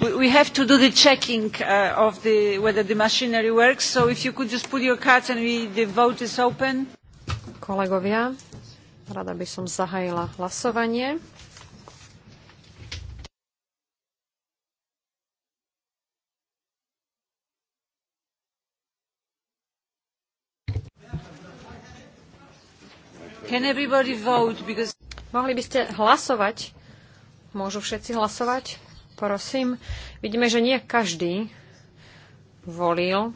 we have to do the checking uh, of the, whether the machinery works, so if you could just put your cards and we, the vote is open. Kolegovia, rada by som zahájila hlasovanie. Can everybody vote? Because... Mohli by ste hlasovať? Môžu všetci hlasovať? prosím. Vidíme, že nie každý volil.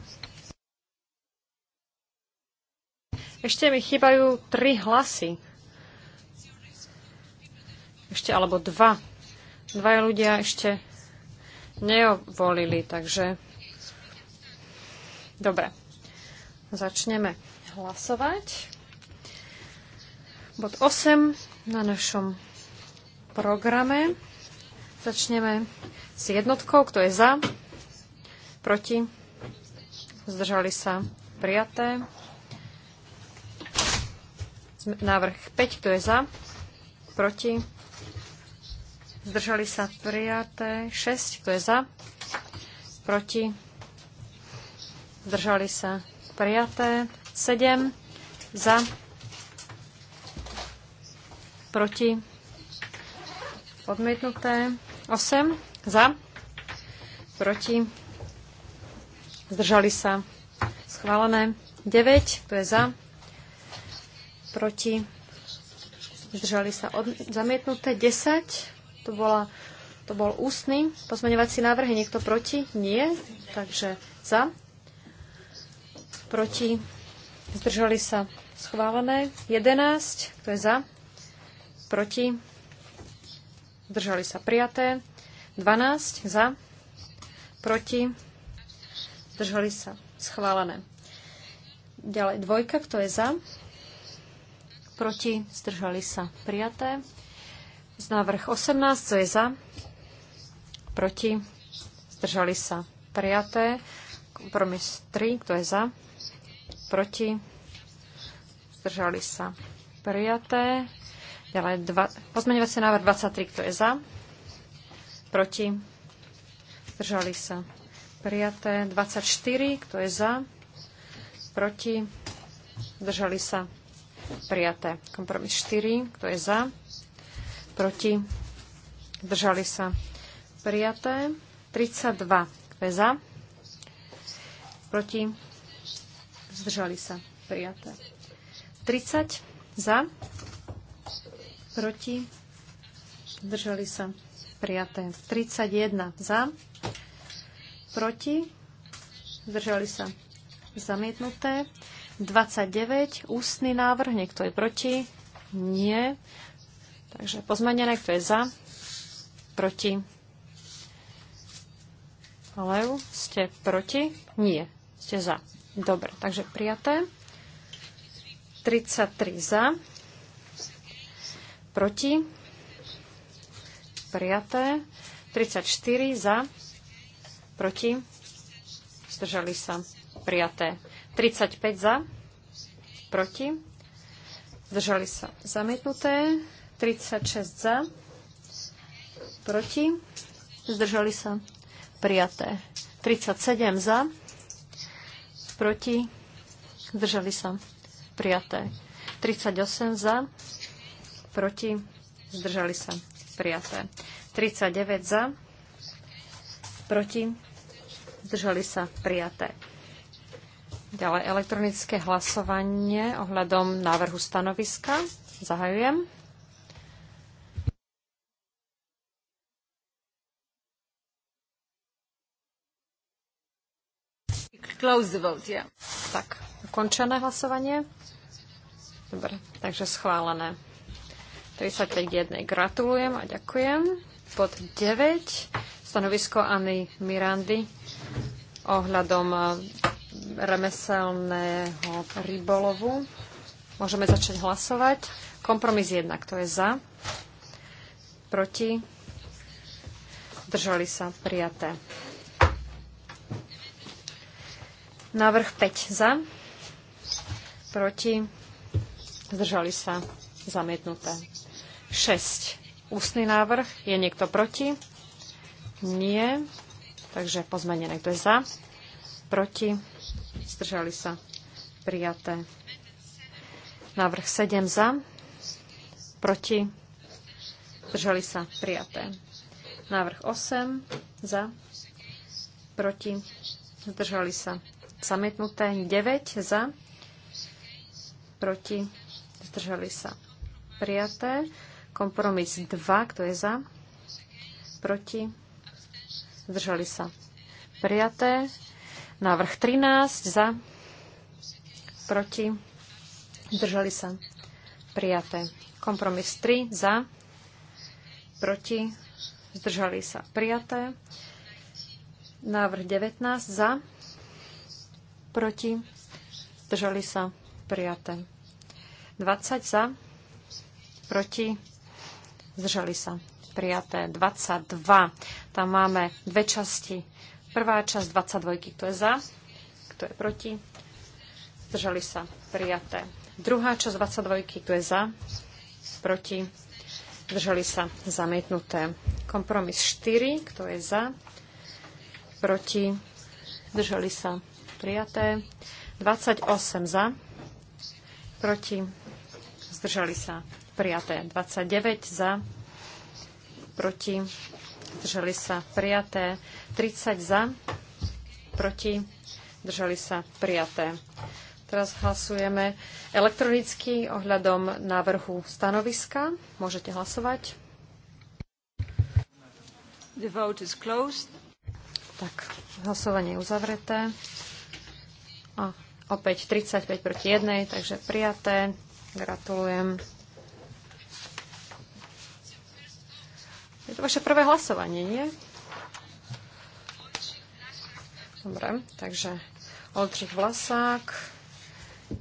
Ešte mi chýbajú tri hlasy. Ešte alebo dva. Dvaja ľudia ešte neovolili, takže... Dobre. Začneme hlasovať. Bod 8 na našom programe. Začneme s jednotkou, kto je za, proti, zdržali sa prijaté. Návrh 5, kto je za, proti, zdržali sa prijaté. 6, kto je za, proti, zdržali sa prijaté. 7, za, proti, odmietnuté. 8 za, proti, zdržali sa, schválené. 9, to je za, proti, zdržali sa od, zamietnuté. 10, to, bola, to bol ústny pozmeňovací návrh, je niekto proti? Nie, takže za, proti, zdržali sa, schválené. 11, to je za, proti, zdržali sa prijaté. 12 za, proti, zdržali sa schválené. Ďalej dvojka, kto je za, proti, zdržali sa prijaté. Z návrh 18, kto je za, proti, zdržali sa prijaté. Kompromis 3, kto je za, proti, zdržali sa prijaté. Ďalej, dva, pozmeňovací návrh 23, kto je za? Proti? Zdržali sa. Prijaté 24, kto je za? Proti? Zdržali sa. Prijaté. Kompromis 4, kto je za? Proti? Zdržali sa. Prijaté. 32, kto je za? Proti? Zdržali sa. Prijaté. 30 za proti, zdržali sa prijaté. 31 za, proti, zdržali sa zamietnuté. 29, ústny návrh, niekto je proti, nie. Takže pozmenené, kto je za, proti. Lev, ste proti? Nie, ste za. Dobre, takže prijaté. 33 za, proti, prijaté, 34 za, proti, zdržali sa, prijaté, 35 za, proti, zdržali sa, zamietnuté, 36 za, proti, zdržali sa, prijaté, 37 za, proti, zdržali sa, prijaté, 38 za, proti, zdržali sa prijaté. 39 za, proti, zdržali sa prijaté. Ďalej elektronické hlasovanie ohľadom návrhu stanoviska. Zahajujem. Close the vote, yeah. Tak, ukončené hlasovanie. Dobre, takže schválené. 35 k 1. Gratulujem a ďakujem. Pod 9 stanovisko Anny Mirandy ohľadom eh, remeselného rybolovu. Môžeme začať hlasovať. Kompromis 1, kto je za? Proti? Držali sa prijaté. Návrh 5 za. Proti? Zdržali sa Zamietnuté. 6. Ústny návrh. Je niekto proti? Nie. Takže pozmenené. Kto je za? Proti? Zdržali sa. Prijaté. Návrh 7 za. Proti? Zdržali sa. Prijaté. Návrh 8 za. Proti? Zdržali sa. Zamietnuté. 9 za. Proti? Zdržali sa prijaté. Kompromis 2, kto je za? Proti? Zdržali sa. Prijaté. Návrh 13 za. Proti? Zdržali sa. Prijaté. Kompromis 3 za. Proti? Zdržali sa. Prijaté. Návrh 19 za. Proti? Zdržali sa. Prijaté. 20 za proti, zdržali sa prijaté 22. Tam máme dve časti. Prvá časť 22, kto je za, kto je proti, zdržali sa prijaté. Druhá časť 22, kto je za, proti, zdržali sa zamietnuté. Kompromis 4, kto je za, proti, zdržali sa prijaté. 28 za, proti, zdržali sa prijaté. 29 za, proti, držali sa prijaté. 30 za, proti, držali sa prijaté. Teraz hlasujeme elektronicky ohľadom návrhu stanoviska. Môžete hlasovať. The vote is closed. Tak, hlasovanie je uzavreté. A opäť 35 proti 1, takže prijaté. Gratulujem. Je to vaše prvé hlasovanie, nie? Dobre, takže Oldřich Vlasák,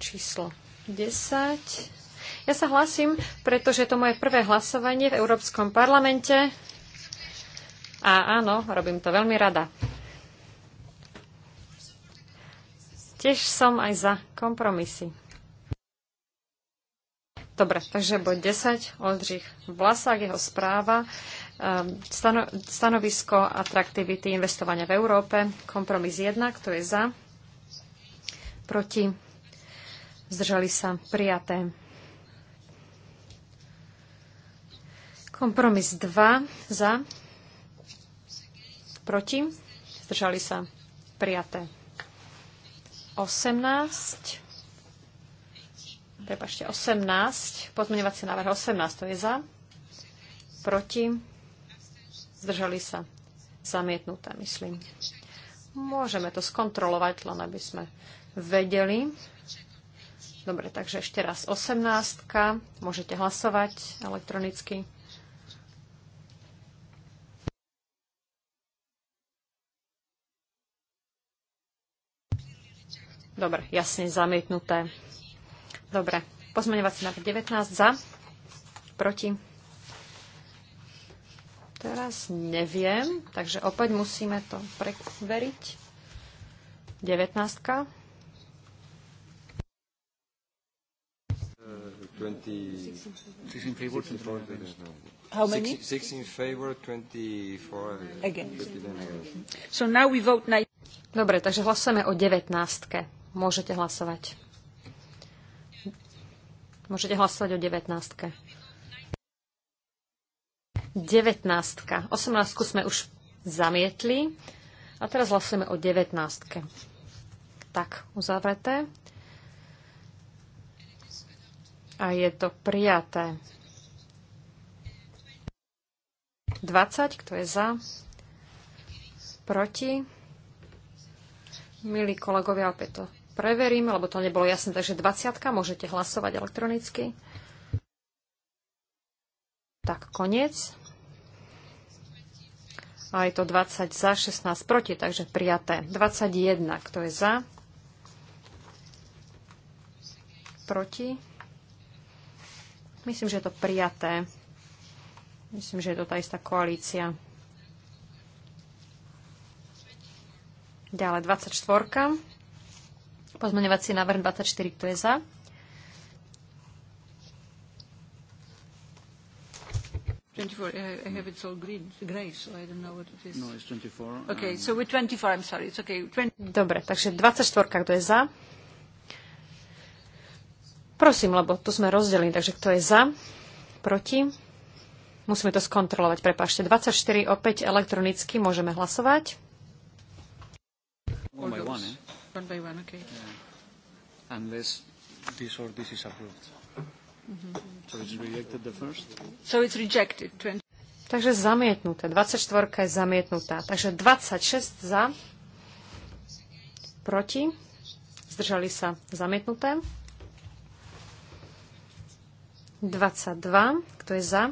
číslo 10. Ja sa hlasím, pretože je to moje prvé hlasovanie v Európskom parlamente. A áno, robím to veľmi rada. Tiež som aj za kompromisy. Dobre, takže bod 10, Oldřich Vlasák, jeho správa. Ehm, stano, stanovisko atraktivity investovania v Európe. Kompromis 1, kto je za? Proti? Zdržali sa prijaté. Kompromis 2 za. Proti? Zdržali sa prijaté. 18. Prepašte, 18. pozmeňovacie návrh 18, to je za. Proti? zdržali sa zamietnuté, myslím. Môžeme to skontrolovať, len aby sme vedeli. Dobre, takže ešte raz 18. Môžete hlasovať elektronicky. Dobre, jasne zamietnuté. Dobre, pozmeňovací návrh 19 za, proti Teraz neviem, takže opäť musíme to preveriť. 19. 20... How many? Six, six in favor, 24 against. So now we vote Dobre, takže hlasujeme o 19. Môžete hlasovať. Môžete hlasovať o 19. 19. 18. sme už zamietli a teraz hlasujeme o 19. Tak, uzavreté. A je to prijaté. 20, kto je za? Proti? Milí kolegovia, opäť to preverím, lebo to nebolo jasné, takže 20 môžete hlasovať elektronicky tak koniec. A je to 20 za, 16 proti, takže prijaté. 21, kto je za? Proti? Myslím, že je to prijaté. Myslím, že je to tá istá koalícia. Ďalej 24. Pozmeňovací návrh 24, kto je za? 24. I, have it all green, gray, so I don't know what it is. No, it's 24. Okay, um, so we're 24, I'm sorry. It's okay. Dobre, takže 24, kto je za? Prosím, lebo tu sme rozdelení, takže kto je za? Proti? Musíme to skontrolovať, prepáčte. 24 opäť elektronicky môžeme hlasovať. One by one, eh? One by one, okay. Unless this or this is approved. Takže zamietnuté. 24 je zamietnutá. Takže 26 za, proti, zdržali sa zamietnuté. 22, kto je za,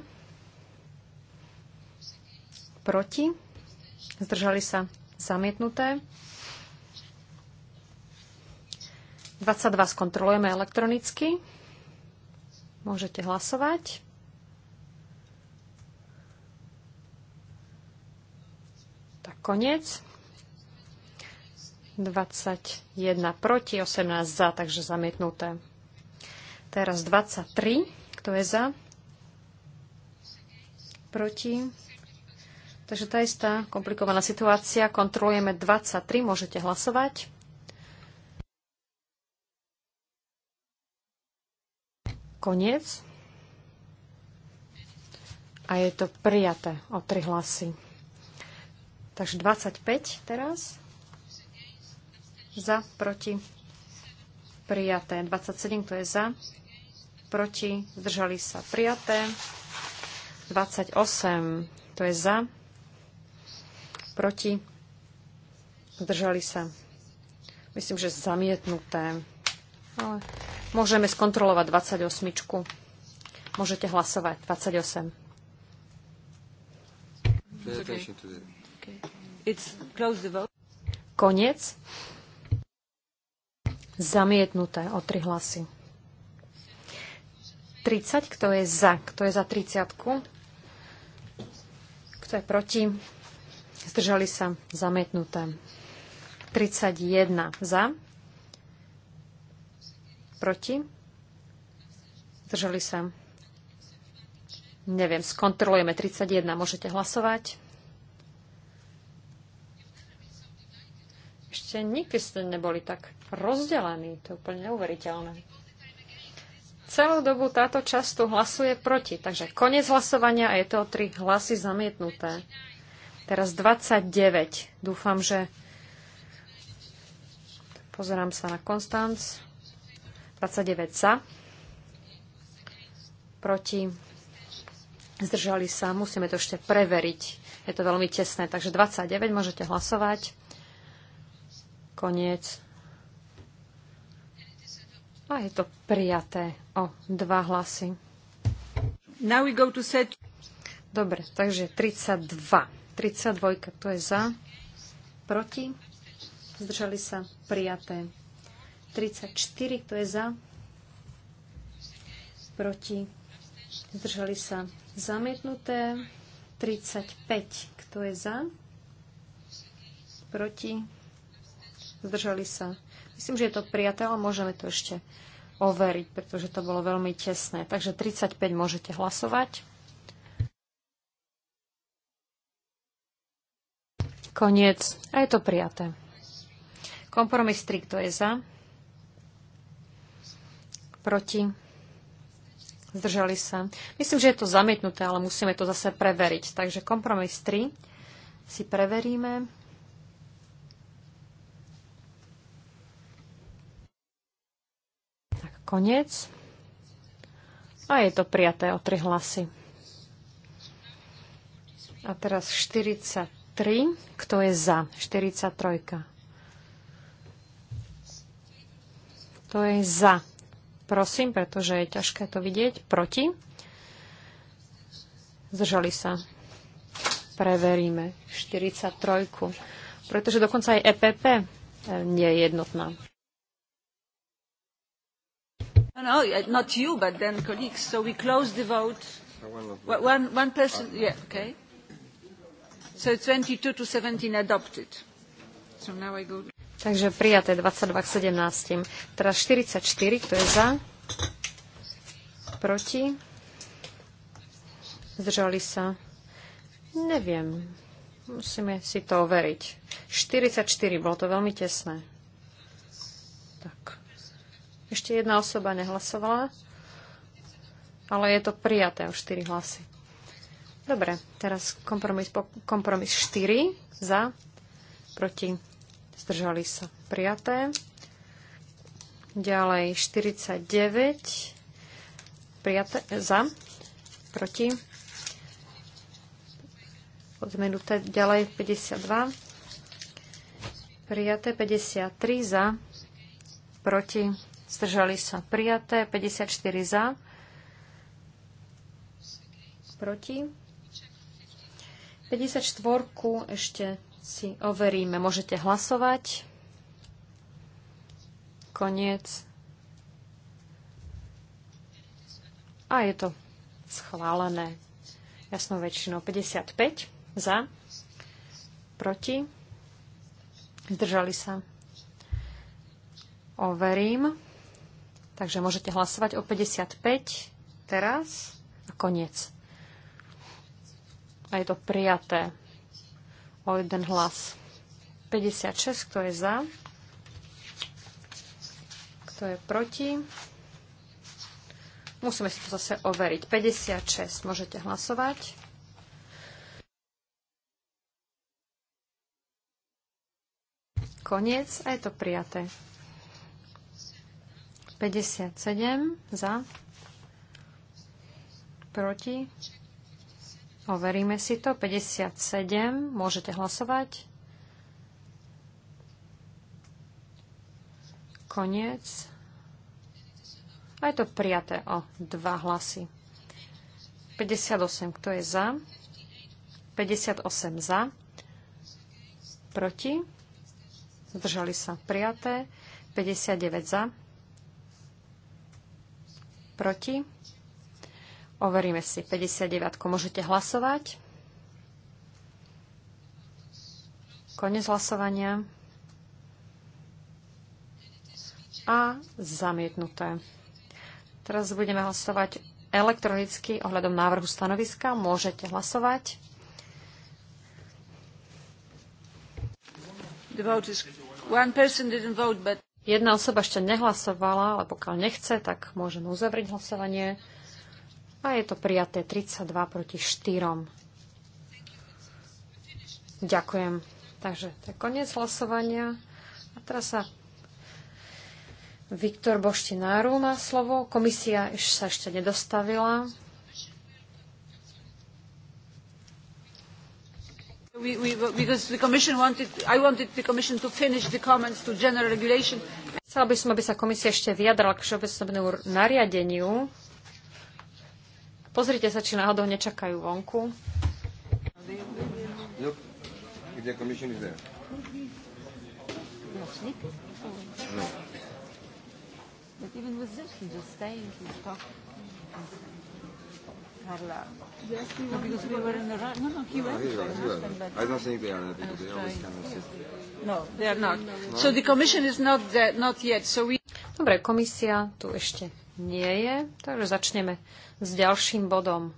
proti, zdržali sa zamietnuté. 22 skontrolujeme elektronicky. Môžete hlasovať. Tak koniec. 21 proti, 18 za, takže zamietnuté. Teraz 23. Kto je za? Proti. Takže tá istá komplikovaná situácia. Kontrolujeme 23. Môžete hlasovať. Koniec. A je to prijaté o tri hlasy. Takže 25 teraz. Za, proti. Prijaté. 27, to je za. Proti. Zdržali sa. Prijaté. 28, to je za. Proti. Zdržali sa. Myslím, že zamietnuté. Ale Môžeme skontrolovať 28. Môžete hlasovať 28. Koniec. Zamietnuté o tri hlasy. 30, kto je za? Kto je za 30? -ku? Kto je proti? Zdržali sa zamietnuté. 31 za, Proti? Zdržali sa? Neviem, skontrolujeme 31. Môžete hlasovať. Ešte nikdy ste neboli tak rozdelení. To je úplne neuveriteľné. Celú dobu táto časť tu hlasuje proti. Takže koniec hlasovania a je to o tri hlasy zamietnuté. Teraz 29. Dúfam, že... Pozerám sa na Konstanc. 29 sa. Proti. Zdržali sa. Musíme to ešte preveriť. Je to veľmi tesné. Takže 29 môžete hlasovať. Koniec. A je to prijaté o dva hlasy. Now we go to set... Dobre, takže 32. 32, kto je za? Proti? Zdržali sa prijaté. 34, kto je za? Proti? Zdržali sa zamietnuté. 35, kto je za? Proti? Zdržali sa. Myslím, že je to prijaté, ale môžeme to ešte overiť, pretože to bolo veľmi tesné. Takže 35 môžete hlasovať. Koniec. A je to prijaté. Kompromis 3, kto je za? proti, zdržali sa. Myslím, že je to zamietnuté, ale musíme to zase preveriť. Takže kompromis 3 si preveríme. Tak, koniec. A je to prijaté o 3 hlasy. A teraz 43. Kto je za? 43. To je za? prosím, pretože je ťažké to vidieť. Proti? Zdržali sa. Preveríme. 43. Pretože dokonca aj EPP eh, nie je jednotná. No, no eh, not you, but then colleagues. So we close the vote. One, one person, yeah, okay. So 22 to 17 adopted. So now I go... Takže prijaté 22 k 17. Teraz 44, kto je za? Proti? Zdržali sa? Neviem. Musíme si to overiť. 44, bolo to veľmi tesné. Tak. Ešte jedna osoba nehlasovala, ale je to prijaté o 4 hlasy. Dobre, teraz kompromis, kompromis 4 za, proti zdržali sa prijaté. Ďalej 49 prijaté, za, proti. Odmenuté ďalej 52. Prijaté 53 za, proti. Zdržali sa prijaté 54 za, proti. 54 ešte si overíme. Môžete hlasovať. Koniec. A je to schválené jasnou väčšinou 55 za, proti, zdržali sa. Overím. Takže môžete hlasovať o 55 teraz a koniec. A je to prijaté o jeden hlas. 56, kto je za, kto je proti. Musíme si to zase overiť. 56, môžete hlasovať. Koniec a je to prijaté. 57 za, proti. Overíme si to. 57. Môžete hlasovať. Koniec. A je to prijaté o dva hlasy. 58. Kto je za? 58 za. Proti. Zdržali sa. Prijaté. 59 za. Proti. Overíme si 59. Môžete hlasovať. Konec hlasovania. A zamietnuté. Teraz budeme hlasovať elektronicky ohľadom návrhu stanoviska. Môžete hlasovať. Jedna osoba ešte nehlasovala, ale pokiaľ nechce, tak môžeme uzavrieť hlasovanie. A je to prijaté 32 proti 4. Ďakujem. Takže to je koniec hlasovania. A teraz sa Viktor Boštináru má slovo. Komisia sa ešte nedostavila. We, we, because the commission wanted, I wanted the commission to finish the comments to general regulation. Chcela by som, aby sa komisia ešte vyjadrala k všeobecnému nariadeniu, Pozrite sa, či náhodou nečakajú vonku. Look, the commission No. But even with this, he just stayed, he talked. Carla. Yes, we no, because we were in the right. No, no, he no, went. He was, he was. I don't think they are there because they always come and sit. No, they are not. No. So the commission is not there, not yet. So we. Dobre, komisia tu ešte nie je, takže začneme s ďalším bodom.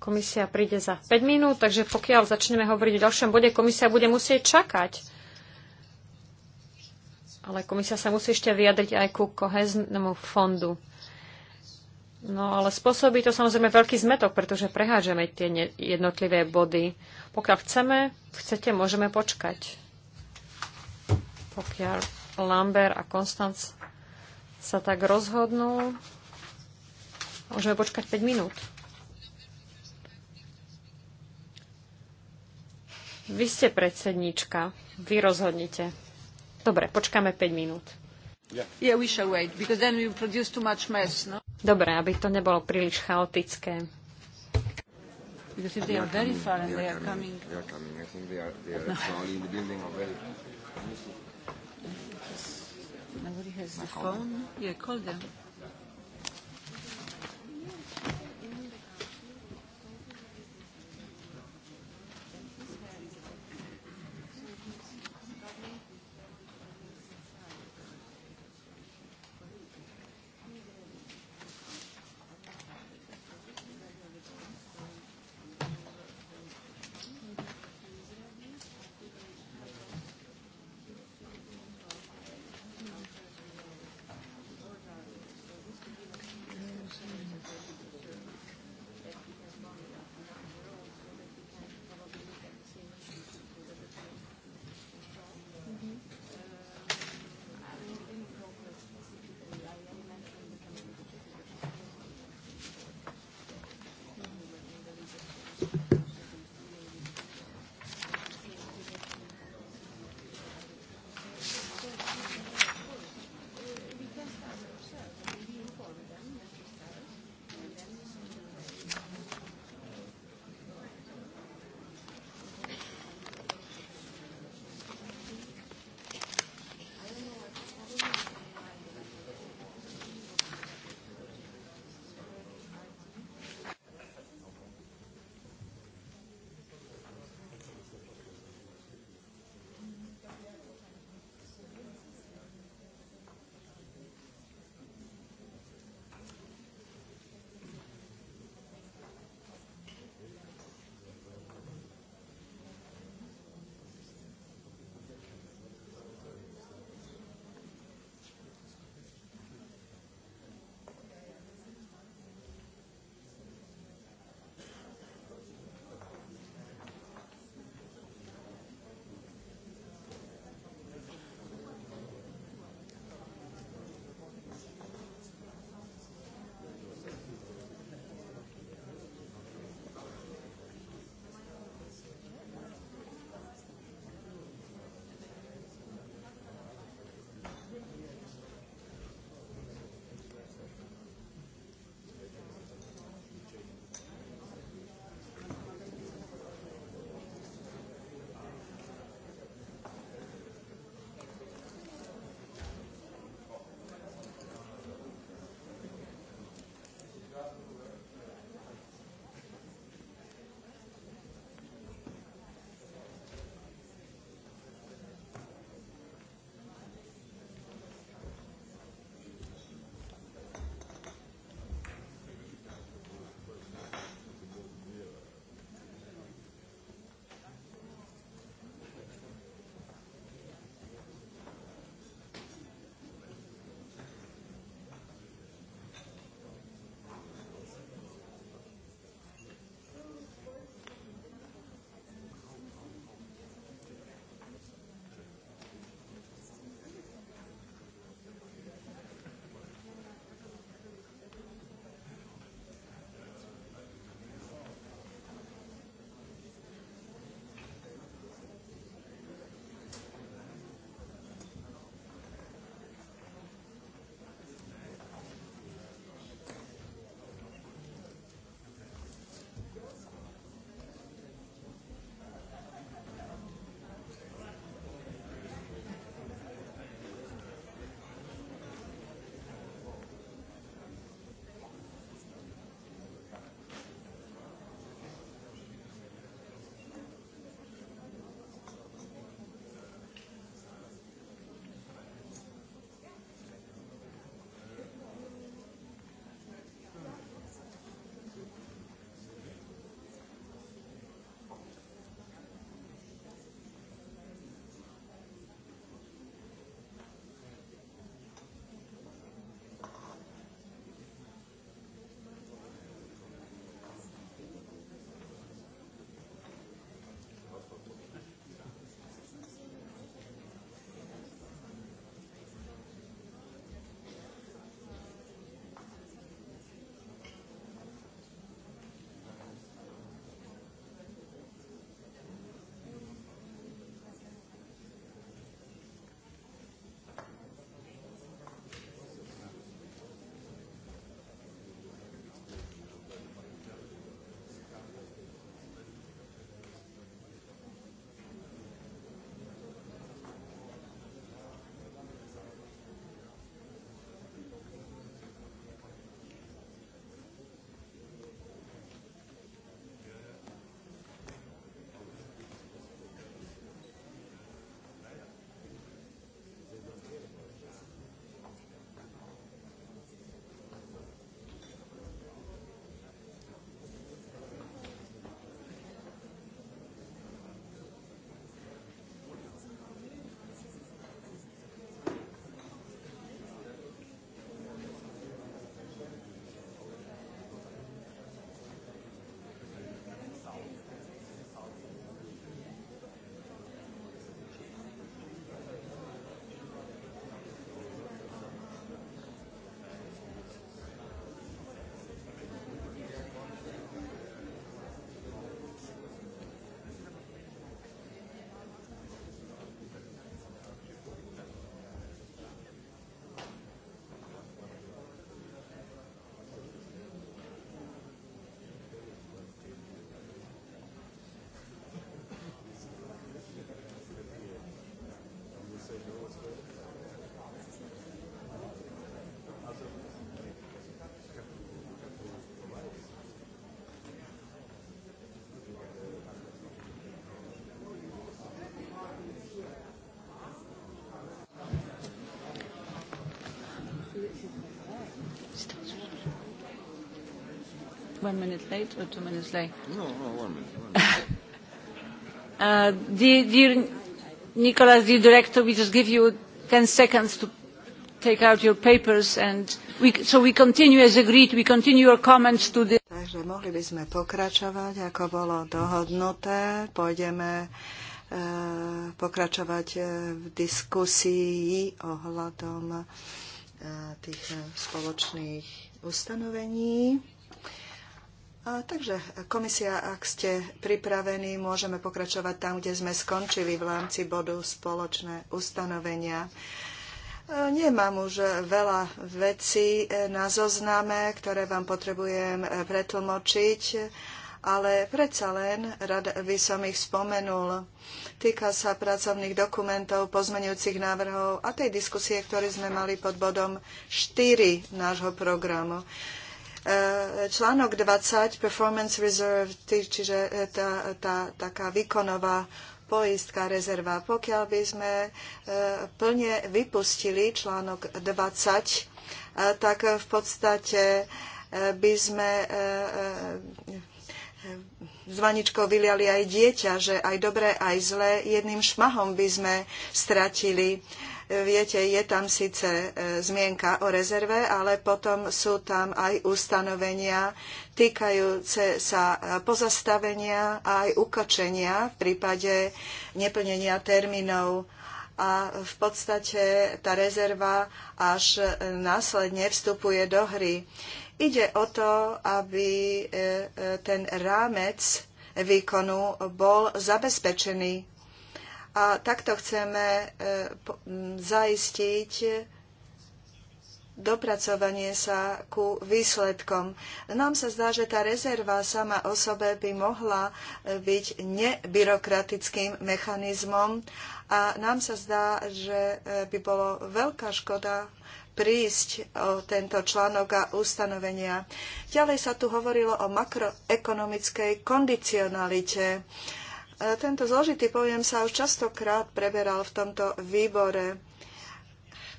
Komisia príde za 5 minút, takže pokiaľ začneme hovoriť o ďalšom bode, komisia bude musieť čakať. Ale komisia sa musí ešte vyjadriť aj ku koheznému fondu. No ale spôsobí to samozrejme veľký zmetok, pretože prehážeme tie jednotlivé body. Pokiaľ chceme, chcete, môžeme počkať pokiaľ Lambert a Konstanc sa tak rozhodnú, môžeme počkať 5 minút. Vy ste predsednička, vy rozhodnite. Dobre, počkáme 5 minút. No? Dobre, aby to nebolo príliš chaotické. Because if they, are, very far and they are, coming, They are coming. I think they are, they are no. in the building already. Nobody has the phone. Yeah, call them. one minute late or two minutes late? No, no, one minute. One minute. uh, dear, dear Nicolas, dear Director, we just give you 10 seconds to take out your papers and we, so we continue as agreed, we continue your comments to the... Takže mohli by sme pokračovať, ako bolo dohodnuté. Pôjdeme uh, pokračovať uh, v diskusii ohľadom uh, tých spoločných ustanovení. A, takže komisia, ak ste pripravení, môžeme pokračovať tam, kde sme skončili v rámci bodu spoločné ustanovenia. E, nemám už veľa vecí e, na zozname, ktoré vám potrebujem e, pretlmočiť, ale predsa len rada by som ich spomenul. Týka sa pracovných dokumentov, pozmenujúcich návrhov a tej diskusie, ktorú sme mali pod bodom 4 nášho programu. Eh, článok 20 Performance Reserve, čiže eh, tá, tá taká výkonová poistka, rezerva. Pokiaľ by sme eh, plne vypustili článok 20, tak v podstate by sme s vaničkou vyliali aj dieťa, že aj dobré, aj zlé, jedným šmahom by sme stratili Viete, je tam síce e, zmienka o rezerve, ale potom sú tam aj ustanovenia týkajúce sa e, pozastavenia a aj ukočenia v prípade neplnenia termínov a v podstate tá rezerva až následne vstupuje do hry. Ide o to, aby e, ten rámec výkonu bol zabezpečený a takto chceme e, zaistiť dopracovanie sa ku výsledkom. Nám sa zdá, že tá rezerva sama o sebe by mohla e, byť nebyrokratickým mechanizmom a nám sa zdá, že e, by bolo veľká škoda prísť o tento článok a ustanovenia. Ďalej sa tu hovorilo o makroekonomickej kondicionalite. Tento zložitý pojem sa už častokrát preberal v tomto výbore.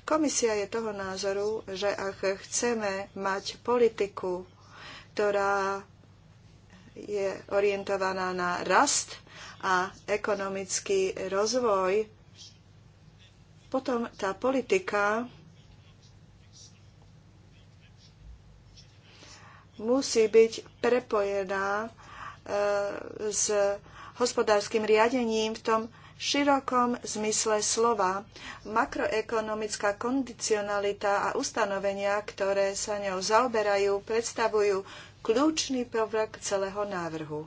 Komisia je toho názoru, že ak chceme mať politiku, ktorá je orientovaná na rast a ekonomický rozvoj, potom tá politika musí byť prepojená e, s hospodárskym riadením v tom širokom zmysle slova. Makroekonomická kondicionalita a ustanovenia, ktoré sa ňou zaoberajú, predstavujú kľúčný prvok celého návrhu.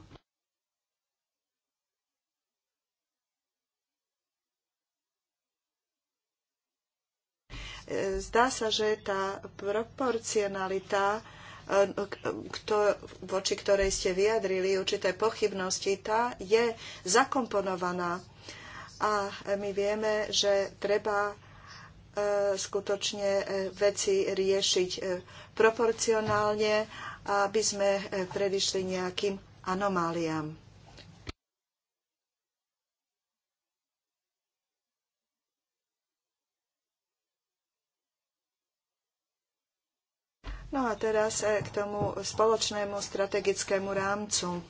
E, zdá sa, že tá proporcionalita kto, voči ktorej ste vyjadrili určité pochybnosti, tá je zakomponovaná. A my vieme, že treba e, skutočne e, veci riešiť e, proporcionálne, aby sme predišli nejakým anomáliám. No a teraz eh, k tomu spoločnému strategickému rámcu.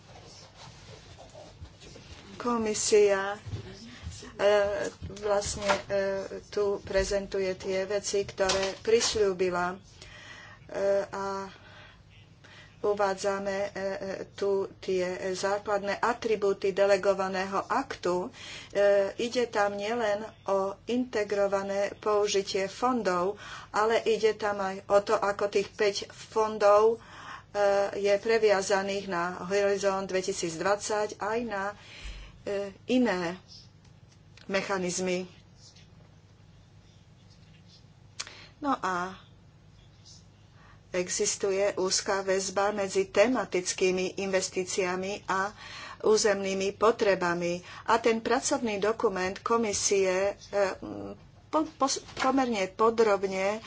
Komisia eh, vlastne eh, tu prezentuje tie veci, ktoré prisľúbila a uvádzame e, e, tu tie základné atribúty delegovaného aktu. E, ide tam nielen o integrované použitie fondov, ale ide tam aj o to, ako tých 5 fondov je previazaných na Horizon 2020 aj na iné mechanizmy. No a existuje úzka väzba medzi tematickými investíciami a územnými potrebami. A ten pracovný dokument komisie e, po, po, pomerne podrobne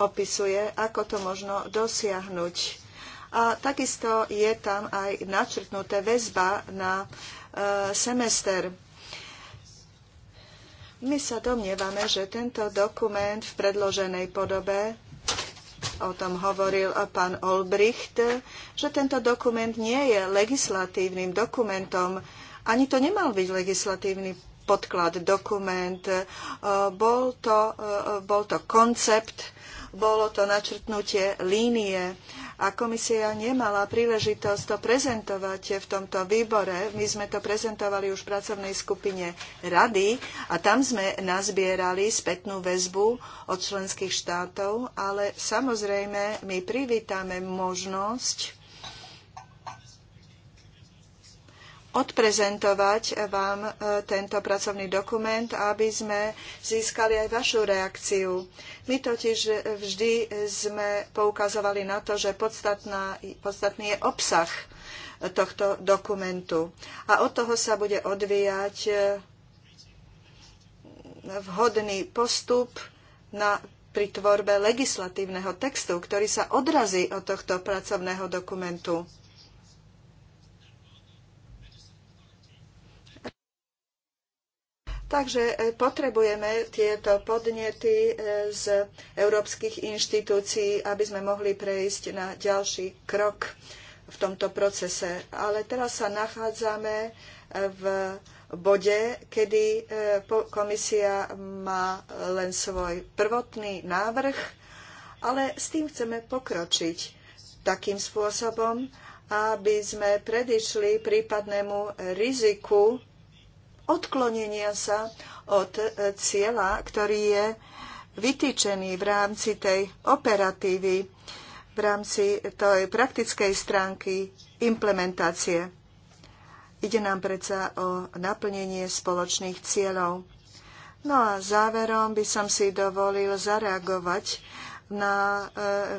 opisuje, ako to možno dosiahnuť. A takisto je tam aj načrtnuté väzba na e, semester. My sa domnievame, že tento dokument v predloženej podobe o tom hovoril pán Olbricht, že tento dokument nie je legislatívnym dokumentom. Ani to nemal byť legislatívny podklad, dokument. Bol to, bol to koncept, bolo to načrtnutie línie a komisia nemala príležitosť to prezentovať v tomto výbore. My sme to prezentovali už v pracovnej skupine rady a tam sme nazbierali spätnú väzbu od členských štátov, ale samozrejme my privítame možnosť odprezentovať vám e, tento pracovný dokument, aby sme získali aj vašu reakciu. My totiž e, vždy sme poukazovali na to, že podstatná, podstatný je obsah tohto dokumentu. A od toho sa bude odvíjať e, vhodný postup na pri tvorbe legislatívneho textu, ktorý sa odrazí od tohto pracovného dokumentu. Takže e, potrebujeme tieto podnety e, z európskych inštitúcií, aby sme mohli prejsť na ďalší krok v tomto procese. Ale teraz sa nachádzame e, v bode, kedy komisia má len svoj prvotný návrh, ale s tým chceme pokročiť takým spôsobom, aby sme predišli prípadnému riziku odklonenia sa od e, cieľa, ktorý je vytýčený v rámci tej operatívy, v rámci tej praktickej stránky implementácie. Ide nám predsa o naplnenie spoločných cieľov. No a záverom by som si dovolil zareagovať na e,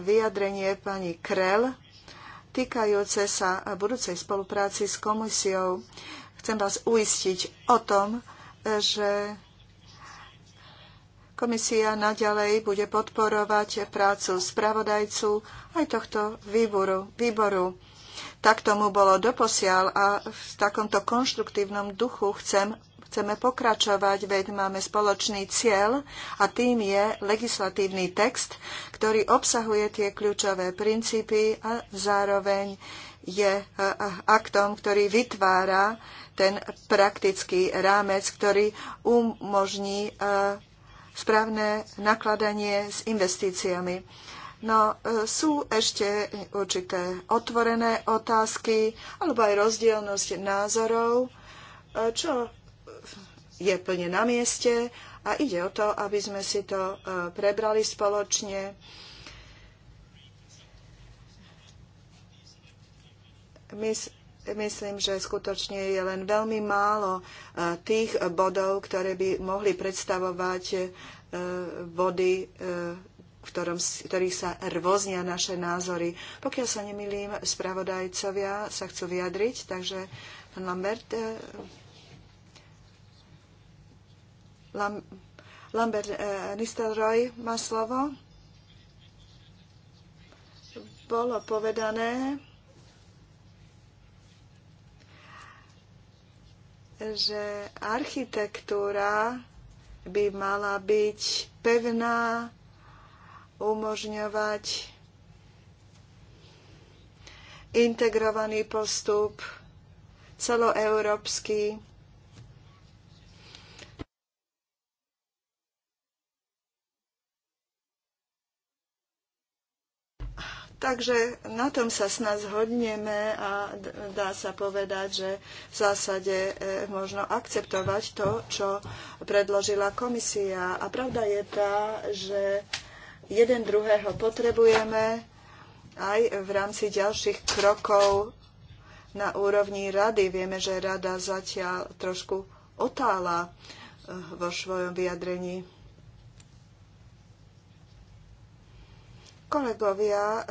vyjadrenie pani Krell týkajúce sa budúcej spolupráci s komisiou. Chcem vás uistiť o tom, že komisia naďalej bude podporovať prácu spravodajcu aj tohto výboru. výboru. Tak tomu bolo doposiaľ a v takomto konštruktívnom duchu chcem chceme pokračovať, veď máme spoločný cieľ a tým je legislatívny text, ktorý obsahuje tie kľúčové princípy a zároveň je eh, eh, aktom, ktorý vytvára ten praktický rámec, ktorý umožní e, správne nakladanie s investíciami. No e, sú ešte určité otvorené otázky alebo aj rozdielnosť názorov, e, čo je plne na mieste a ide o to, aby sme si to prebrali spoločne. My Myslím, že skutočne je len veľmi málo e, tých bodov, ktoré by mohli predstavovať body, e, e, v ktorom, ktorých sa rôznia naše názory. Pokiaľ sa nemilím, spravodajcovia sa chcú vyjadriť, takže pán Lambert, Lam, Lambert Nistelrooy má slovo. Bolo povedané, že architektúra by mala byť pevná, umožňovať integrovaný postup celoeurópsky Takže na tom sa nás hodneme a dá sa povedať, že v zásade e, možno akceptovať to, čo predložila komisia. A pravda je tá, že jeden druhého potrebujeme aj v rámci ďalších krokov na úrovni rady. Vieme, že rada zatiaľ trošku otála e, vo svojom vyjadrení. Kolegovia eh,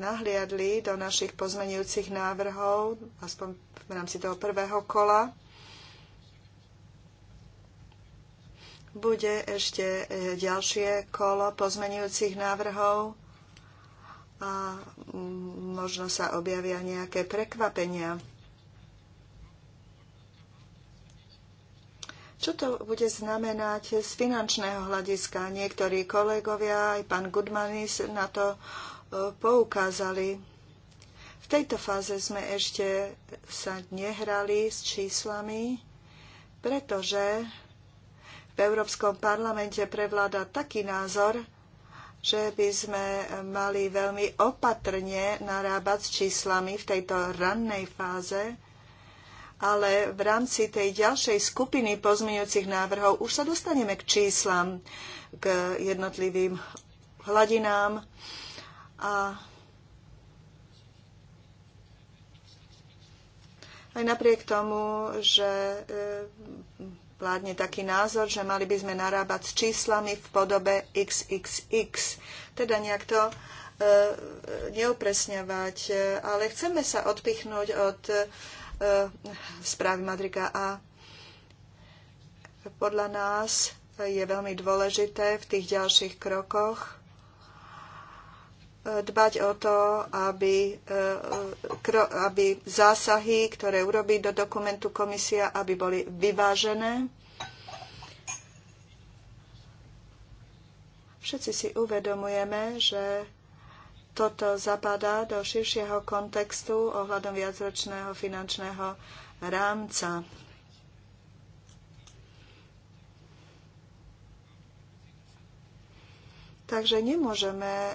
nahliadli do našich pozmenujúcich návrhov, aspoň v rámci toho prvého kola. Bude ešte eh, ďalšie kolo pozmenujúcich návrhov a možno sa objavia nejaké prekvapenia. Čo to bude znamenať z finančného hľadiska? Niektorí kolegovia, aj pán Gudmanis na to e, poukázali. V tejto fáze sme ešte sa nehrali s číslami, pretože v Európskom parlamente prevláda taký názor, že by sme mali veľmi opatrne narábať s číslami v tejto rannej fáze, ale v rámci tej ďalšej skupiny pozmeňujúcich návrhov už sa dostaneme k číslam, k jednotlivým hladinám a aj napriek tomu, že e, vládne taký názor, že mali by sme narábať s číslami v podobe XXX. Teda nejak to e, e, neupresňovať, ale chceme sa odpichnúť od E, správy Madriga a podľa nás je veľmi dôležité v tých ďalších krokoch e, dbať o to, aby, e, aby zásahy, ktoré urobí do dokumentu komisia, aby boli vyvážené. Všetci si uvedomujeme, že toto zapadá do širšieho kontextu ohľadom viacročného finančného rámca. Takže nemôžeme e,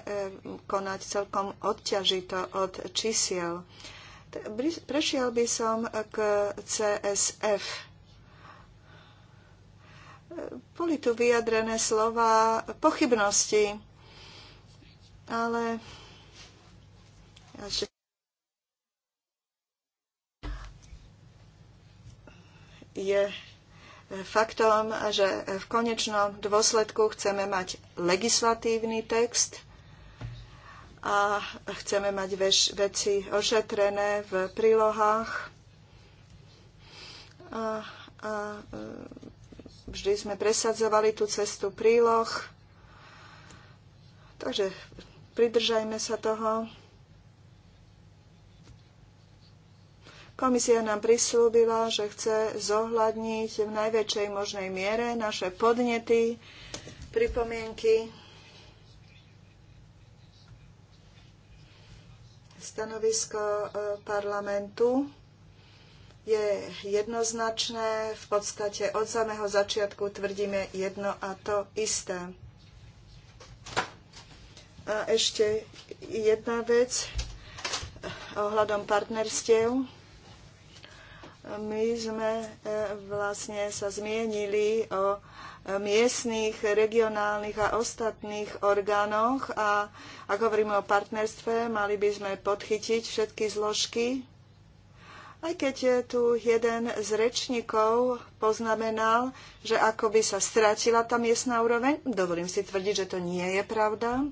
konať celkom odťažito od čísiel. Prešiel by som k CSF. E, boli tu vyjadrené slova pochybnosti, ale je faktom, že v konečnom dôsledku chceme mať legislatívny text a chceme mať veci ošetrené v prílohách. A, a e, vždy sme presadzovali tú cestu príloh. Takže pridržajme sa toho. Komisia nám prislúbila, že chce zohľadniť v najväčšej možnej miere naše podnety, pripomienky, stanovisko e, parlamentu je jednoznačné, v podstate od samého začiatku tvrdíme jedno a to isté. A ešte jedna vec ohľadom partnerstiev my sme e, vlastne sa zmienili o miestných, regionálnych a ostatných orgánoch a ak hovoríme o partnerstve, mali by sme podchytiť všetky zložky. Aj keď je tu jeden z rečníkov poznamenal, že ako by sa stratila tá miestna úroveň, dovolím si tvrdiť, že to nie je pravda.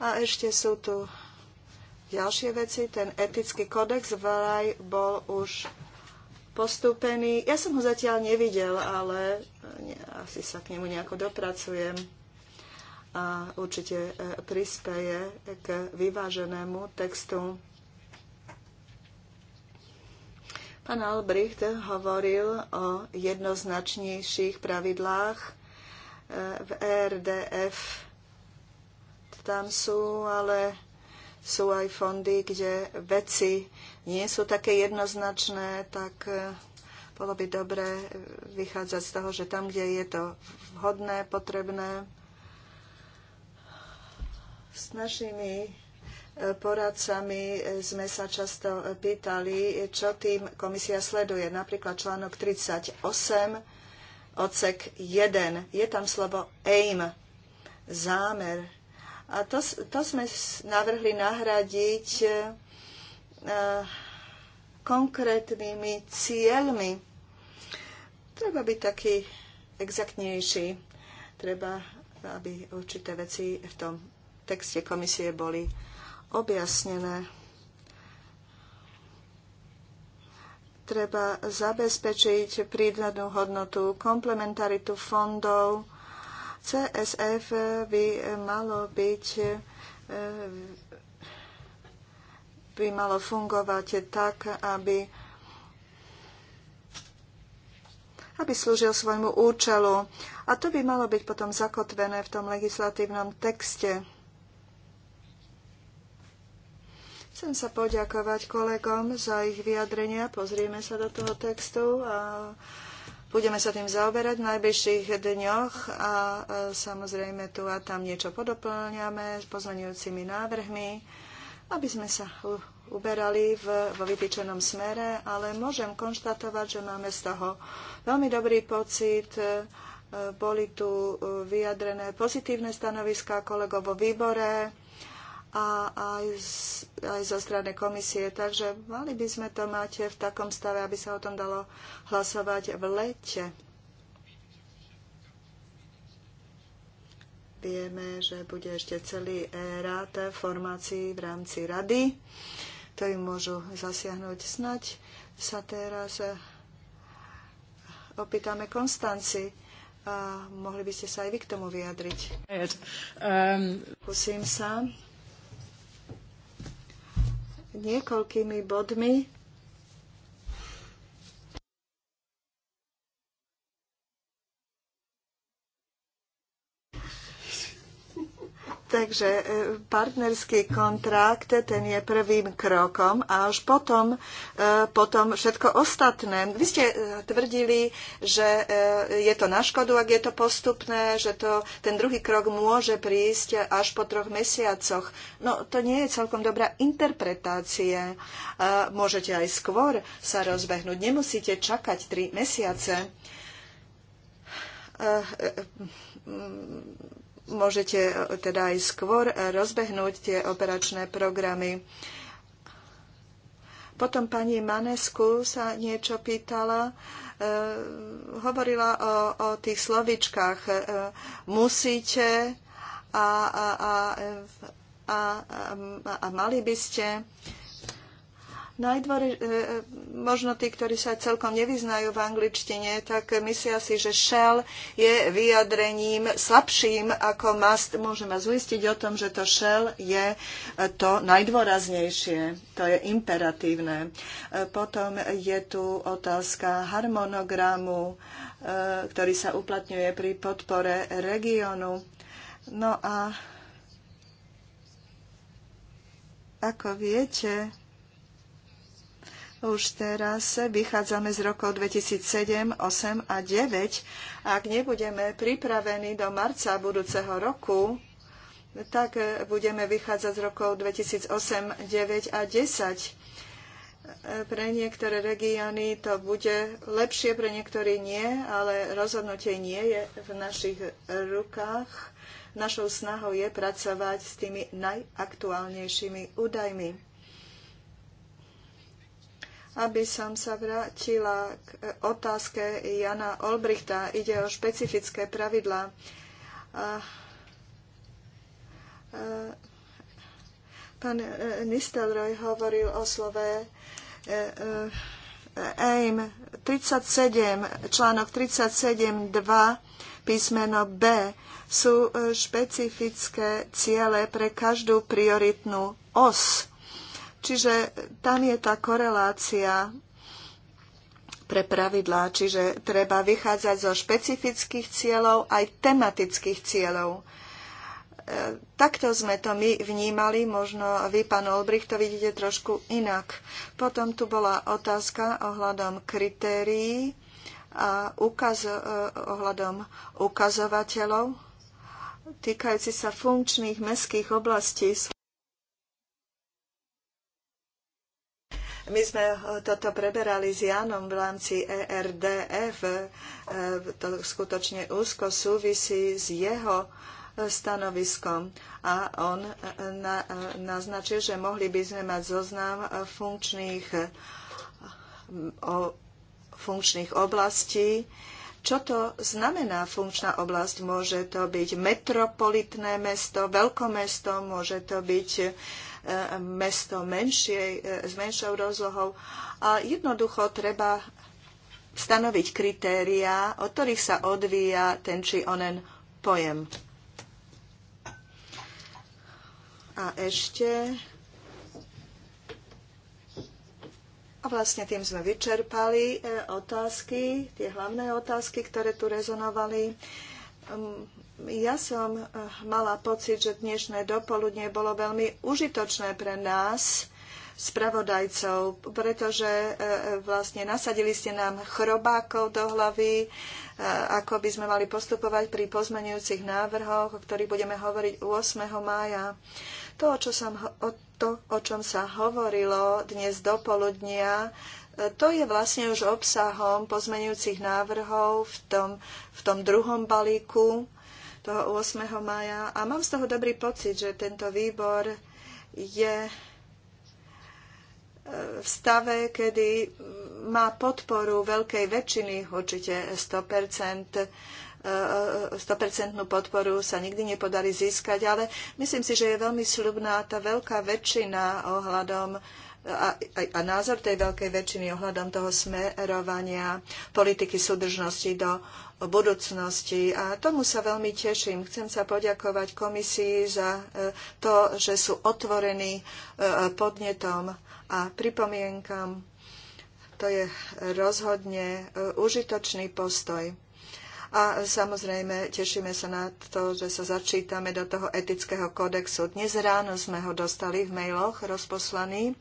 A ešte sú tu ďalšie veci. Ten etický kodex vraj bol už postúpený. Ja som ho zatiaľ nevidel, ale e, asi sa k nemu nejako dopracujem a určite e, prispieje k vyváženému textu. Pán Albricht hovoril o jednoznačnejších pravidlách e, v RDF. Tam sú ale sú aj fondy, kde veci nie sú také jednoznačné, tak e, bolo by dobré e, vychádzať z toho, že tam, kde je to vhodné, potrebné, s našimi e, poradcami sme sa často pýtali, čo tým komisia sleduje. Napríklad článok 38, odsek 1. Je tam slovo aim, zámer a to, to sme navrhli nahradiť e, e, konkrétnymi cieľmi. Treba byť taký exaktnejší. Treba, aby určité veci v tom texte komisie boli objasnené. Treba zabezpečiť prídanú hodnotu, komplementaritu fondov, CSF eh, by eh, malo byť eh, by malo fungovať tak, aby, aby slúžil svojmu účelu. A to by malo byť potom zakotvené v tom legislatívnom texte. Chcem sa poďakovať kolegom za ich vyjadrenia. Pozrieme sa do toho textu a Budeme sa tým zaoberať v najbližších dňoch a e, samozrejme tu a tam niečo podoplňame s pozvaniujúcimi návrhmi, aby sme sa uberali v, vo vytýčenom smere, ale môžem konštatovať, že máme z toho veľmi dobrý pocit. E, e, boli tu vyjadrené pozitívne stanoviská kolegov vo výbore a aj, z, aj zo strany komisie. Takže mali by sme to mať v takom stave, aby sa o tom dalo hlasovať v lete. Vieme, že bude ešte celý rád formácií v rámci rady. To im môžu zasiahnuť. Snať. sa teraz eh, opýtame Konstanci. A mohli by ste sa aj vy k tomu vyjadriť. Ehm, Pokúsim sa niekoľkými bodmi Takže e, partnerský kontrakt, ten je prvým krokom a až potom, e, potom všetko ostatné. Vy ste e, tvrdili, že je to na škodu, ak je to postupné, že to, ten druhý krok môže prísť až po troch mesiacoch. No to nie je celkom dobrá interpretácia. Môžete aj skôr sa rozbehnúť. Nemusíte čakať tri mesiace môžete e, teda aj skôr e, rozbehnúť tie operačné programy. Potom pani Manesku sa niečo pýtala. E, hovorila o, o tých slovičkách. E, musíte a, a, a, a, a, a mali by ste. E, Najdvore, e, e, možno tí, ktorí sa celkom nevyznajú v angličtine, tak myslia si, že shall je vyjadrením slabším ako must. Môžem vás uistiť o tom, že to shall je e, to najdôraznejšie. To je imperatívne. Potom je tu otázka harmonogramu, ktorý sa uplatňuje pri podpore regiónu. No a ako viete, už teraz vychádzame z rokov 2007, 8 a 9. Ak nebudeme pripravení do marca budúceho roku, tak budeme vychádzať z rokov 2008, 9 a 10 pre niektoré regióny to bude lepšie, pre niektorí nie, ale rozhodnutie nie je v našich rukách. Našou snahou je pracovať s tými najaktuálnejšími údajmi aby som sa vrátila k otázke Jana Olbrichta. Ide o špecifické pravidlá. Pán e, Nistelroj hovoril o slove e, e, AIM 37, článok 37.2 písmeno B sú špecifické ciele pre každú prioritnú os Čiže tam je tá korelácia pre pravidlá, čiže treba vychádzať zo špecifických cieľov aj tematických cieľov. E, takto sme to my vnímali, možno vy, pán Olbrich, to vidíte trošku inak. Potom tu bola otázka ohľadom kritérií a ukaz, e, ohľadom ukazovateľov týkajúci sa funkčných mestských oblastí. My sme toto preberali s Janom v rámci ERDF. E, to skutočne úzko súvisí s jeho e, stanoviskom a on e, naznačil, že mohli by sme mať zoznam funkčných, funkčných oblastí, čo to znamená funkčná oblasť? Môže to byť metropolitné mesto, veľkomesto, môže to byť E, mesto menšie, e, s menšou rozlohou. A jednoducho treba stanoviť kritériá, od ktorých sa odvíja ten či onen pojem. A ešte A vlastne tým sme vyčerpali e, otázky, tie hlavné otázky, ktoré tu rezonovali. Hm, ja som eh, mala pocit, že dnešné dopoludne bolo veľmi užitočné pre nás, spravodajcov, pretože eh, eh, vlastne nasadili ste nám chrobákov do hlavy, ako by sme mali postupovať pri pozmenujúcich návrhoch, o ktorých budeme hovoriť 8. mája. To, o, čo som, o, to, o čom sa hovorilo dnes dopoludnia, to je vlastne už obsahom pozmenujúcich návrhov v tom, v tom druhom balíku, toho 8. maja a mám z toho dobrý pocit, že tento výbor je e, v stave, kedy má podporu veľkej väčšiny, určite 100 100% e, e, podporu sa nikdy nepodarí získať, ale myslím si, že je veľmi slubná tá veľká väčšina ohľadom a, a, a názor tej veľkej väčšiny ohľadom toho smerovania politiky súdržnosti do budúcnosti. A tomu sa veľmi teším. Chcem sa poďakovať komisii za e, to, že sú otvorení e, podnetom a pripomienkam. To je rozhodne e, užitočný postoj. A samozrejme, tešíme sa na to, že sa začítame do toho etického kodexu. Dnes ráno sme ho dostali v mailoch rozposlaný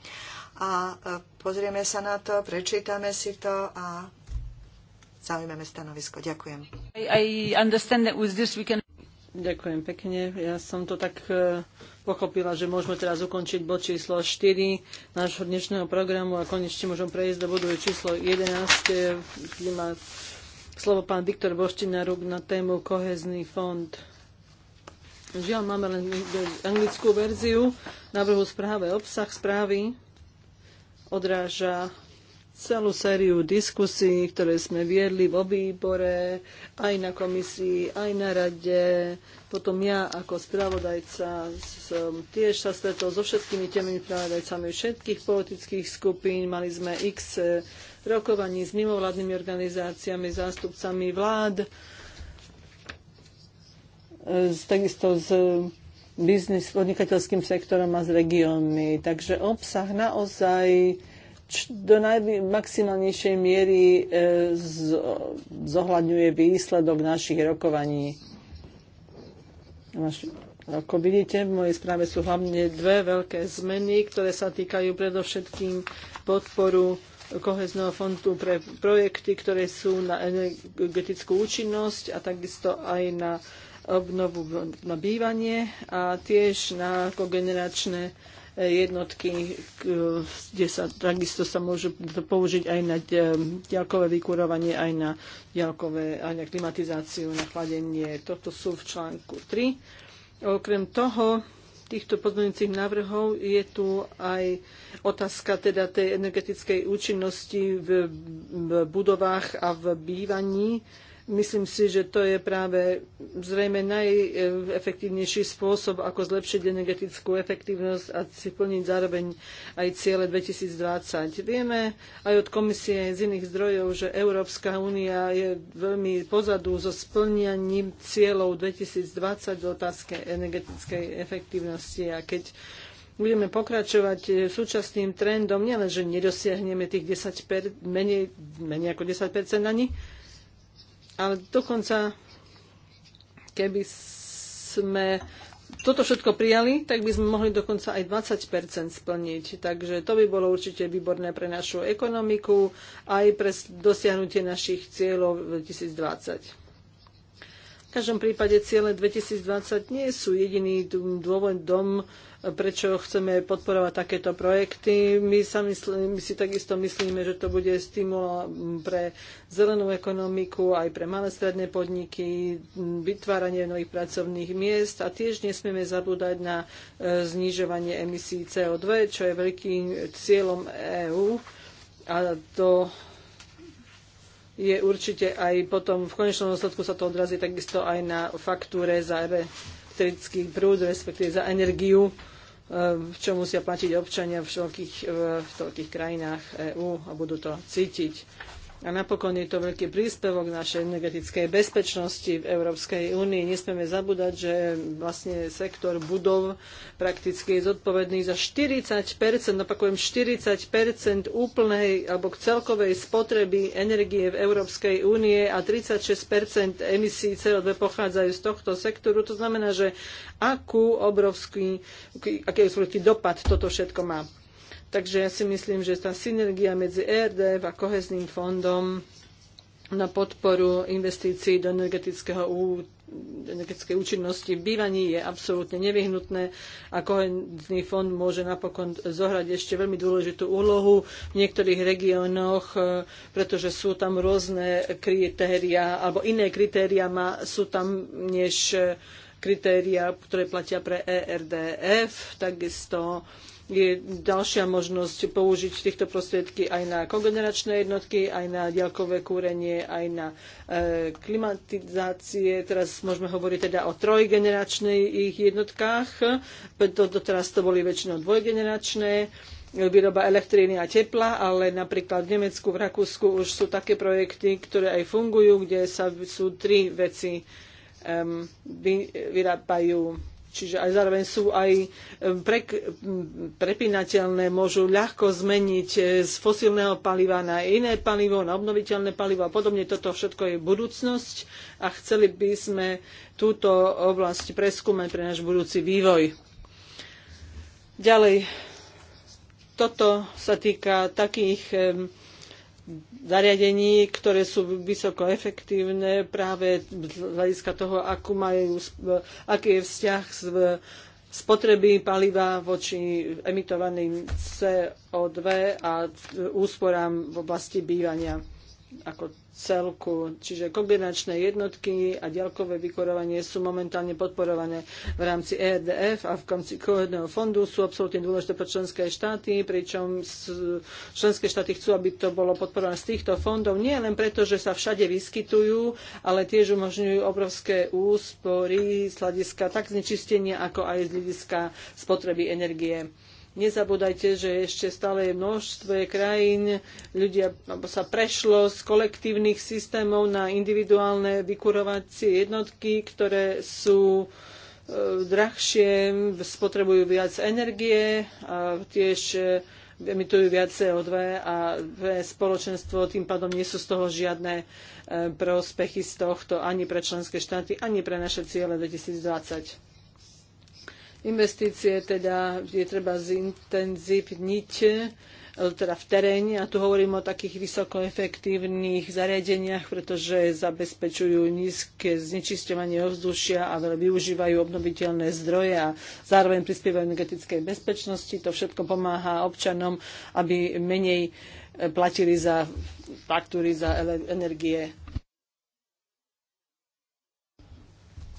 a e, pozrieme sa na to, prečítame si to a zaujmeme stanovisko. Ďakujem. I, I can... Ďakujem pekne. Ja som to tak e, pochopila, že môžeme teraz ukončiť bod číslo 4 nášho dnešného programu a konečne môžem prejsť do bodu číslo 11 slovo pán Viktor Boštinaruk na tému kohezný fond. Žiaľ, máme len anglickú verziu návrhu správe. Obsah správy odráža celú sériu diskusí, ktoré sme viedli vo výbore, aj na komisii, aj na rade. Potom ja ako spravodajca som tiež sa stretol so všetkými temnými spravodajcami všetkých politických skupín. Mali sme x rokovaní s mimovládnymi organizáciami, zástupcami vlád, e, takisto s biznis, podnikateľským sektorom a s regiónmi. Takže obsah naozaj do najmaximálnejšej miery e, zohľadňuje výsledok našich rokovaní. Ako vidíte, v mojej správe sú hlavne dve veľké zmeny, ktoré sa týkajú predovšetkým podporu kohezného fondu pre projekty, ktoré sú na energetickú účinnosť a takisto aj na obnovu na bývanie a tiež na kogeneračné jednotky, kde sa takisto sa môžu použiť aj na ďalkové vykurovanie, aj na, ďalkové, aj na klimatizáciu, na chladenie. Toto sú v článku 3. Okrem toho týchto pozmeňujúcich návrhov je tu aj otázka teda tej energetickej účinnosti v, v budovách a v bývaní. Myslím si, že to je práve zrejme najefektívnejší spôsob, ako zlepšiť energetickú efektívnosť a si plniť zároveň aj ciele 2020. Vieme aj od komisie z iných zdrojov, že Európska únia je veľmi pozadu so splnianím cieľov 2020 v otázke energetickej efektívnosti. A keď budeme pokračovať súčasným trendom, nielenže nedosiahneme tých 10 per, menej, menej ako 10 ani, ale dokonca keby sme toto všetko prijali, tak by sme mohli dokonca aj 20 splniť. Takže to by bolo určite výborné pre našu ekonomiku aj pre dosiahnutie našich cieľov 2020. V každom prípade ciele 2020 nie sú jediný dôvodom, prečo chceme podporovať takéto projekty. My, sa my si takisto myslíme, že to bude stimul pre zelenú ekonomiku, aj pre malé stredné podniky, vytváranie nových pracovných miest a tiež nesmieme zabúdať na e, znižovanie emisí CO2, čo je veľkým cieľom EÚ. A to je určite aj potom v konečnom dôsledku sa to odrazí takisto aj na faktúre za elektrický prúd, respektíve za energiu čo musia platiť občania v toľkých, v toľkých krajinách EÚ a budú to cítiť. A napokon je to veľký príspevok našej energetickej bezpečnosti v Európskej únii. Nesmieme zabúdať, že vlastne sektor budov prakticky je zodpovedný za 40 opakujem 40 úplnej alebo celkovej spotreby energie v Európskej únie a 36 emisí CO2 pochádzajú z tohto sektoru. To znamená, že akú obrovský, aký obrovský dopad toto všetko má. Takže ja si myslím, že tá synergia medzi ERDF a kohezným fondom na podporu investícií do energetického energetickej účinnosti v bývaní je absolútne nevyhnutné a kohenzný fond môže napokon zohrať ešte veľmi dôležitú úlohu v niektorých regiónoch, e, pretože sú tam rôzne kritéria alebo iné kritéria má, sú tam než e, kritéria, ktoré platia pre ERDF. Takisto je ďalšia možnosť použiť týchto prostriedky aj na kogeneračné jednotky, aj na diaľkové kúrenie, aj na e, klimatizácie. Teraz môžeme hovoriť teda o trojgeneračných jednotkách, preto Doteraz to boli väčšinou dvojgeneračné e, výroba elektriny a tepla, ale napríklad v Nemecku, v Rakúsku už sú také projekty, ktoré aj fungujú, kde sa, sú tri veci um, vy, vyrábajú čiže aj zároveň sú aj pre, prepínateľné, môžu ľahko zmeniť e, z fosílneho paliva na iné palivo, na obnoviteľné palivo a podobne. Toto všetko je budúcnosť a chceli by sme túto oblasť preskúmať pre náš budúci vývoj. Ďalej, toto sa týka takých zariadení, ktoré sú vysoko efektívne práve z hľadiska toho, akú majú, aký je vzťah s spotreby paliva voči emitovaným CO2 a úsporám v oblasti bývania ako celku. Čiže kombinačné jednotky a ďalkové vykorovanie sú momentálne podporované v rámci ERDF a v rámci kohodného fondu sú absolútne dôležité pre členské štáty, pričom členské štáty chcú, aby to bolo podporované z týchto fondov, nie len preto, že sa všade vyskytujú, ale tiež umožňujú obrovské úspory z hľadiska tak znečistenia, ako aj z hľadiska spotreby energie. Nezabúdajte, že ešte stále je množstvo krajín, ľudia sa prešlo z kolektívnych systémov na individuálne vykurovacie jednotky, ktoré sú e, drahšie, spotrebujú viac energie a tiež e, emitujú viac CO2 a spoločenstvo tým pádom nie sú z toho žiadne e, prospechy z tohto ani pre členské štáty, ani pre naše ciele 2020. Investície teda je treba zintenzívniť e, teda v teréne a tu hovorím o takých vysokoefektívnych zariadeniach, pretože zabezpečujú nízke znečisťovanie ovzdušia a využívajú obnoviteľné zdroje a zároveň prispievajú energetickej bezpečnosti. To všetko pomáha občanom, aby menej e, platili za faktúry za energie.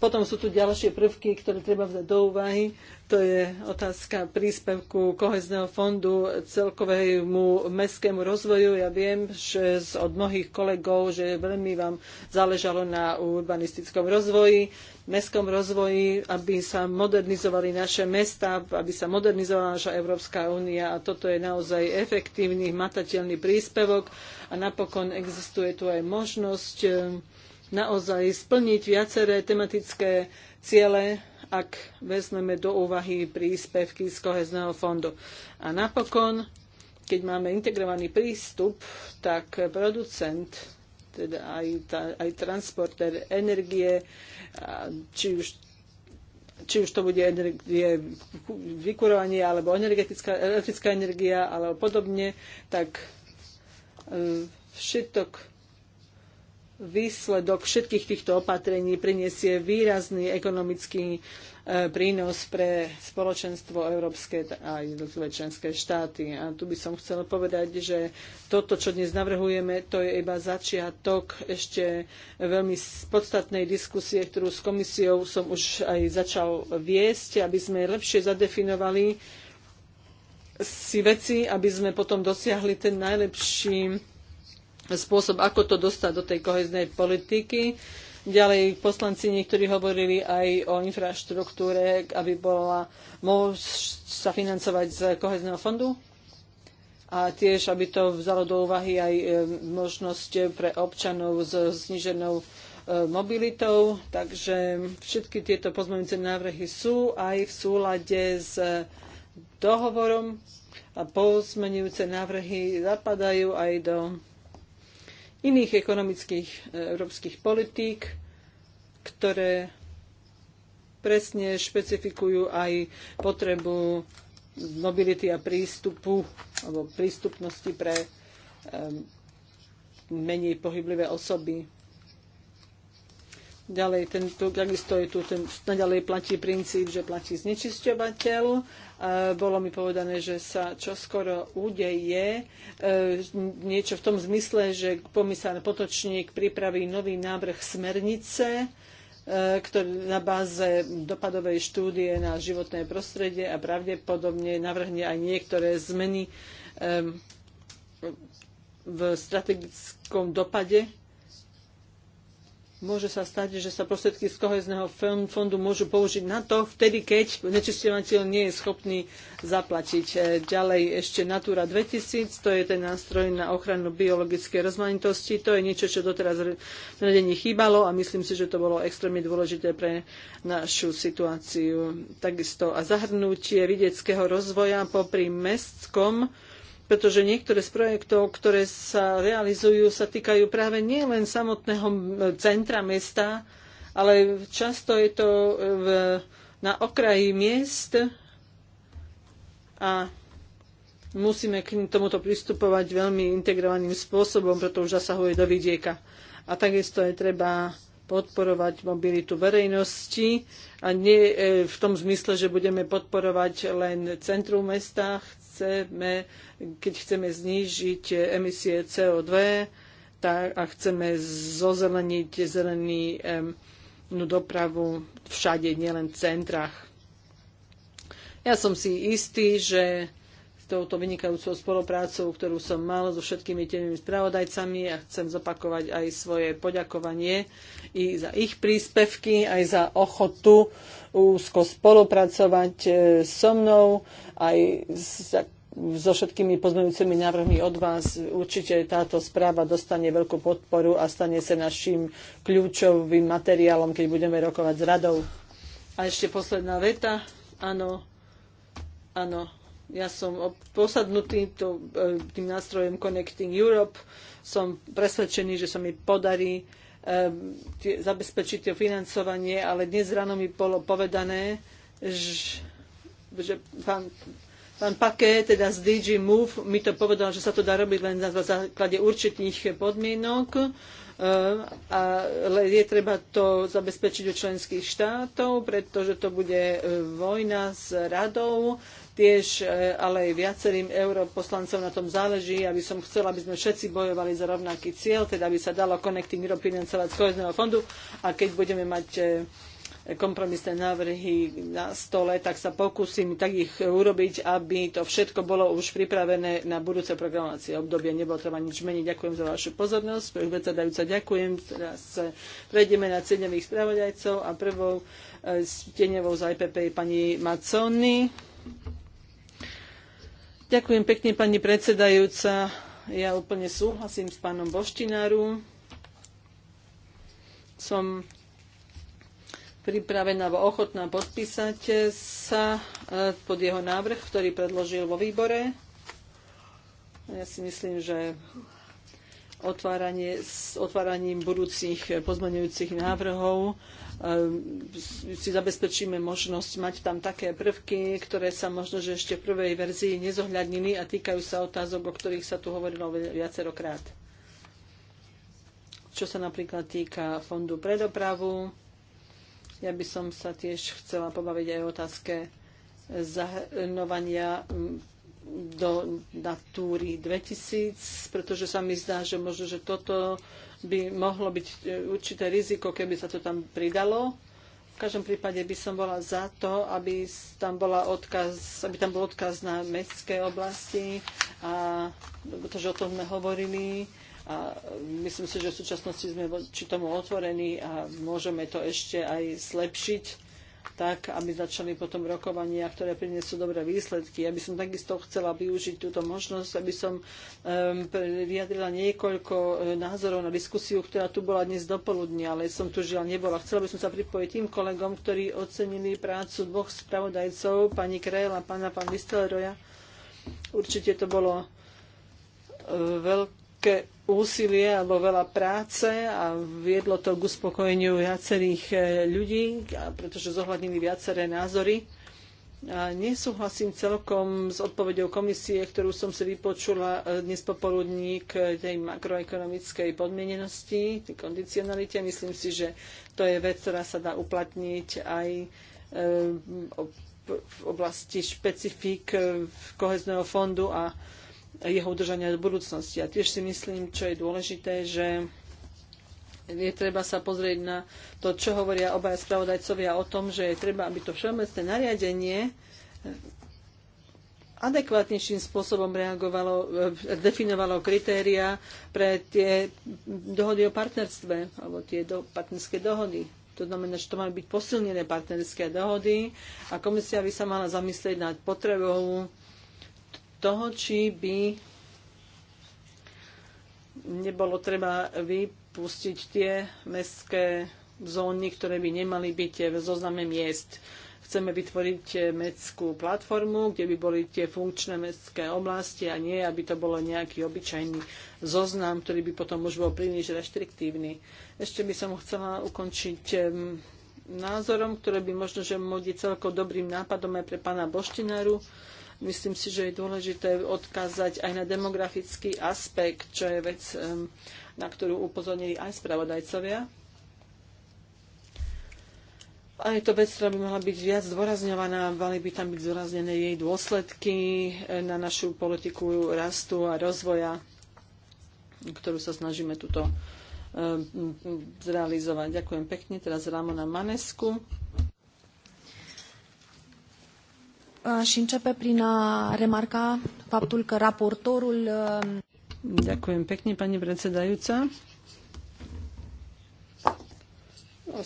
Potom sú tu ďalšie prvky, ktoré treba vzať do úvahy. To je otázka príspevku kohezného fondu celkovému mestskému rozvoju. Ja viem že od mnohých kolegov, že veľmi vám záležalo na urbanistickom rozvoji, mestskom rozvoji, aby sa modernizovali naše mesta, aby sa modernizovala naša Európska únia a toto je naozaj efektívny, matateľný príspevok. A napokon existuje tu aj možnosť naozaj splniť viaceré tematické ciele, ak vezmeme do úvahy príspevky z kohezného fondu. A napokon, keď máme integrovaný prístup, tak producent teda aj, transportér, aj transporter energie, či už, či už to bude energie, vykurovanie alebo energetická, elektrická energia alebo podobne, tak e, všetok výsledok všetkých týchto opatrení prinesie výrazný ekonomický e, prínos pre spoločenstvo európske a jednotlivé členské štáty. A tu by som chcela povedať, že toto, čo dnes navrhujeme, to je iba začiatok ešte veľmi podstatnej diskusie, ktorú s komisiou som už aj začal viesť, aby sme lepšie zadefinovali si veci, aby sme potom dosiahli ten najlepší spôsob, ako to dostať do tej koheznej politiky. Ďalej poslanci niektorí hovorili aj o infraštruktúre, aby bola môcť sa financovať z kohezného fondu a tiež, aby to vzalo do úvahy aj e, možnosť pre občanov s zniženou e, mobilitou. Takže všetky tieto pozmeňujúce návrhy sú aj v súlade s dohovorom a pozmeňujúce návrhy zapadajú aj do iných ekonomických e, európskych politík, ktoré presne špecifikujú aj potrebu mobility a prístupu alebo prístupnosti pre e, menej pohyblivé osoby Ďalej, tento, takisto je tu, ten, naďalej platí princíp, že platí znečisťovateľ. E, bolo mi povedané, že sa čoskoro udeje e, niečo v tom zmysle, že komisár Potočník pripraví nový návrh smernice, e, ktorý na báze dopadovej štúdie na životné prostredie a pravdepodobne navrhne aj niektoré zmeny e, v strategickom dopade môže sa stať, že sa prostriedky z kohezného fondu môžu použiť na to, vtedy, keď nečisťovateľ nie je schopný zaplatiť. E, ďalej ešte Natura 2000, to je ten nástroj na ochranu biologickej rozmanitosti. To je niečo, čo doteraz v radení chýbalo a myslím si, že to bolo extrémne dôležité pre našu situáciu. Takisto a zahrnutie vidieckého rozvoja popri mestskom pretože niektoré z projektov, ktoré sa realizujú, sa týkajú práve nielen samotného centra mesta, ale často je to e, v, na okraji miest a musíme k tomuto pristupovať veľmi integrovaným spôsobom, preto už zasahuje do vidieka. A takisto je treba podporovať mobilitu verejnosti a nie e, v tom zmysle, že budeme podporovať len centrum mesta chceme, keď chceme znížiť emisie CO2 tak, a chceme zozeleniť zelený um, no, dopravu všade, nielen v centrách. Ja som si istý, že s touto vynikajúcou spoluprácou, ktorú som mal so všetkými tými spravodajcami a ja chcem zopakovať aj svoje poďakovanie i za ich príspevky, aj za ochotu úzko spolupracovať e, so mnou aj s, so všetkými pozmeňujúcimi návrhmi od vás. Určite táto správa dostane veľkú podporu a stane sa našim kľúčovým materiálom, keď budeme rokovať s radou. A ešte posledná veta. Áno, áno, ja som posadnutý e, tým nástrojom Connecting Europe. Som presvedčený, že sa mi podarí Ehm, zabezpečiť to financovanie, ale dnes ráno mi bolo povedané, že, že pán, pán Paké, teda z DG Move, mi to povedal, že sa to dá robiť len na základe určitých podmienok, ehm, ale je treba to zabezpečiť u členských štátov, pretože to bude e, vojna s radou tiež e, ale aj viacerým europoslancom na tom záleží. aby som chcela, aby sme všetci bojovali za rovnaký cieľ, teda aby sa dalo Connecting Europe financovať z kohezného fondu a keď budeme mať e, kompromisné návrhy na stole, tak sa pokúsim tak ich urobiť, aby to všetko bolo už pripravené na budúce programovacie obdobie. Nebolo treba nič meniť. Ďakujem za vašu pozornosť. Predsedajúca, ďakujem. Teraz e, prejdeme na cenových spravodajcov a prvou e, tenevou za je pani Maconi. Ďakujem pekne, pani predsedajúca. Ja úplne súhlasím s pánom Boštináru. Som pripravená alebo ochotná podpísať sa e, pod jeho návrh, ktorý predložil vo výbore. Ja si myslím, že otváranie, s otváraním budúcich pozmeňujúcich návrhov Ehm, si zabezpečíme možnosť mať tam také prvky, ktoré sa možno, že ešte v prvej verzii nezohľadnili a týkajú sa otázok, o ktorých sa tu hovorilo viacerokrát. Čo sa napríklad týka fondu pre dopravu, ja by som sa tiež chcela pobaviť aj o otázke zahrnovania mm, do Natúry 2000, pretože sa mi zdá, že možno, že toto by mohlo byť e, určité riziko, keby sa to tam pridalo. V každom prípade by som bola za to, aby tam, bola odkaz, aby tam bol odkaz na mestské oblasti, a, pretože o tom sme hovorili a myslím si, že v súčasnosti sme či tomu otvorení a môžeme to ešte aj zlepšiť tak aby začali potom rokovania, ktoré prinesú dobré výsledky. Ja by som takisto chcela využiť túto možnosť, aby som um, vyjadrila niekoľko e, názorov na diskusiu, ktorá tu bola dnes dopoludne, ale som tu žiaľ nebola. Chcela by som sa pripojiť tým kolegom, ktorí ocenili prácu dvoch spravodajcov, pani Krejl a pána pán Vistelroja. Určite to bolo e, veľké úsilie alebo veľa práce a viedlo to k uspokojeniu viacerých e, ľudí, pretože zohľadnili viaceré názory. A nesúhlasím celkom s odpovedou komisie, ktorú som si vypočula e, dnes popoludní k tej makroekonomickej podmienenosti, tej kondicionalite. Myslím si, že to je vec, ktorá sa dá uplatniť aj e, v oblasti špecifík kohezného fondu a jeho udržania do budúcnosti. A tiež si myslím, čo je dôležité, že je treba sa pozrieť na to, čo hovoria obaja spravodajcovia o tom, že je treba, aby to všeobecné nariadenie adekvátnejším spôsobom reagovalo, e, definovalo kritéria pre tie dohody o partnerstve alebo tie do, partnerské dohody. To znamená, že to majú byť posilnené partnerské dohody a komisia by sa mala zamyslieť nad potrebou toho, či by nebolo treba vypustiť tie mestské zóny, ktoré by nemali byť v zozname miest. Chceme vytvoriť mestskú platformu, kde by boli tie funkčné mestské oblasti a nie, aby to bolo nejaký obyčajný zoznam, ktorý by potom už bol príliš reštriktívny. Ešte by som chcela ukončiť názorom, ktoré by možno, že mohli celkom dobrým nápadom aj pre pána Boštinaru. Myslím si, že je dôležité odkázať aj na demografický aspekt, čo je vec, na ktorú upozornili aj spravodajcovia. A je to vec, ktorá by mohla byť viac zdôrazňovaná, mali by tam byť zdôraznené jej dôsledky eh, na našu politiku rastu a rozvoja, ktorú sa snažíme tuto zrealizovať. Ďakujem pekne. Teraz Ramona Manesku. Uh, și începe prin a remarca faptul că raportorul... Uh, Ďakujem pekne, pani predsedajúca.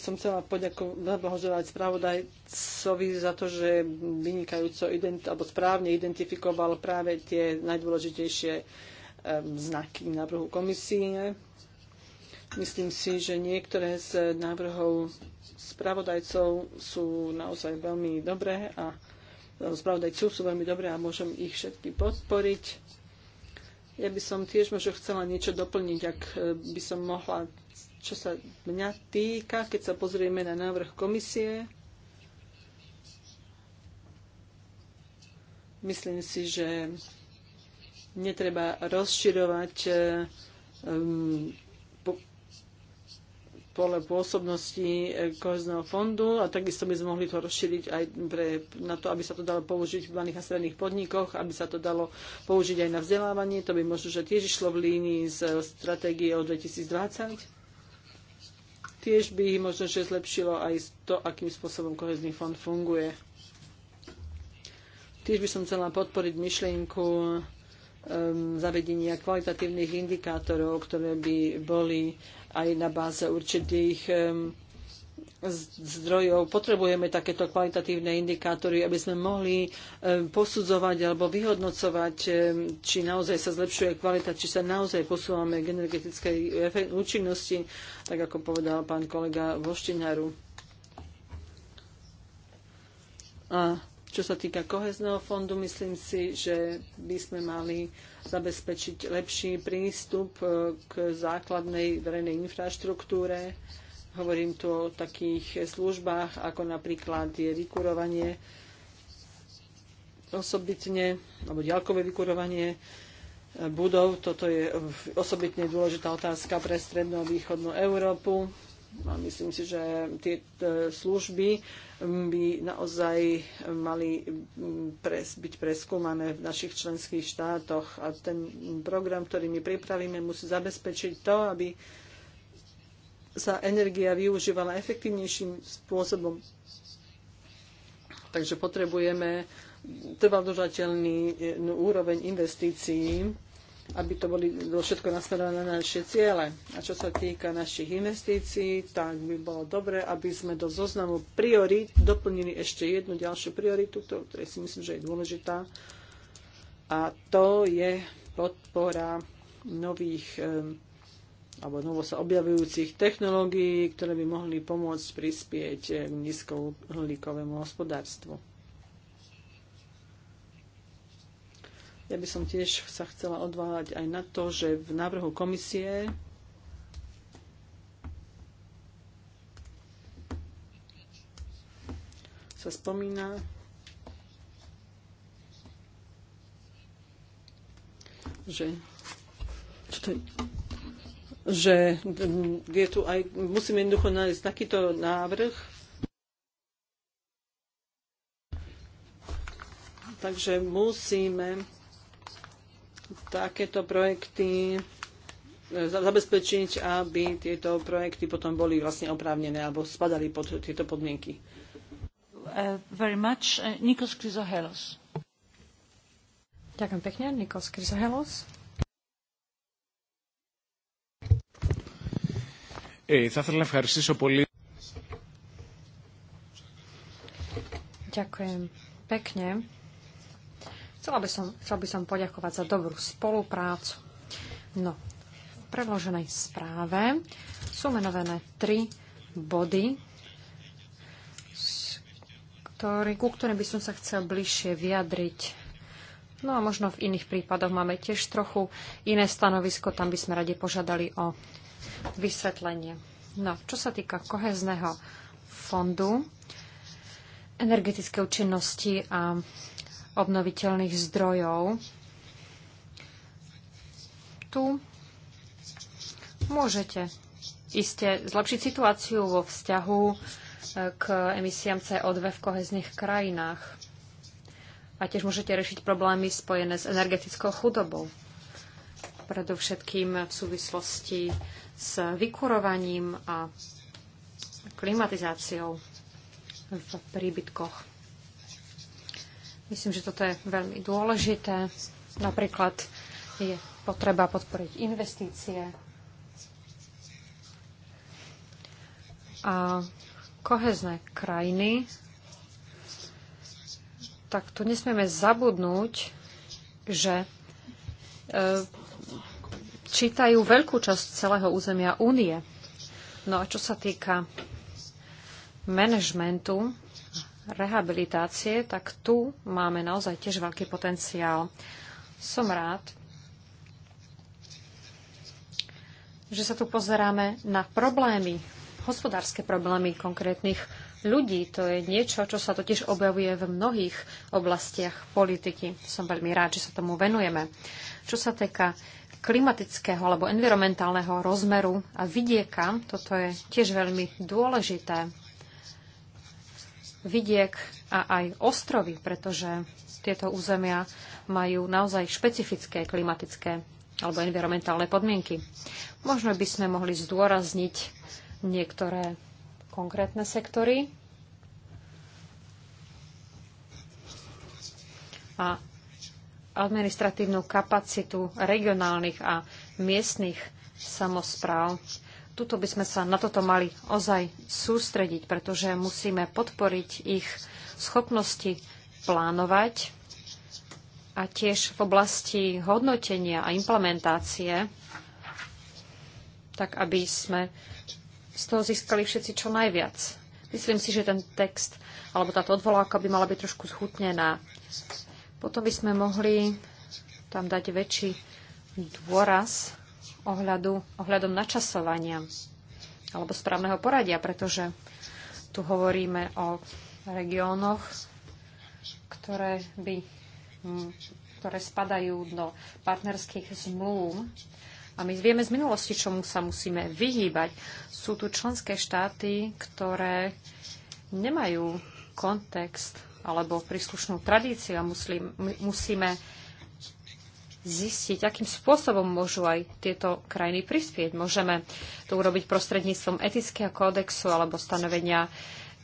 Som chcela poďakovať spravodajcovi za to, že vynikajúco ident, alebo správne identifikoval práve tie najdôležitejšie um, znaky návrhu komisie. Myslím si, že niektoré z návrhov spravodajcov sú naozaj veľmi dobré a spravodajcu sú veľmi dobré a môžem ich všetky podporiť. Ja by som tiež možno chcela niečo doplniť, ak e, by som mohla, čo sa mňa týka, keď sa pozrieme na návrh komisie. Myslím si, že netreba rozširovať e, pole pôsobnosti eh, kohezného fondu a takisto by sme mohli to rozšíriť aj pre, na to, aby sa to dalo použiť v malých a stredných podnikoch, aby sa to dalo použiť aj na vzdelávanie. To by možno, že tiež išlo v línii z stratégie o 2020. Tiež by možno, že zlepšilo aj to, akým spôsobom kohezný fond funguje. Tiež by som chcela podporiť myšlienku Um, zavedenia kvalitatívnych indikátorov, ktoré by boli aj na báze určitých um, zdrojov. Potrebujeme takéto kvalitatívne indikátory, aby sme mohli um, posudzovať alebo vyhodnocovať, či naozaj sa zlepšuje kvalita, či sa naozaj posúvame k energetickej účinnosti, tak ako povedal pán kolega Voštinaru. A čo sa týka kohezného fondu, myslím si, že by sme mali zabezpečiť lepší prístup e, k základnej verejnej infraštruktúre. Hovorím tu o takých službách, ako napríklad je vykurovanie osobitne, alebo ďalkové vykurovanie e, budov. Toto je osobitne dôležitá otázka pre strednú a východnú Európu a myslím si, že tie služby mm, by naozaj mali mm, pres, byť preskúmané v našich členských štátoch. A ten program, ktorý my pripravíme, musí zabezpečiť to, aby sa energia využívala efektívnejším spôsobom. Takže potrebujeme trvalodržateľný e, úroveň investícií aby to boli, bolo všetko nasmerované na naše ciele. A čo sa týka našich investícií, tak by bolo dobre, aby sme do zoznamu priorít doplnili ešte jednu ďalšiu prioritu, ktorá si myslím, že je dôležitá. A to je podpora nových alebo novo sa objavujúcich technológií, ktoré by mohli pomôcť prispieť k nízkouhlíkovému hospodárstvu. Ja by som tiež sa chcela odváľať aj na to, že v návrhu komisie sa spomína že že mm, je tu aj, musíme jednoducho nájsť takýto návrh, takže musíme takéto projekty e, zabezpečiť, aby tieto projekty potom boli vlastne oprávnené alebo spadali pod tieto podmienky. Uh, very much. Uh, Nikos Chrysohelos. Ďakujem pekne. Nikos Chrysohelos. Ε, θα ήθελα να ευχαριστήσω πολύ. Ďakujem pekne. Chcela by som, chcel by som poďakovať za dobrú spoluprácu. No, v predloženej správe sú menované tri body, ktorý, ku ktorým by som sa chcel bližšie vyjadriť. No a možno v iných prípadoch máme tiež trochu iné stanovisko, tam by sme radi požiadali o vysvetlenie. No, čo sa týka kohezného fondu, energetické účinnosti a obnoviteľných zdrojov. Tu môžete iste zlepšiť situáciu vo vzťahu e, k emisiám CO2 v kohezných krajinách. A tiež môžete riešiť problémy spojené s energetickou chudobou. Predovšetkým v súvislosti s vykurovaním a klimatizáciou v príbytkoch. Myslím, že toto je veľmi dôležité. Napríklad je potreba podporiť investície a kohezné krajiny, tak tu nesmieme zabudnúť, že e, čítajú veľkú časť celého územia únie. No a čo sa týka manažmentu, rehabilitácie, tak tu máme naozaj tiež veľký potenciál. Som rád, že sa tu pozeráme na problémy, hospodárske problémy konkrétnych ľudí. To je niečo, čo sa totiž objavuje v mnohých oblastiach politiky. Som veľmi rád, že sa tomu venujeme. Čo sa týka klimatického alebo environmentálneho rozmeru a vidieka, toto je tiež veľmi dôležité vidiek a aj ostrovy, pretože tieto územia majú naozaj špecifické klimatické alebo environmentálne podmienky. Možno by sme mohli zdôrazniť niektoré konkrétne sektory a administratívnu kapacitu regionálnych a miestnych samozpráv tuto by sme sa na toto mali ozaj sústrediť, pretože musíme podporiť ich schopnosti plánovať a tiež v oblasti hodnotenia a implementácie, tak aby sme z toho získali všetci čo najviac. Myslím si, že ten text alebo táto odvolávka by mala byť trošku zhutnená. Potom by sme mohli tam dať väčší dôraz ohľadu, ohľadom načasovania alebo správneho poradia, pretože tu hovoríme o regiónoch, ktoré, by, ktoré spadajú do partnerských zmluv. A my vieme z minulosti, čomu sa musíme vyhýbať. Sú tu členské štáty, ktoré nemajú kontext alebo príslušnú tradíciu a muslim, musíme zistiť, akým spôsobom môžu aj tieto krajiny prispieť. Môžeme to urobiť prostredníctvom etického kódexu alebo stanovenia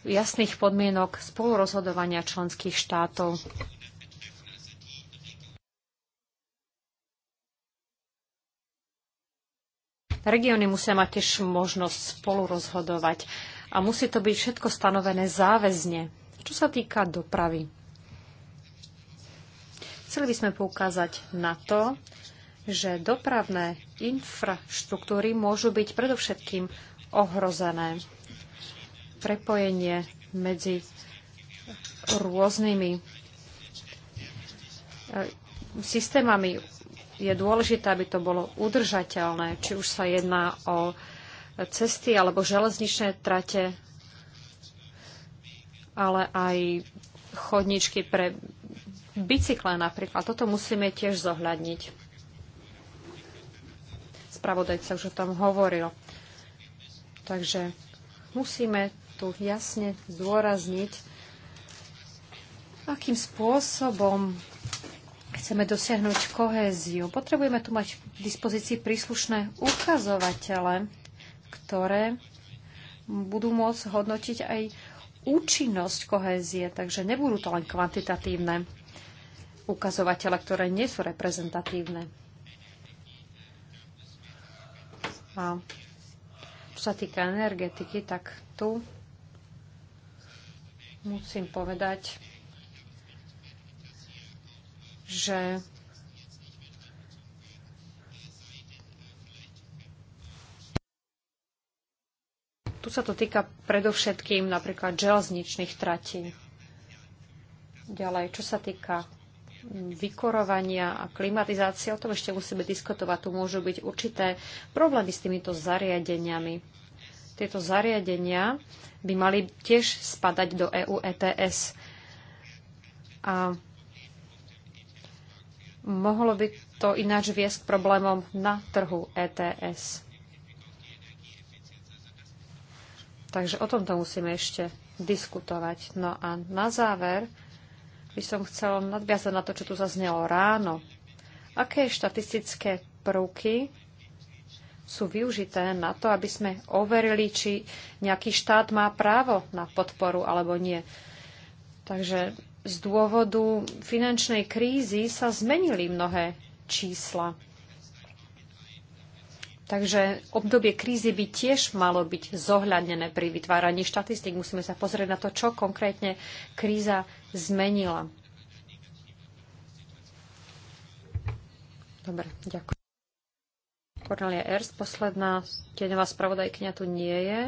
jasných podmienok spolurozhodovania členských štátov. Regióny musia mať tiež možnosť spolurozhodovať a musí to byť všetko stanovené záväzne. Čo sa týka dopravy, Chceli by sme poukázať na to, že dopravné infraštruktúry môžu byť predovšetkým ohrozené. Prepojenie medzi rôznymi e, systémami je dôležité, aby to bolo udržateľné, či už sa jedná o cesty alebo železničné trate, ale aj chodničky pre bicykle napríklad. Toto musíme tiež zohľadniť. Spravodajca už o tom hovoril. Takže musíme tu jasne zdôrazniť, akým spôsobom chceme dosiahnuť kohéziu. Potrebujeme tu mať v dispozícii príslušné ukazovatele, ktoré budú môcť hodnotiť aj účinnosť kohézie, takže nebudú to len kvantitatívne ukazovatele, ktoré nie sú reprezentatívne. A čo sa týka energetiky, tak tu musím povedať, že tu sa to týka predovšetkým napríklad železničných tratí. Ďalej, čo sa týka vykorovania a klimatizácie, o tom ešte musíme diskutovať. Tu môžu byť určité problémy s týmito zariadeniami. Tieto zariadenia by mali tiež spadať do EU ETS. A mohlo by to ináč viesť k problémom na trhu ETS. Takže o tomto musíme ešte diskutovať. No a na záver by som chcel nadviazať na to, čo tu zaznelo ráno. Aké štatistické prvky sú využité na to, aby sme overili, či nejaký štát má právo na podporu alebo nie. Takže z dôvodu finančnej krízy sa zmenili mnohé čísla. Takže obdobie krízy by tiež malo byť zohľadnené pri vytváraní štatistik. Musíme sa pozrieť na to, čo konkrétne kríza zmenila. Dobre, ďakujem. Cornelia Ers, posledná tieňová spravodajkňa tu nie je.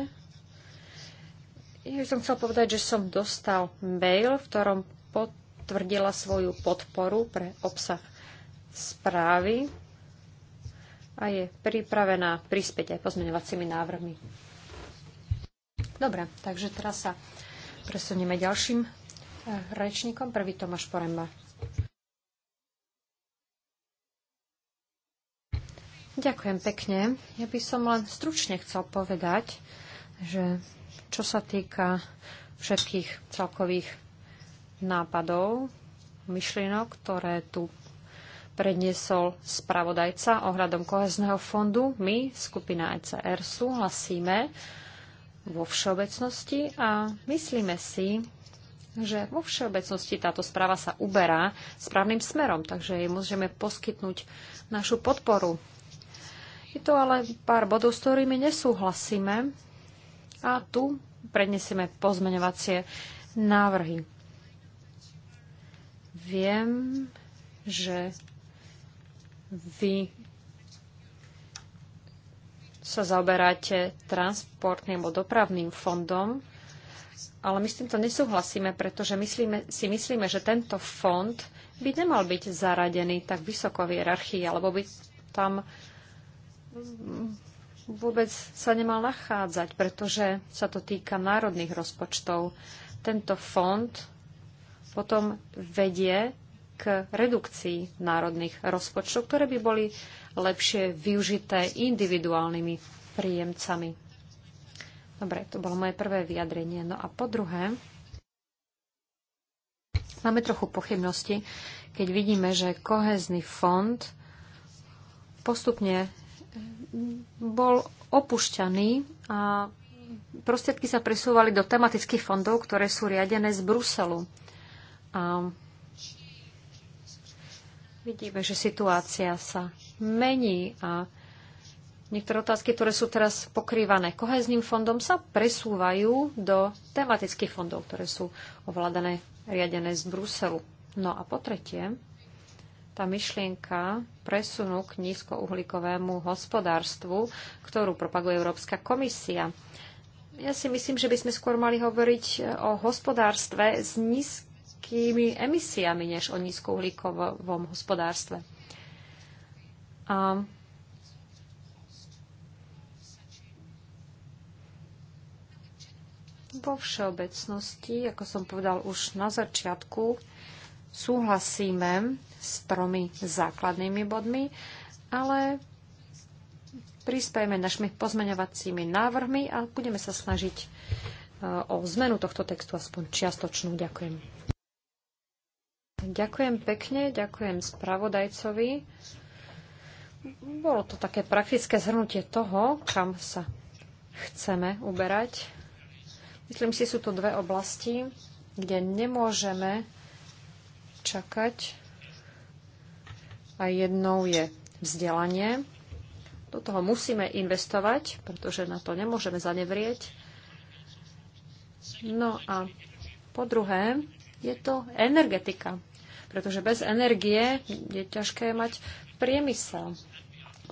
Ja by som chcel povedať, že som dostal mail, v ktorom potvrdila svoju podporu pre obsah správy a je pripravená prispäť aj pozmeňovacími návrhmi. Dobre, takže teraz sa presunieme ďalším eh, rečníkom. Prvý Tomáš Poremba. Ďakujem pekne. Ja by som len stručne chcel povedať, že čo sa týka všetkých celkových nápadov, myšlienok, ktoré tu predniesol spravodajca ohľadom kohezného fondu. My, skupina ECR, súhlasíme vo všeobecnosti a myslíme si, že vo všeobecnosti táto správa sa uberá správnym smerom, takže jej môžeme poskytnúť našu podporu. Je to ale pár bodov, s ktorými nesúhlasíme a tu prednesieme pozmeňovacie návrhy. Viem, že vy sa zaoberáte transportným alebo dopravným fondom, ale my s týmto nesúhlasíme, pretože myslíme, si myslíme, že tento fond by nemal byť zaradený tak vysoko v hierarchii, alebo by tam vôbec sa nemal nachádzať, pretože sa to týka národných rozpočtov. Tento fond potom vedie k redukcii národných rozpočtov, ktoré by boli lepšie využité individuálnymi príjemcami. Dobre, to bolo moje prvé vyjadrenie. No a po druhé, máme trochu pochybnosti, keď vidíme, že kohezný fond postupne bol opušťaný a prostriedky sa presúvali do tematických fondov, ktoré sú riadené z Bruselu. A vidíme, že situácia sa mení a niektoré otázky, ktoré sú teraz pokrývané kohezným fondom, sa presúvajú do tematických fondov, ktoré sú ovládané, riadené z Bruselu. No a po tretie, tá myšlienka presunu k nízkouhlíkovému hospodárstvu, ktorú propaguje Európska komisia. Ja si myslím, že by sme skôr mali hovoriť o hospodárstve s nízkym vysokými emisiami než o nízkouhlíkovom hospodárstve. A vo všeobecnosti, ako som povedal už na začiatku, súhlasíme s tromi základnými bodmi, ale prispiejeme našimi pozmeňovacími návrhmi a budeme sa snažiť e, o zmenu tohto textu aspoň čiastočnú. Ďakujem. Ďakujem pekne, ďakujem spravodajcovi. Bolo to také praktické zhrnutie toho, kam sa chceme uberať. Myslím si, sú to dve oblasti, kde nemôžeme čakať. A jednou je vzdelanie. Do toho musíme investovať, pretože na to nemôžeme zanevrieť. No a po druhé, je to energetika pretože bez energie je ťažké mať priemysel.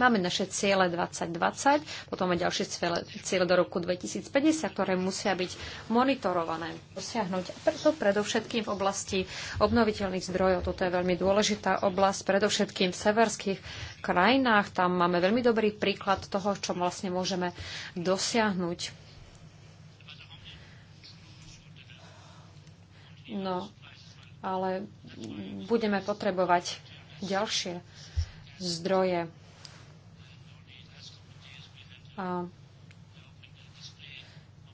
Máme naše ciele 2020, potom máme ďalšie ciele, ciele do roku 2050, ktoré musia byť monitorované, dosiahnuť. A preto predovšetkým v oblasti obnoviteľných zdrojov, toto je veľmi dôležitá oblasť, predovšetkým v severských krajinách, tam máme veľmi dobrý príklad toho, čo vlastne môžeme dosiahnuť. No, ale budeme potrebovať ďalšie zdroje. A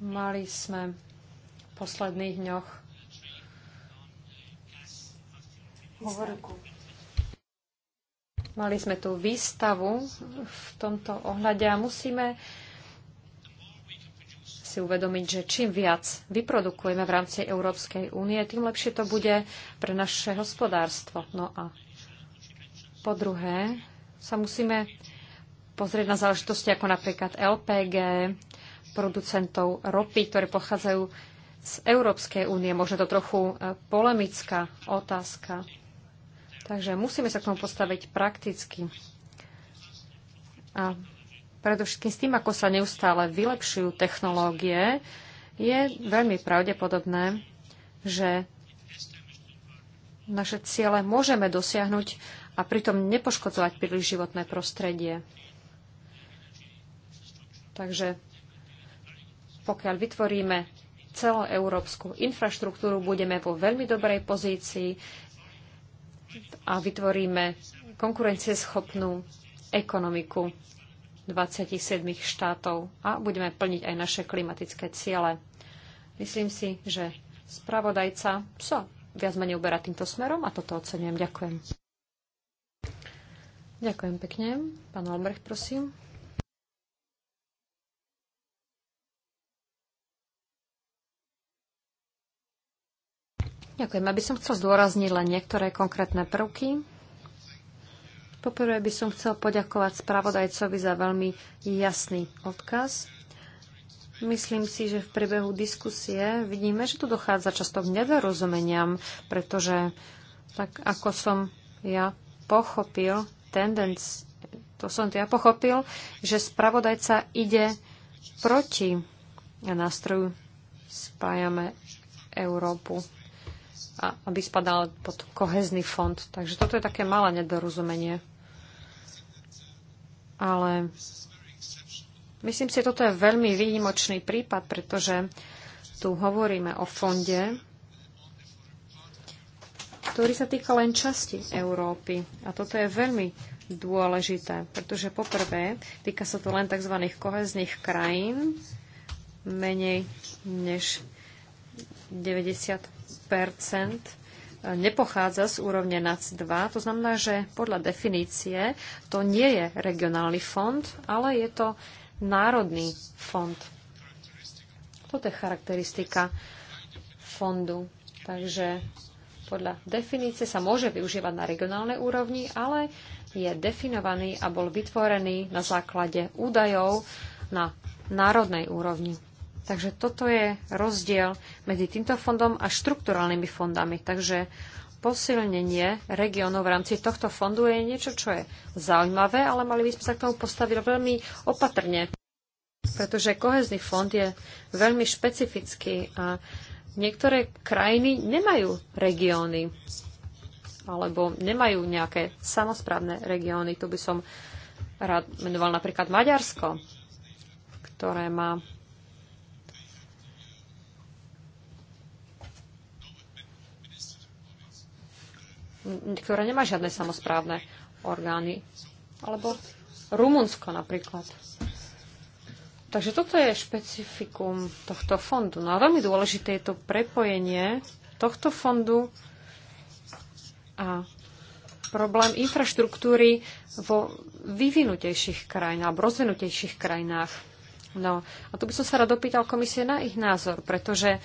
mali sme v posledných dňoch hovorku. Mali sme tú výstavu v tomto ohľade a musíme si uvedomiť, že čím viac vyprodukujeme v rámci Európskej únie, tým lepšie to bude pre naše hospodárstvo. No a po druhé, sa musíme pozrieť na záležitosti ako napríklad LPG, producentov ropy, ktoré pochádzajú z Európskej únie. Možno to trochu e, polemická otázka. Takže musíme sa k tomu postaviť prakticky. A predovšetkým s tým, ako sa neustále vylepšujú technológie, je veľmi pravdepodobné, že naše ciele môžeme dosiahnuť a pritom nepoškodzovať príliš životné prostredie. Takže pokiaľ vytvoríme celoeurópsku infraštruktúru, budeme vo veľmi dobrej pozícii a vytvoríme konkurencieschopnú ekonomiku 27 štátov a budeme plniť aj naše klimatické ciele. Myslím si, že spravodajca sa viac menej uberá týmto smerom a toto ocenujem. Ďakujem. Ďakujem pekne. Pán Albrecht, prosím. Ďakujem. Aby som chcel zdôrazniť len niektoré konkrétne prvky Poprvé by som chcel poďakovať spravodajcovi za veľmi jasný odkaz. Myslím si, že v priebehu diskusie vidíme, že tu dochádza často k nedorozumeniam, pretože tak ako som ja pochopil tendenc, to som ja pochopil, že spravodajca ide proti nástroju Spájame Európu aby spadal pod kohezný fond. Takže toto je také malé nedorozumenie. Ale myslím si, že toto je veľmi výnimočný prípad, pretože tu hovoríme o fonde, ktorý sa týka len časti Európy. A toto je veľmi dôležité, pretože poprvé týka sa to len tzv. kohezných krajín, menej než 90 E, nepochádza z úrovne NAC2. To znamená, že podľa definície to nie je regionálny fond, ale je to národný fond. Toto je charakteristika fondu. Takže podľa definície sa môže využívať na regionálnej úrovni, ale je definovaný a bol vytvorený na základe údajov na národnej úrovni. Takže toto je rozdiel medzi týmto fondom a štrukturálnymi fondami. Takže posilnenie regiónov v rámci tohto fondu je niečo, čo je zaujímavé, ale mali by sme sa k tomu postaviť veľmi opatrne, pretože kohezný fond je veľmi špecifický a niektoré krajiny nemajú regióny alebo nemajú nejaké samozprávne regióny. Tu by som rád menoval napríklad Maďarsko, ktoré má ktoré nemá žiadne samozprávne orgány. Alebo Rumunsko napríklad. Takže toto je špecifikum tohto fondu. No a veľmi dôležité je to prepojenie tohto fondu a problém infraštruktúry vo vyvinutejších krajinách, alebo rozvinutejších krajinách. No a tu by som sa rád dopýtal komisie na ich názor, pretože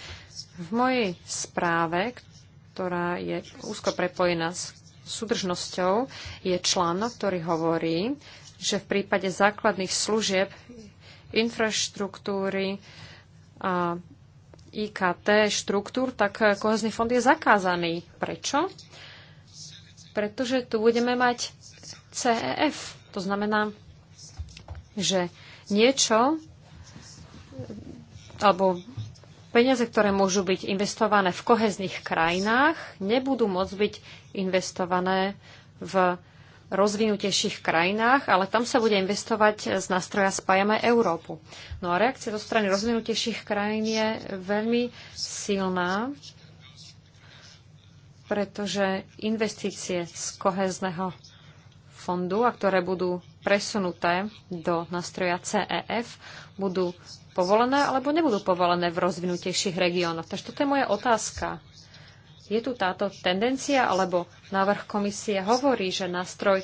v mojej správe, ktorá je úzko prepojená s súdržnosťou, je článok, ktorý hovorí, že v prípade základných služieb infraštruktúry a IKT štruktúr, tak kohezný fond je zakázaný. Prečo? Pretože tu budeme mať CEF. To znamená, že niečo alebo peniaze, ktoré môžu byť investované v kohezných krajinách, nebudú môcť byť investované v rozvinutejších krajinách, ale tam sa bude investovať z nástroja Spájame Európu. No a reakcia zo strany rozvinutejších krajín je veľmi silná, pretože investície z kohezného fondu, a ktoré budú presunuté do nástroja CEF, budú povolené alebo nebudú povolené v rozvinutejších regiónoch. Takže toto je moja otázka. Je tu táto tendencia, alebo návrh komisie hovorí, že nástroj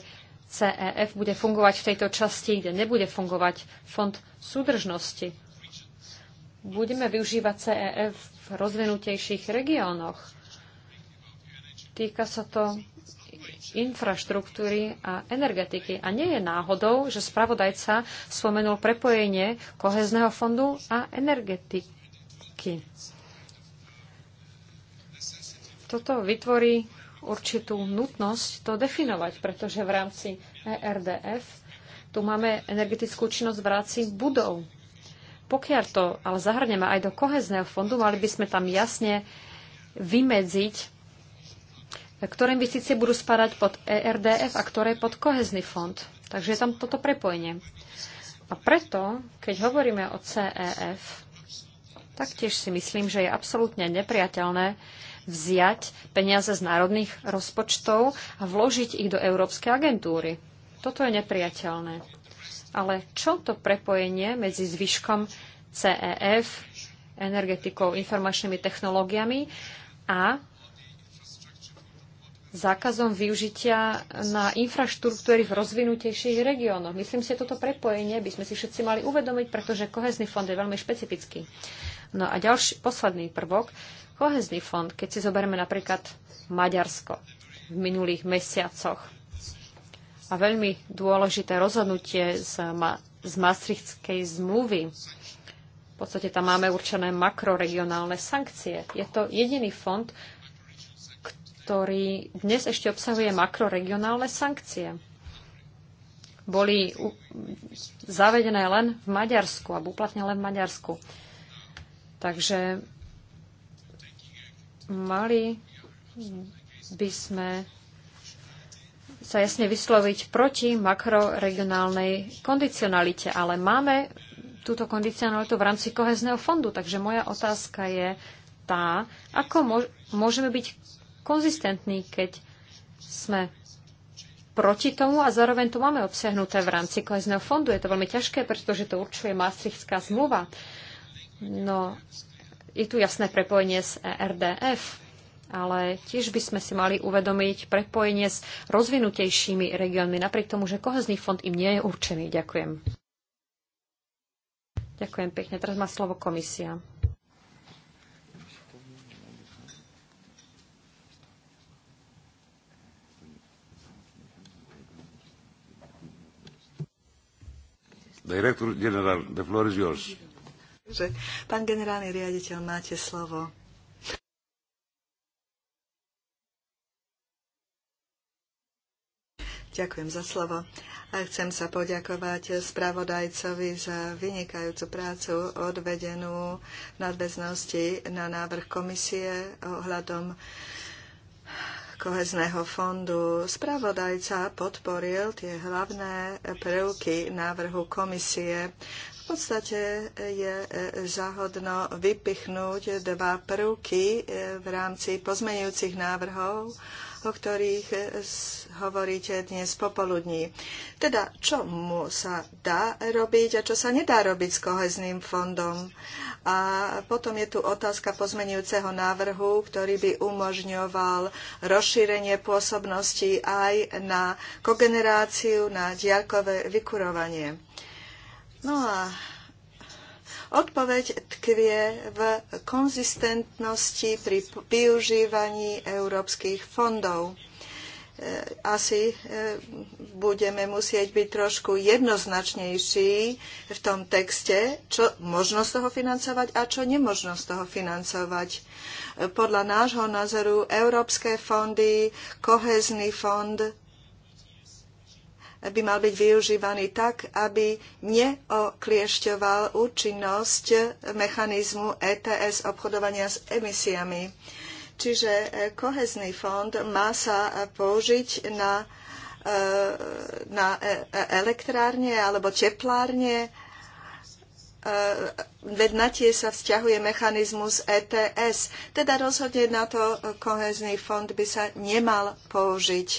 CEF bude fungovať v tejto časti, kde nebude fungovať fond súdržnosti. Budeme využívať CEF v rozvinutejších regiónoch. Týka sa to infraštruktúry a energetiky. A nie je náhodou, že spravodajca spomenul prepojenie kohezného fondu a energetiky. Toto vytvorí určitú nutnosť to definovať, pretože v rámci ERDF tu máme energetickú činnosť v rámci budov. Pokiaľ to ale zahrneme aj do kohezného fondu, mali by sme tam jasne vymedziť ktoré investície budú spadať pod ERDF a ktoré pod kohezný fond. Takže je tam toto prepojenie. A preto, keď hovoríme o CEF, taktiež si myslím, že je absolútne nepriateľné vziať peniaze z národných rozpočtov a vložiť ich do Európskej agentúry. Toto je nepriateľné. Ale čo to prepojenie medzi zvyškom CEF, energetikou, informačnými technológiami a zákazom využitia na infraštruktúry v rozvinutejších regiónoch. Myslím si, že toto prepojenie by sme si všetci mali uvedomiť, pretože kohezný fond je veľmi špecifický. No a ďalší, posledný prvok, kohezný fond, keď si zoberieme napríklad Maďarsko v minulých mesiacoch a veľmi dôležité rozhodnutie z, ma- z Maastrichtskej zmluvy, v podstate tam máme určené makroregionálne sankcie. Je to jediný fond, ktorý dnes ešte obsahuje makroregionálne sankcie. Boli zavedené len v Maďarsku a uplatnené len v Maďarsku. Takže mali by sme sa jasne vysloviť proti makroregionálnej kondicionalite, ale máme túto kondicionalitu v rámci kohezného fondu. Takže moja otázka je tá, ako môžeme byť konzistentní, keď sme proti tomu a zároveň to máme obsiahnuté v rámci kohezného fondu. Je to veľmi ťažké, pretože to určuje Maastrichtská zmluva. No, je tu jasné prepojenie s e RDF, ale tiež by sme si mali uvedomiť prepojenie s rozvinutejšími regiónmi, napriek tomu, že kohezný fond im nie je určený. Ďakujem. Ďakujem pekne. Teraz má slovo komisia. Director General, the floor is yours. pán generálny riaditeľ, máte slovo. Ďakujem za slovo. A chcem sa poďakovať spravodajcovi za vynikajúcu prácu odvedenú v nadväznosti na návrh komisie ohľadom kohezného fondu. Spravodajca podporil tie hlavné prvky návrhu komisie. V podstate je e, záhodno vypichnúť dva prvky e, v rámci pozmenujúcich návrhov o ktorých eh, hovoríte dnes popoludní. Teda, čo mu sa dá robiť a čo sa nedá robiť s kohezným fondom. A potom je tu otázka pozmenujúceho návrhu, ktorý by umožňoval rozšírenie pôsobnosti aj na kogeneráciu, na diaľkové vykurovanie. No a Odpoveď tkvie v konzistentnosti pri využívaní európskych fondov e, asi e, budeme musieť byť trošku jednoznačnejší v tom texte, čo možno z toho financovať a čo nemožno z toho financovať. E, podľa nášho názoru Európske fondy, kohezný fond by mal byť využívaný tak, aby neokliešťoval účinnosť mechanizmu ETS obchodovania s emisiami. Čiže e, kohezný fond má sa použiť na, e, na e, elektrárne alebo teplárne, veď na tie sa vzťahuje mechanizmus ETS. Teda rozhodne na to kohezný fond by sa nemal použiť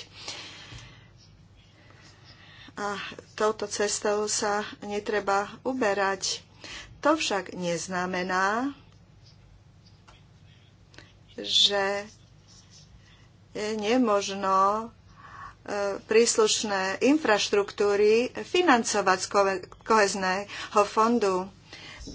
a touto cestou sa netreba uberať. To však neznamená, že je nemožno e, príslušné infraštruktúry financovať z kohezného fondu.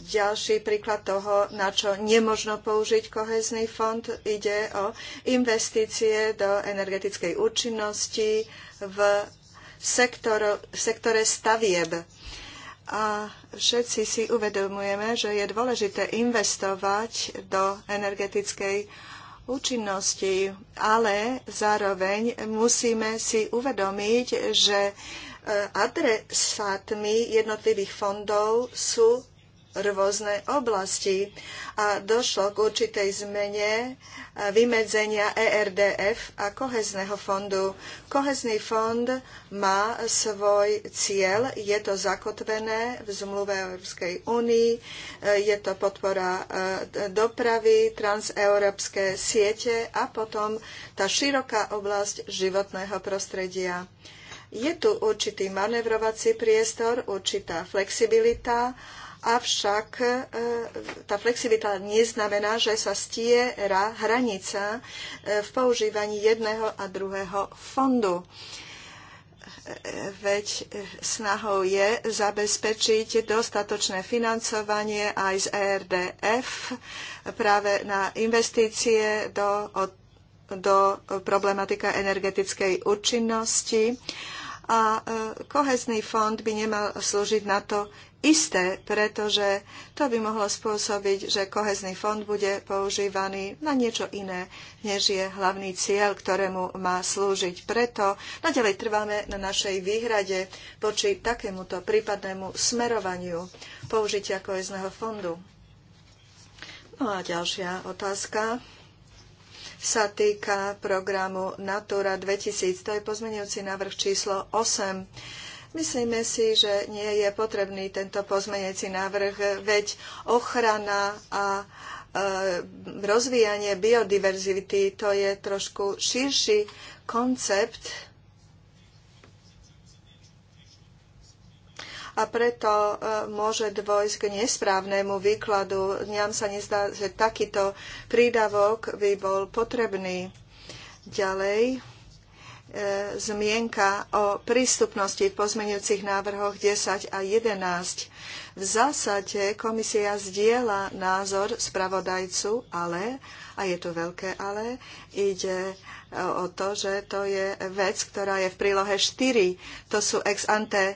Ďalší príklad toho, na čo nemožno použiť kohezný fond, ide o investície do energetickej účinnosti v sektor, sektore stavieb. A všetci si uvedomujeme, že je dôležité investovať do energetickej účinnosti, ale zároveň musíme si uvedomiť, že eh, adresátmi jednotlivých fondov sú rôzne oblasti a došlo k určitej zmene e, vymedzenia ERDF a kohezného fondu. Kohezný fond má svoj cieľ, je to zakotvené v zmluve Európskej únii, e, je to podpora e, dopravy, transeurópske siete a potom tá široká oblasť životného prostredia. Je tu určitý manevrovací priestor, určitá flexibilita Avšak e, tá flexibilita neznamená, že sa stiera hranica e, v používaní jedného a druhého fondu e, veď snahou je zabezpečiť dostatočné financovanie aj z ERDF práve na investície do, do problematika energetickej účinnosti a kohezný fond by nemal slúžiť na to isté, pretože to by mohlo spôsobiť, že kohezný fond bude používaný na niečo iné, než je hlavný cieľ, ktorému má slúžiť. Preto nadalej trváme na našej výhrade voči takémuto prípadnému smerovaniu použitia kohezného fondu. No a ďalšia otázka sa týka programu Natura 2000. To je pozmenujúci návrh číslo 8 Myslíme si, že nie je potrebný tento pozmeneci návrh, veď ochrana a e, rozvíjanie biodiverzity to je trošku širší koncept a preto e, môže dôjsť k nesprávnemu výkladu. Nám sa nezdá, že takýto prídavok by bol potrebný. Ďalej zmienka o prístupnosti v pozmeňujúcich návrhoch 10 a 11. V zásade komisia zdieľa názor spravodajcu, ale, a je to veľké ale, ide e, o to, že to je vec, ktorá je v prílohe 4. To sú ex ante e,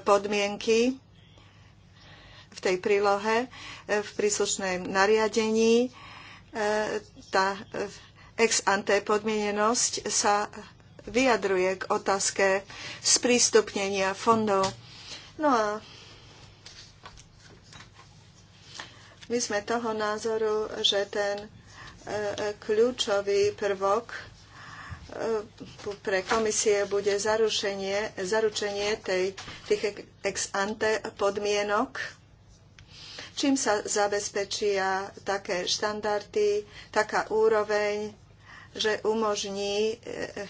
podmienky v tej prílohe, e, v príslušnej nariadení. Tá ex ante podmienenosť sa vyjadruje k otázke sprístupnenia fondov. No a my sme toho názoru, že ten e, kľúčový prvok e, pre komisie bude zarušenie, zaručenie tej, tých ex ante podmienok, čím sa zabezpečia také štandardy, taká úroveň že umožní eh, eh,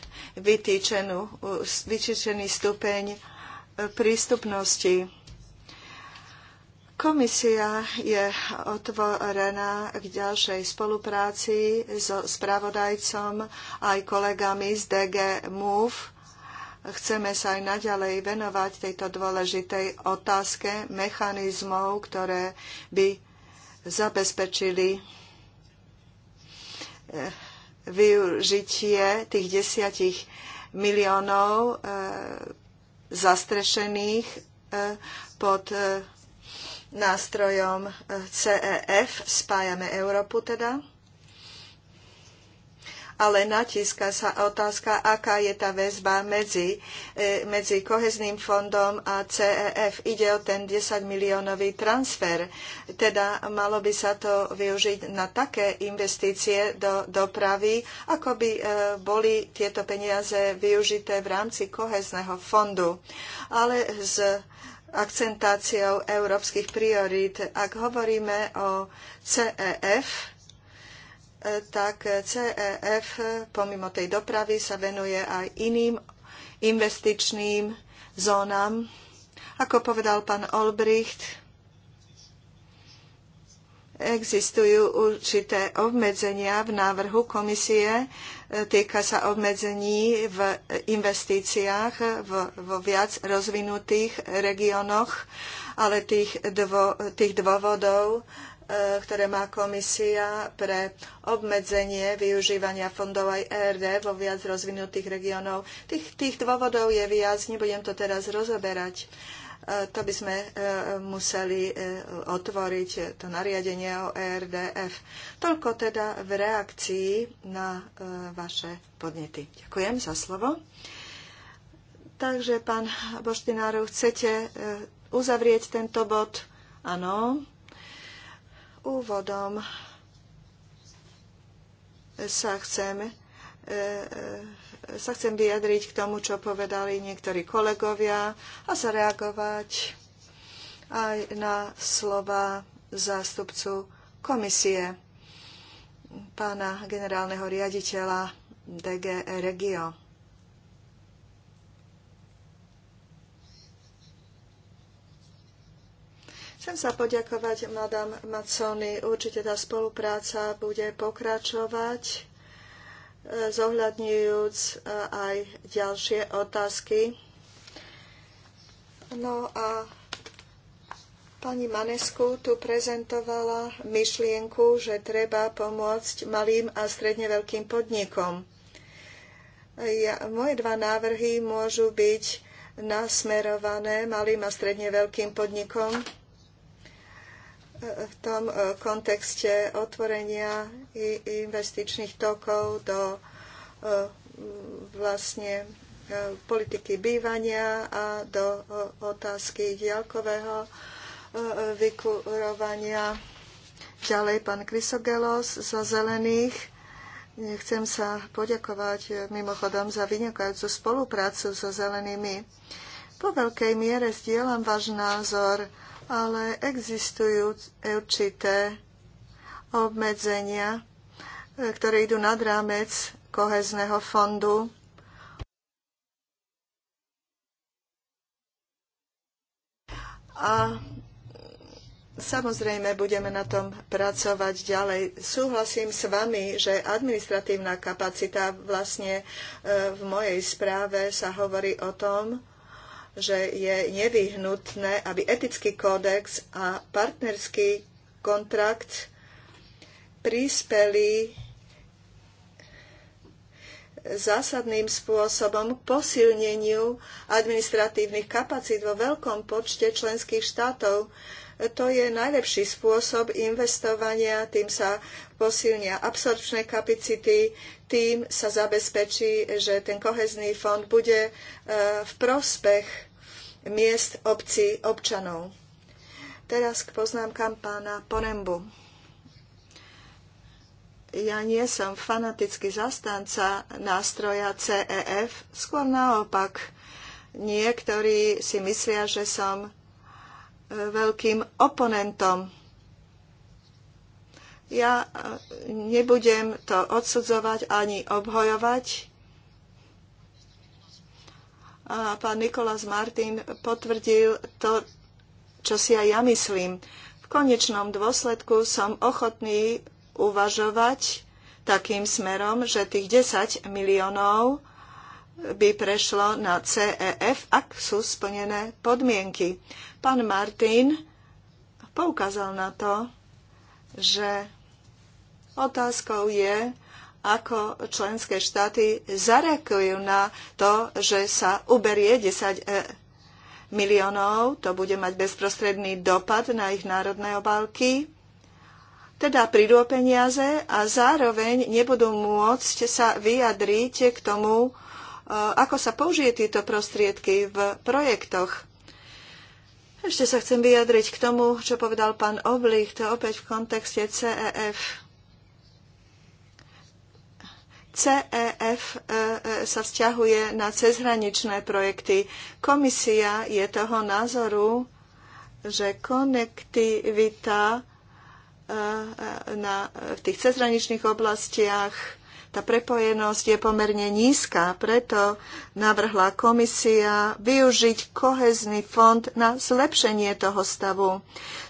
vytýčený stupeň eh, prístupnosti. Komisia je otvorená k ďalšej spolupráci so spravodajcom aj kolegami z DG MOVE. Chceme sa aj naďalej venovať tejto dôležitej otázke mechanizmov, ktoré by zabezpečili využitie tých desiatich miliónov e, zastrešených e, pod e, nástrojom CEF, spájame Európu teda, ale natíska sa otázka, aká je tá väzba medzi, e, medzi kohezným fondom a CEF. Ide o ten 10 miliónový transfer. Teda malo by sa to využiť na také investície do dopravy, ako by e, boli tieto peniaze využité v rámci kohezného fondu. Ale z akcentáciou európskych priorít. Ak hovoríme o CEF, tak CEF pomimo tej dopravy sa venuje aj iným investičným zónam. Ako povedal pán Olbricht, existujú určité obmedzenia v návrhu komisie. Týka sa obmedzení v investíciách vo viac rozvinutých regiónoch, ale tých, dvo, tých dôvodov E, ktoré má komisia pre obmedzenie využívania fondov aj ERD vo viac rozvinutých regiónov. Tých, tých dôvodov je viac, nebudem to teraz rozoberať e, to by sme e, museli otvoriť to nariadenie o ERDF. Toľko teda v reakcii na vaše podnety. Ďakujem za slovo. Takže, pán Boštinárov, chcete uzavrieť tento bod? Áno. Úvodom sa chcem e, e, sa chcem vyjadriť k tomu, čo povedali niektorí kolegovia a zareagovať aj na slova zástupcu komisie pána generálneho riaditeľa DG Regio. Chcem sa poďakovať madam Maconi. Určite tá spolupráca bude pokračovať, e, zohľadňujúc e, aj ďalšie otázky. No a Pani Manesku tu prezentovala myšlienku, že treba pomôcť malým a stredne veľkým podnikom. Ja, moje dva návrhy môžu byť nasmerované malým a stredne veľkým podnikom v tom e, kontexte otvorenia investičných tokov do e, vlastne e, politiky bývania a do otázky diaľkového vykurovania. Ďalej pán Krysogelos zo Zelených. Chcem sa poďakovať mimochodom za vynikajúcu spoluprácu so Zelenými. Po veľkej miere sdielam váš názor, ale existujú určité obmedzenia, ktoré idú nad rámec kohezného fondu. A Samozrejme, budeme na tom pracovať ďalej. Súhlasím s vami, že administratívna kapacita vlastne e, v mojej správe sa hovorí o tom, že je nevyhnutné, aby etický kódex a partnerský kontrakt prispeli zásadným spôsobom k posilneniu administratívnych kapacít vo veľkom počte členských štátov to je najlepší spôsob investovania, tým sa posilnia absorpčné kapacity, tým sa zabezpečí, že ten kohezný fond bude e, v prospech miest obcí občanov. Teraz k poznámkam pána Porembu. Ja nie som fanatický zastanca nástroja CEF, skôr naopak. Niektorí si myslia, že som veľkým oponentom. Ja e, nebudem to odsudzovať ani obhojovať. A pán Nikolás Martin potvrdil to, čo si aj ja myslím. V konečnom dôsledku som ochotný uvažovať takým smerom, že tých 10 miliónov by prešlo na CEF, ak sú splnené podmienky. Pán Martin poukázal na to, že otázkou je, ako členské štáty zareagujú na to, že sa uberie 10 e, miliónov. To bude mať bezprostredný dopad na ich národné obálky. Teda prídu o peniaze a zároveň nebudú môcť sa vyjadriť k tomu, e, ako sa použije tieto prostriedky v projektoch. Ešte sa chcem vyjadriť k tomu, čo povedal pán Oblich, to opäť v kontexte CEF. CEF e, e, sa vzťahuje na cezhraničné projekty. Komisia je toho názoru, že konektivita e, na, v tých cezhraničných oblastiach tá prepojenosť je pomerne nízka, preto navrhla komisia využiť kohezný fond na zlepšenie toho stavu.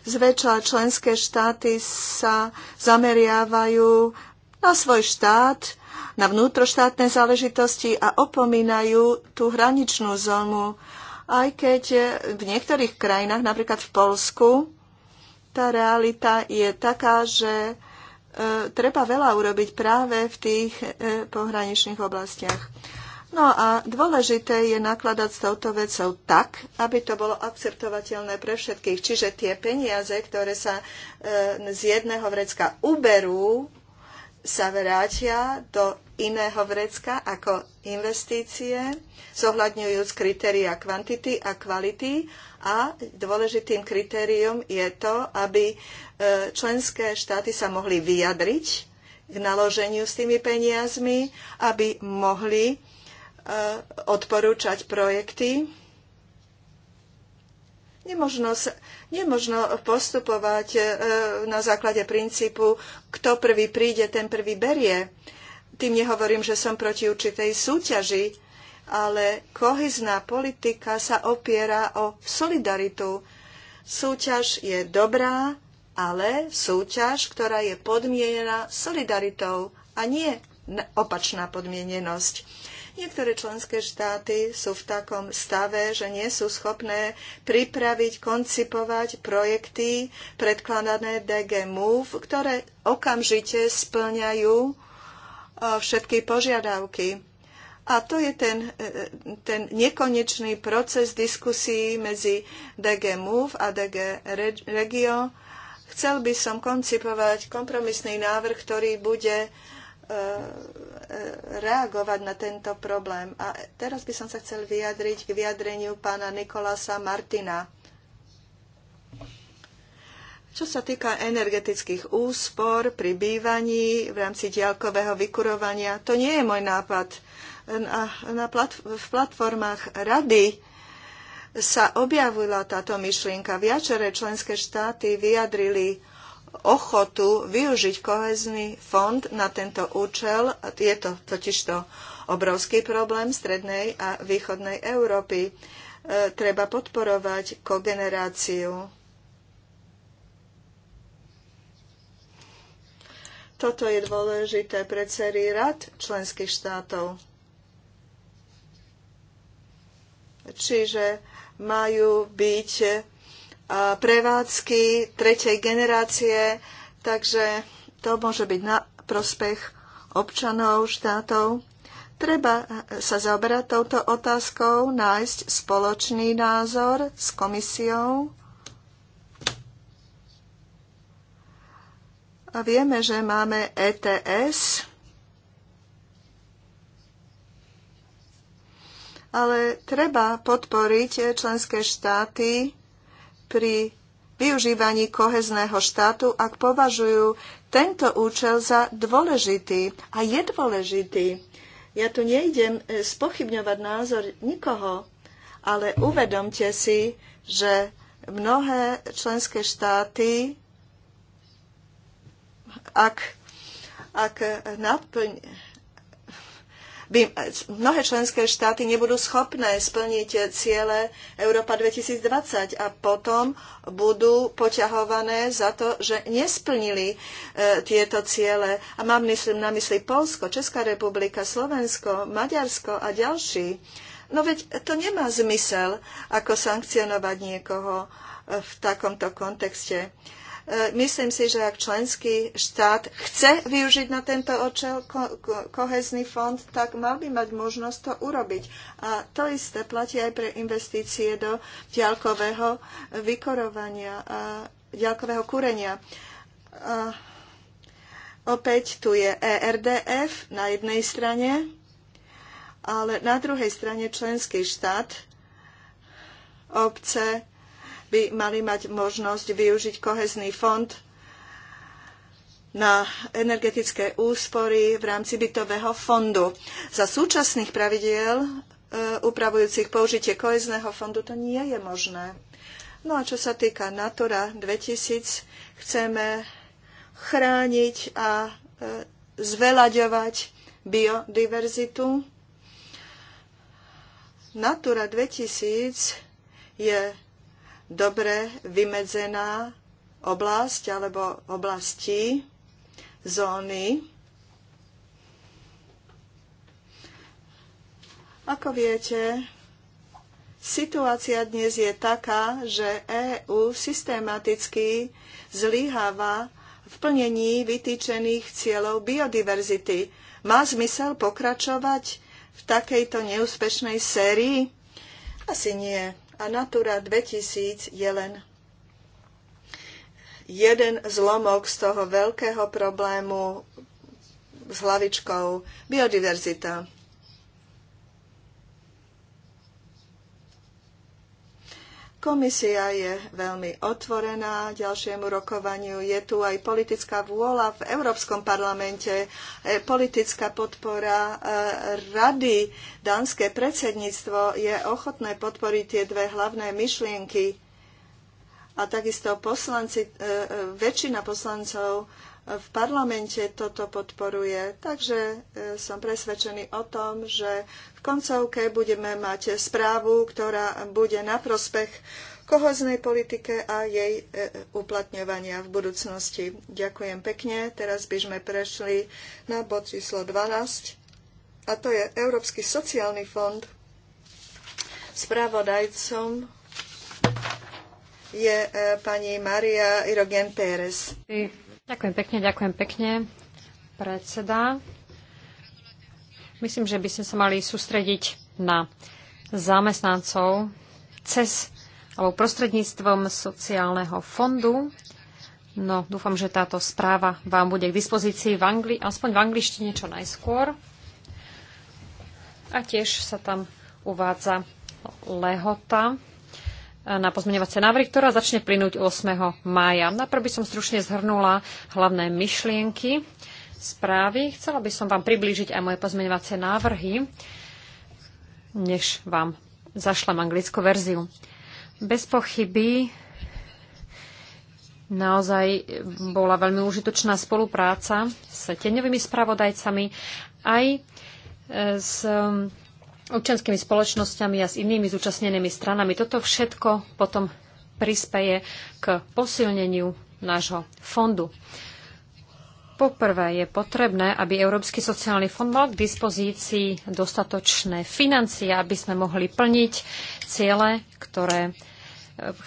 Zväčša členské štáty sa zameriavajú na svoj štát, na vnútroštátne záležitosti a opomínajú tú hraničnú zónu. Aj keď v niektorých krajinách, napríklad v Polsku, tá realita je taká, že E, treba veľa urobiť práve v tých e, pohraničných oblastiach. No a dôležité je nakladať s touto vecou tak, aby to bolo akceptovateľné pre všetkých. Čiže tie peniaze, ktoré sa e, z jedného vrecka uberú sa vrátia do iného vrecka ako investície, zohľadňujúc kritéria kvantity a kvality. A dôležitým kritériom je to, aby e, členské štáty sa mohli vyjadriť k naloženiu s tými peniazmi, aby mohli e, odporúčať projekty. Nemožno sa, Nemožno postupovať e, na základe princípu, kto prvý príde, ten prvý berie. Tým nehovorím, že som proti určitej súťaži, ale kohizná politika sa opiera o solidaritu. Súťaž je dobrá, ale súťaž, ktorá je podmienená solidaritou a nie opačná podmienenosť. Niektoré členské štáty sú v takom stave, že nie sú schopné pripraviť, koncipovať projekty predkladané DG Move, ktoré okamžite splňajú e, všetky požiadavky. A to je ten, e, ten nekonečný proces diskusí medzi DG Move a DG Regio. Chcel by som koncipovať kompromisný návrh, ktorý bude e, reagovať na tento problém. A teraz by som sa chcel vyjadriť k vyjadreniu pána Nikolasa Martina. Čo sa týka energetických úspor pri bývaní v rámci diaľkového vykurovania, to nie je môj nápad. Na, na plat, v platformách rady sa objavila táto myšlienka. Viačere členské štáty vyjadrili ochotu využiť kohezný fond na tento účel. Je to totižto obrovský problém strednej a východnej Európy. E, treba podporovať kogeneráciu. Toto je dôležité pre celý rad členských štátov. Čiže majú byť prevádzky tretej generácie, takže to môže byť na prospech občanov, štátov. Treba sa zaoberať touto otázkou, nájsť spoločný názor s komisiou. A vieme, že máme ETS, ale treba podporiť členské štáty pri využívaní kohezného štátu, ak považujú tento účel za dôležitý. A je dôležitý. Ja tu nejdem e, spochybňovať názor nikoho, ale uvedomte si, že mnohé členské štáty, ak, ak naplňujú by mnohé členské štáty nebudú schopné splniť ciele Európa 2020 a potom budú poťahované za to, že nesplnili e, tieto ciele. A mám myslím na mysli Polsko, Česká republika, Slovensko, Maďarsko a ďalší. No veď to nemá zmysel, ako sankcionovať niekoho e, v takomto kontexte. E, myslím si, že ak členský štát chce využiť na tento očel ko- ko- kohezný fond, tak mal by mať možnosť to urobiť. A to isté platí aj pre investície do ďalkového vykorovania a ďalkového kúrenia. A opäť tu je ERDF na jednej strane, ale na druhej strane členský štát obce by mali mať možnosť využiť kohezný fond na energetické úspory v rámci bytového fondu. Za súčasných pravidiel e, upravujúcich použitie kohezného fondu to nie je možné. No a čo sa týka Natura 2000, chceme chrániť a e, zvelaďovať biodiverzitu. Natura 2000 je dobre vymedzená oblasť alebo oblasti zóny. Ako viete, situácia dnes je taká, že EÚ systematicky zlyháva v plnení vytýčených cieľov biodiverzity. Má zmysel pokračovať v takejto neúspešnej sérii? Asi nie a Natura 2000 je len jeden zlomok z toho veľkého problému s hlavičkou biodiverzita. Komisia je veľmi otvorená ďalšiemu rokovaniu. Je tu aj politická vôľa v Európskom parlamente, e, politická podpora e, rady. Dánske predsedníctvo je ochotné podporiť tie dve hlavné myšlienky. A takisto poslanci, e, väčšina poslancov v parlamente toto podporuje. Takže som presvedčený o tom, že koncovke budeme mať správu, ktorá bude na prospech kohoznej politike a jej e, uplatňovania v budúcnosti. Ďakujem pekne. Teraz by sme prešli na bod číslo 12 a to je Európsky sociálny fond. Spravodajcom je e, pani Maria Irogen Pérez. Ďakujem pekne, ďakujem pekne, predseda. Myslím, že by sme sa mali sústrediť na zamestnancov cez alebo prostredníctvom sociálneho fondu. No, dúfam, že táto správa vám bude k dispozícii v angli- aspoň v angličtine čo najskôr. A tiež sa tam uvádza lehota na pozmeňovacie návrhy, ktorá začne plynúť 8. mája. Najprv by som stručne zhrnula hlavné myšlienky správy. Chcela by som vám priblížiť aj moje pozmeňovacie návrhy, než vám zašlem anglickú verziu. Bez pochyby naozaj bola veľmi užitočná spolupráca s tieňovými spravodajcami aj e, s občanskými spoločnosťami a s inými zúčastnenými stranami. Toto všetko potom prispeje k posilneniu nášho fondu. Poprvé je potrebné, aby Európsky sociálny fond mal k dispozícii dostatočné financie, aby sme mohli plniť ciele, ktoré e,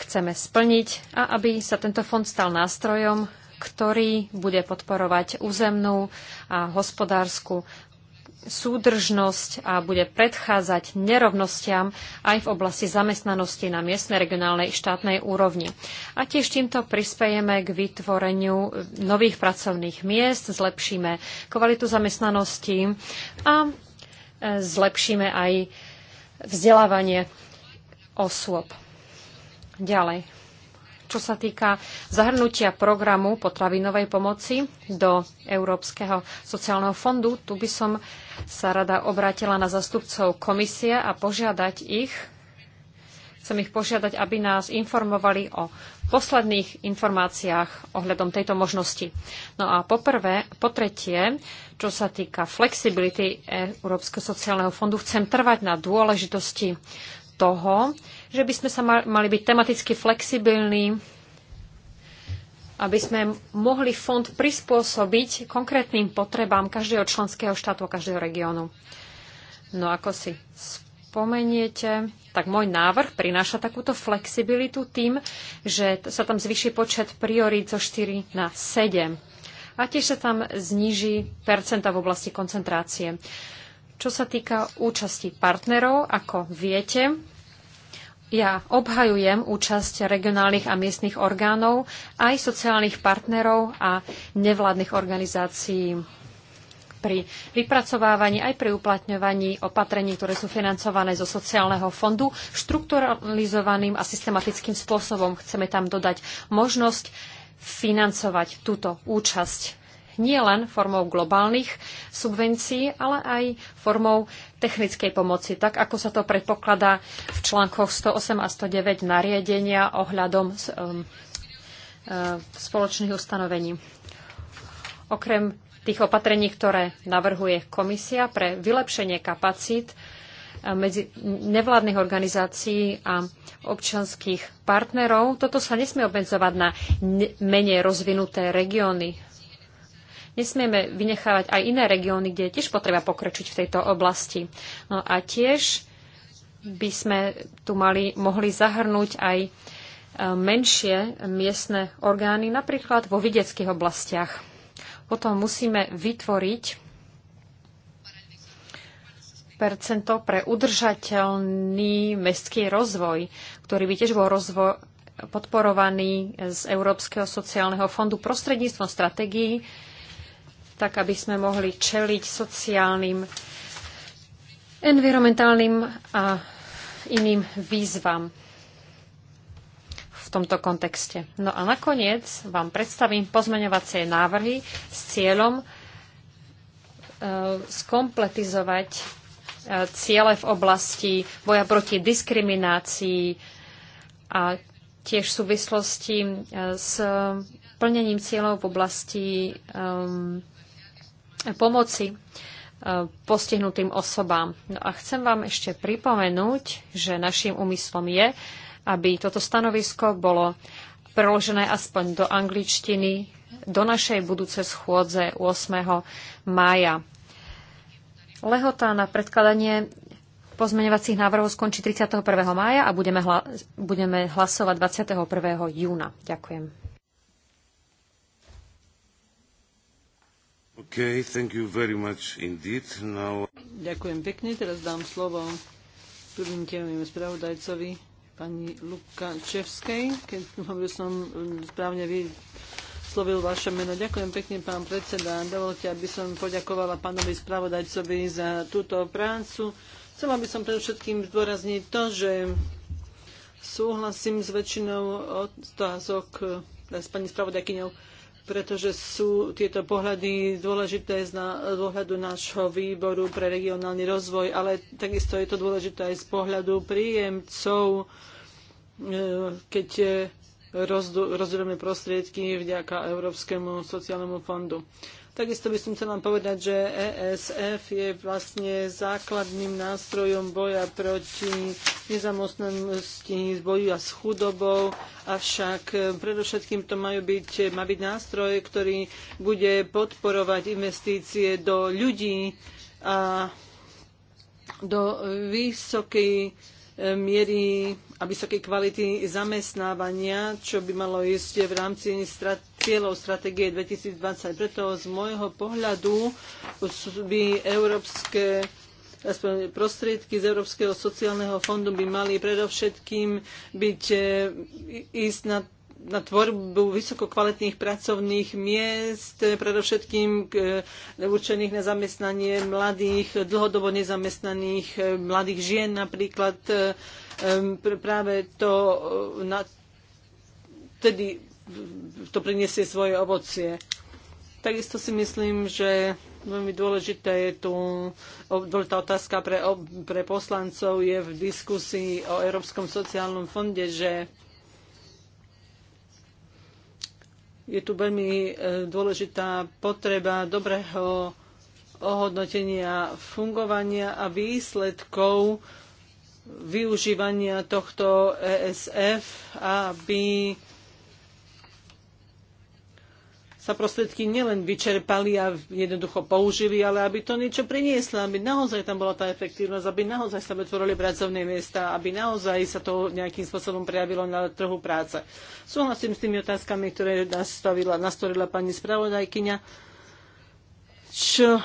chceme splniť a aby sa tento fond stal nástrojom, ktorý bude podporovať územnú a hospodárskú súdržnosť a bude predchádzať nerovnostiam aj v oblasti zamestnanosti na miestnej, regionálnej štátnej úrovni. A tiež týmto prispejeme k vytvoreniu nových pracovných miest, zlepšíme kvalitu zamestnanosti a e, zlepšíme aj vzdelávanie osôb. Ďalej čo sa týka zahrnutia programu potravinovej pomoci do Európskeho sociálneho fondu, tu by som sa rada obrátila na zastupcov komisie a požiadať ich, chcem ich požiadať, aby nás informovali o posledných informáciách ohľadom tejto možnosti. No a poprvé, po tretie, čo sa týka flexibility Európskeho sociálneho fondu, chcem trvať na dôležitosti toho, že by sme sa mali byť tematicky flexibilní, aby sme mohli fond prispôsobiť konkrétnym potrebám každého členského štátu a každého regiónu. No ako si spomeniete, tak môj návrh prináša takúto flexibilitu tým, že sa tam zvyší počet priorít zo 4 na 7. A tiež sa tam zniží percenta v oblasti koncentrácie. Čo sa týka účasti partnerov, ako viete, ja obhajujem účasť regionálnych a miestnych orgánov, aj sociálnych partnerov a nevládnych organizácií pri vypracovávaní aj pri uplatňovaní opatrení, ktoré sú financované zo sociálneho fondu, štrukturalizovaným a systematickým spôsobom. Chceme tam dodať možnosť financovať túto účasť nie len formou globálnych subvencií, ale aj formou technickej pomoci, tak ako sa to predpokladá v článkoch 108 a 109 nariadenia ohľadom um, uh, spoločných ustanovení. Okrem tých opatrení, ktoré navrhuje komisia pre vylepšenie kapacít uh, medzi nevládnych organizácií a občanských partnerov. Toto sa nesmie obmedzovať na menej rozvinuté regióny Nesmieme vynechávať aj iné regióny, kde je tiež potreba pokročiť v tejto oblasti. No a tiež by sme tu mali, mohli zahrnúť aj e, menšie miestne orgány, napríklad vo vidieckých oblastiach. Potom musíme vytvoriť percento pre udržateľný mestský rozvoj, ktorý by tiež bol rozvoj, podporovaný z Európskeho sociálneho fondu prostredníctvom stratégií, tak aby sme mohli čeliť sociálnym, environmentálnym a iným výzvam v tomto kontexte. No a nakoniec vám predstavím pozmeňovacie návrhy s cieľom e, skompletizovať e, ciele v oblasti boja proti diskriminácii a tiež v súvislosti e, s plnením cieľov v oblasti e, pomoci e, postihnutým osobám. No a chcem vám ešte pripomenúť, že našim úmyslom je, aby toto stanovisko bolo preložené aspoň do angličtiny do našej budúce schôdze 8. mája. Lehota na predkladanie pozmeňovacích návrhov skončí 31. mája a budeme, hla- budeme hlasovať 21. júna. Ďakujem. Okay, thank you very much indeed. Now... Ďakujem pekne, teraz dám slovo prvým tielným spravodajcovi pani Lukačevskej, keď som mm, správne vyslovil vaše meno. Ďakujem pekne, pán predseda. Dovolte, aby som poďakovala pánovi spravodajcovi za túto prácu. Chcela by som predovšetkým zdôrazniť to, že súhlasím s väčšinou otázok eh, s pani spravodajkyňou pretože sú tieto pohľady dôležité z pohľadu nášho výboru pre regionálny rozvoj, ale takisto je to dôležité aj z pohľadu príjemcov, e, keď e, rozdeľujeme prostriedky vďaka Európskemu sociálnemu fondu. Takisto by som chcela povedať, že ESF je vlastne základným nástrojom boja proti nezamostnanosti, boju a s chudobou, avšak eh, predovšetkým to majú byť, eh, má byť nástroj, ktorý bude podporovať investície do ľudí a do vysokej eh, miery a vysokej kvality zamestnávania, čo by malo ísť v rámci strat- cieľov stratégie 2020. Preto z môjho pohľadu by európske aspoň prostriedky z Európskeho sociálneho fondu by mali predovšetkým byť, e, ísť na na tvorbu vysokokvalitných pracovných miest, predovšetkým e, určených na zamestnanie mladých, dlhodobo nezamestnaných e, mladých žien napríklad. Práve to na, tedy to priniesie svoje ovocie. Takisto si myslím, že veľmi dôležité je tu dôležitá otázka pre, pre poslancov je v diskusii o Európskom sociálnom fonde, že je tu veľmi e, dôležitá potreba dobrého ohodnotenia fungovania a výsledkov využívania tohto ESF, aby sa prostriedky nielen vyčerpali a jednoducho použili, ale aby to niečo prinieslo, aby naozaj tam bola tá efektívnosť, aby naozaj sa vytvorili pracovné miesta, aby naozaj sa to nejakým spôsobom prejavilo na trhu práce. Súhlasím s tými otázkami, ktoré nastavila, nastorila pani spravodajkyňa. Čo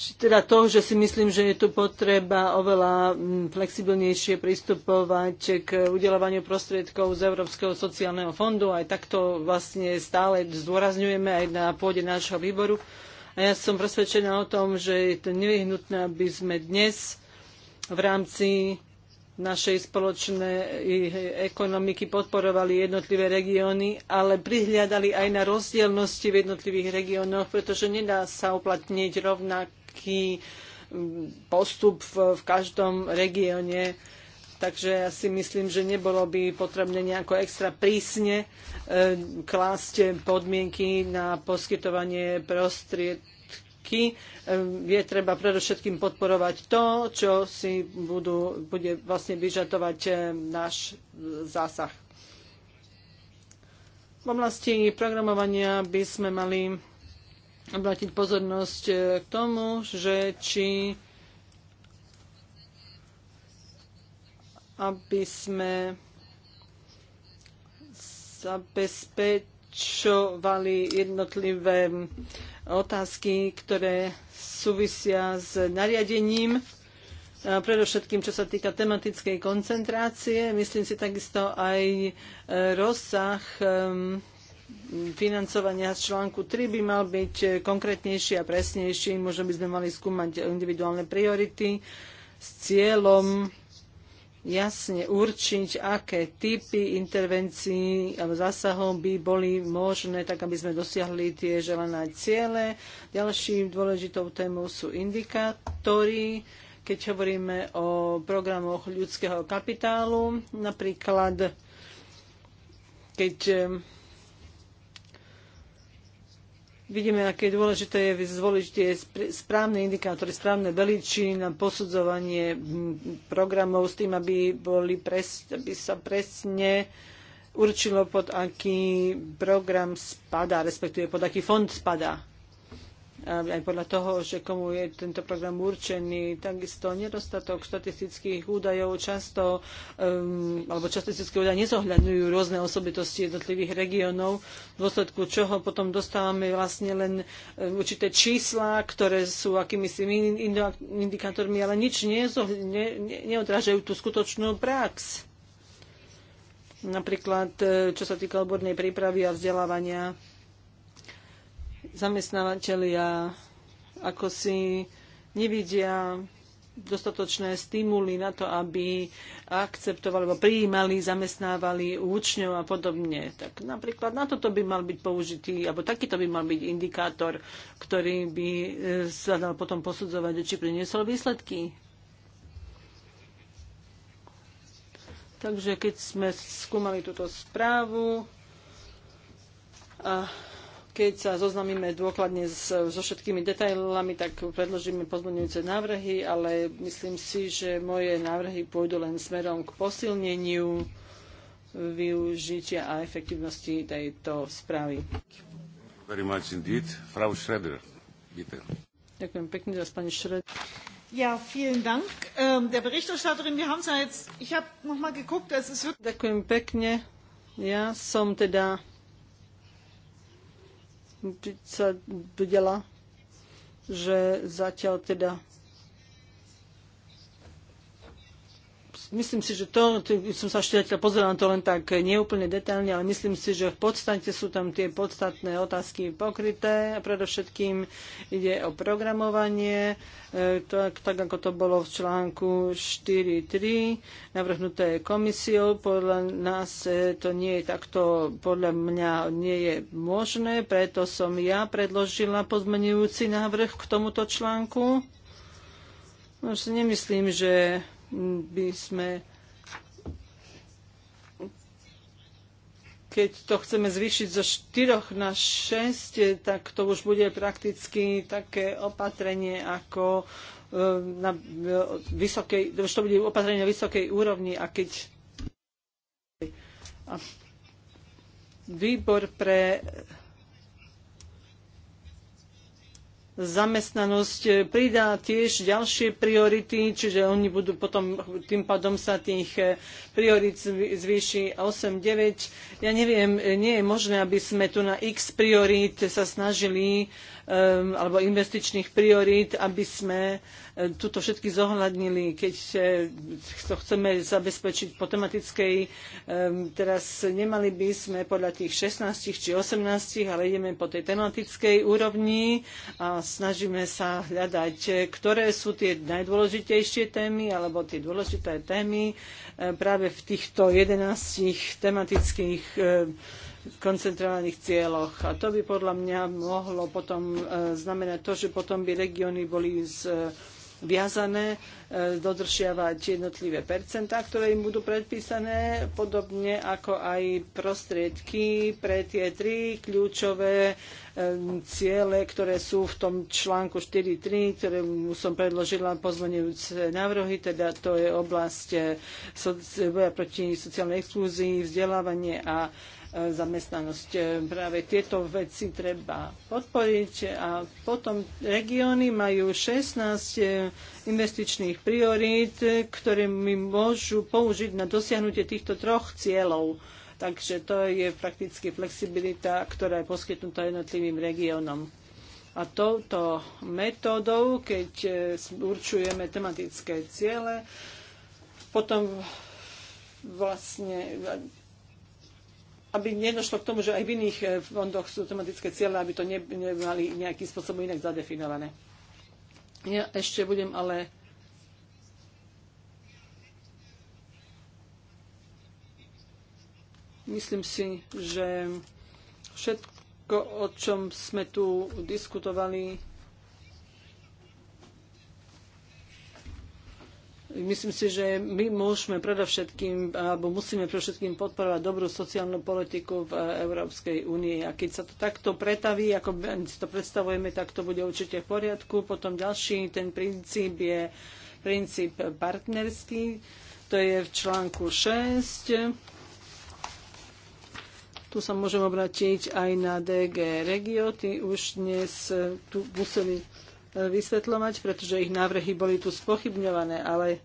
teda to, že si myslím, že je tu potreba oveľa mm, flexibilnejšie pristupovať k udelovaniu prostriedkov z Európskeho sociálneho fondu. Aj takto vlastne stále zdôrazňujeme aj na pôde nášho výboru. A ja som presvedčená o tom, že je to nevyhnutné, aby sme dnes v rámci našej spoločnej ekonomiky podporovali jednotlivé regióny, ale prihliadali aj na rozdielnosti v jednotlivých regiónoch, pretože nedá sa uplatniť rovnak taký mm, postup v, v každom regióne. Takže ja si myslím, že nebolo by potrebné nejako extra prísne e, klásť podmienky na poskytovanie prostriedky. E, je treba predovšetkým podporovať to, čo si budú, bude vlastne vyžadovať e, náš e, zásah. V oblasti programovania by sme mali obrátiť pozornosť e, k tomu, že či aby sme zabezpečovali jednotlivé otázky, ktoré súvisia s nariadením, e, predovšetkým čo sa týka tematickej koncentrácie. Myslím si takisto aj e, rozsah um, financovania z článku 3 by mal byť e, konkrétnejší a presnejší. Možno by sme mali skúmať individuálne priority s cieľom jasne určiť, aké typy intervencií alebo zásahov by boli možné, tak aby sme dosiahli tie želané ciele. Ďalším dôležitou témou sú indikátory, keď hovoríme o programoch ľudského kapitálu. Napríklad, keď e, vidíme, aké je dôležité je zvoliť tie správne indikátory, správne veličiny na posudzovanie programov s tým, aby, boli pres, aby sa presne určilo, pod aký program spadá, respektíve pod aký fond spadá aj podľa toho, že komu je tento program určený. Takisto nedostatok štatistických údajov často, um, alebo štatistické údaje nezohľadňujú rôzne osobitosti jednotlivých regiónov, v dôsledku čoho potom dostávame vlastne len um, určité čísla, ktoré sú akýmisi indikátormi, ale nič ne, ne, neodrážajú tú skutočnú prax. Napríklad, e, čo sa týka odbornej prípravy a vzdelávania zamestnávateľia ako si nevidia dostatočné stimuly na to, aby akceptovali alebo prijímali, zamestnávali účňov a podobne. Tak napríklad na toto by mal byť použitý, alebo takýto by mal byť indikátor, ktorý by e, sa dal potom posudzovať, či priniesol výsledky. Takže keď sme skúmali túto správu, a keď sa zoznamíme dôkladne so všetkými detailami, tak predložíme pozmeňujúce návrhy, ale myslím si, že moje návrhy pôjdu len smerom k posilneniu využitia a efektívnosti tejto správy. Ďakujem pekne za pani Schroeder. Ja, vielen Dank. Ähm, der Berichterstatterin, wir haben es jetzt, ich habe nochmal geguckt, es ist wirklich... Ďakujem pekne. Ja som teda sa videla, že zatiaľ teda myslím si, že to, som sa ešte zatiaľ pozerala to len tak neúplne detailne, ale myslím si, že v podstate sú tam tie podstatné otázky pokryté a predovšetkým ide o programovanie, e, tak, tak ako to bolo v článku 4.3, navrhnuté komisiou. Podľa nás e, to nie je takto, podľa mňa nie je možné, preto som ja predložila pozmenujúci návrh k tomuto článku. No, nemyslím, že by sme keď to chceme zvýšiť zo 4 na 6, eh, tak to už bude prakticky také opatrenie ako eh, na eh, vysokej, už to bude opatrenie na vysokej úrovni a keď výbor pre zamestnanosť eh, pridá tiež ďalšie priority, čiže oni budú potom, tým pádom sa tých eh, priorit zvýši 8-9. Ja neviem, eh, nie je možné, aby sme tu na x priorít sa snažili uh, Um, alebo investičných priorít, aby sme uh, tuto všetky zohľadnili, keď uh, to chceme zabezpečiť po tematickej. Um, teraz nemali by sme podľa tých 16 či 18, ale ideme po tej tematickej úrovni a snažíme sa hľadať, uh, ktoré sú tie najdôležitejšie témy alebo tie dôležité témy práve v týchto 11 tematických koncentrovaných cieľoch. A to by podľa mňa mohlo potom e, znamenať to, že potom by regióny boli z, e, viazané e, dodržiavať jednotlivé percentá, ktoré im budú predpísané, podobne ako aj prostriedky pre tie tri kľúčové ciele, ktoré sú v tom článku 4.3, ktoré som predložila pozmenujúce návrhy, teda to je oblasť boja proti sociálnej exklúzii, vzdelávanie a E, zamestnanosť. E, práve tieto veci treba podporiť a potom regióny majú 16 e, investičných priorít, ktoré mi môžu použiť na dosiahnutie týchto troch cieľov. Takže to je prakticky flexibilita, ktorá je poskytnutá jednotlivým regiónom. A touto metódou, keď určujeme tematické ciele, potom vlastne aby nedošlo k tomu, že aj v iných eh, fondoch sú tematické cieľe, aby to nemali nejakým spôsobom inak zadefinované. Ja ešte budem ale myslím si, že všetko, o čom sme tu diskutovali, Myslím si, že my môžeme predovšetkým, alebo musíme predovšetkým podporovať dobrú sociálnu politiku v Európskej únii. A keď sa to takto pretaví, ako si to predstavujeme, tak to bude určite v poriadku. Potom ďalší ten princíp je princíp partnerský. To je v článku 6. Tu sa môžem obrátiť aj na DG Regio. Tí už dnes tu museli vysvetľovať, pretože ich návrhy boli tu spochybňované, ale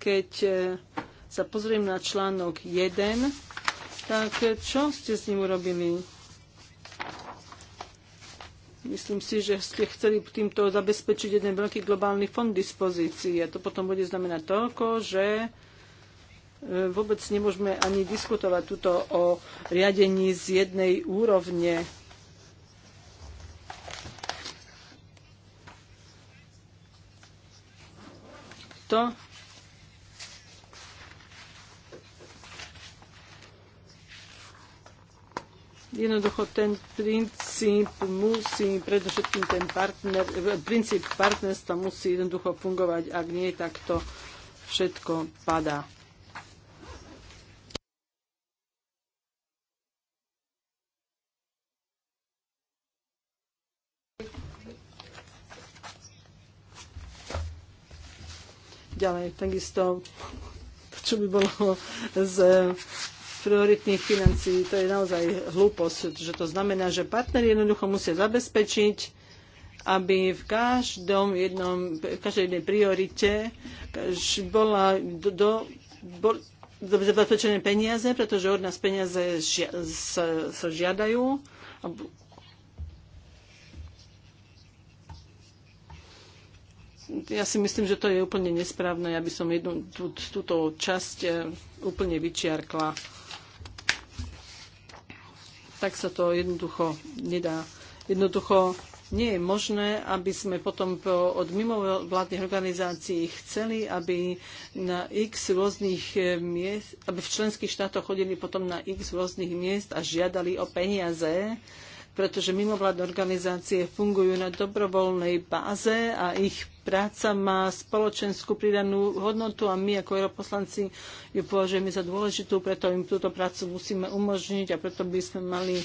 keď e, sa pozriem na článok 1, tak e, čo ste s ním urobili? Myslím si, že ste chceli týmto zabezpečiť jeden veľký globálny fond dispozícií a to potom bude znamenať toľko, že e, vôbec nemôžeme ani diskutovať tuto o riadení z jednej úrovne to, Jednoducho ten princíp musí, predovšetkým ten partner, princíp partnerstva musí jednoducho fungovať, ak nie, tak to všetko padá. Ďalej, takisto, čo by bolo z prioritných financií, to je naozaj hlúposť, že to znamená, že partneri jednoducho musia zabezpečiť, aby v každom jednom, v každej jednej priorite bola do, do bol, zabezpečené peniaze, pretože od nás peniaze žia, sa, sa žiadajú a ja si myslím, že to je úplne nesprávne. Ja by som jednu, tú, túto časť e, úplne vyčiarkla. Tak sa to jednoducho nedá. Jednoducho nie je možné, aby sme potom od mimovládnych organizácií chceli, aby na x rôznych e, miest, aby v členských štátoch chodili potom na x rôznych miest a žiadali o peniaze, pretože mimovládne organizácie fungujú na dobrovoľnej báze a ich práca má spoločenskú pridanú hodnotu a my ako europoslanci ju považujeme za dôležitú, preto im túto prácu musíme umožniť a preto by sme mali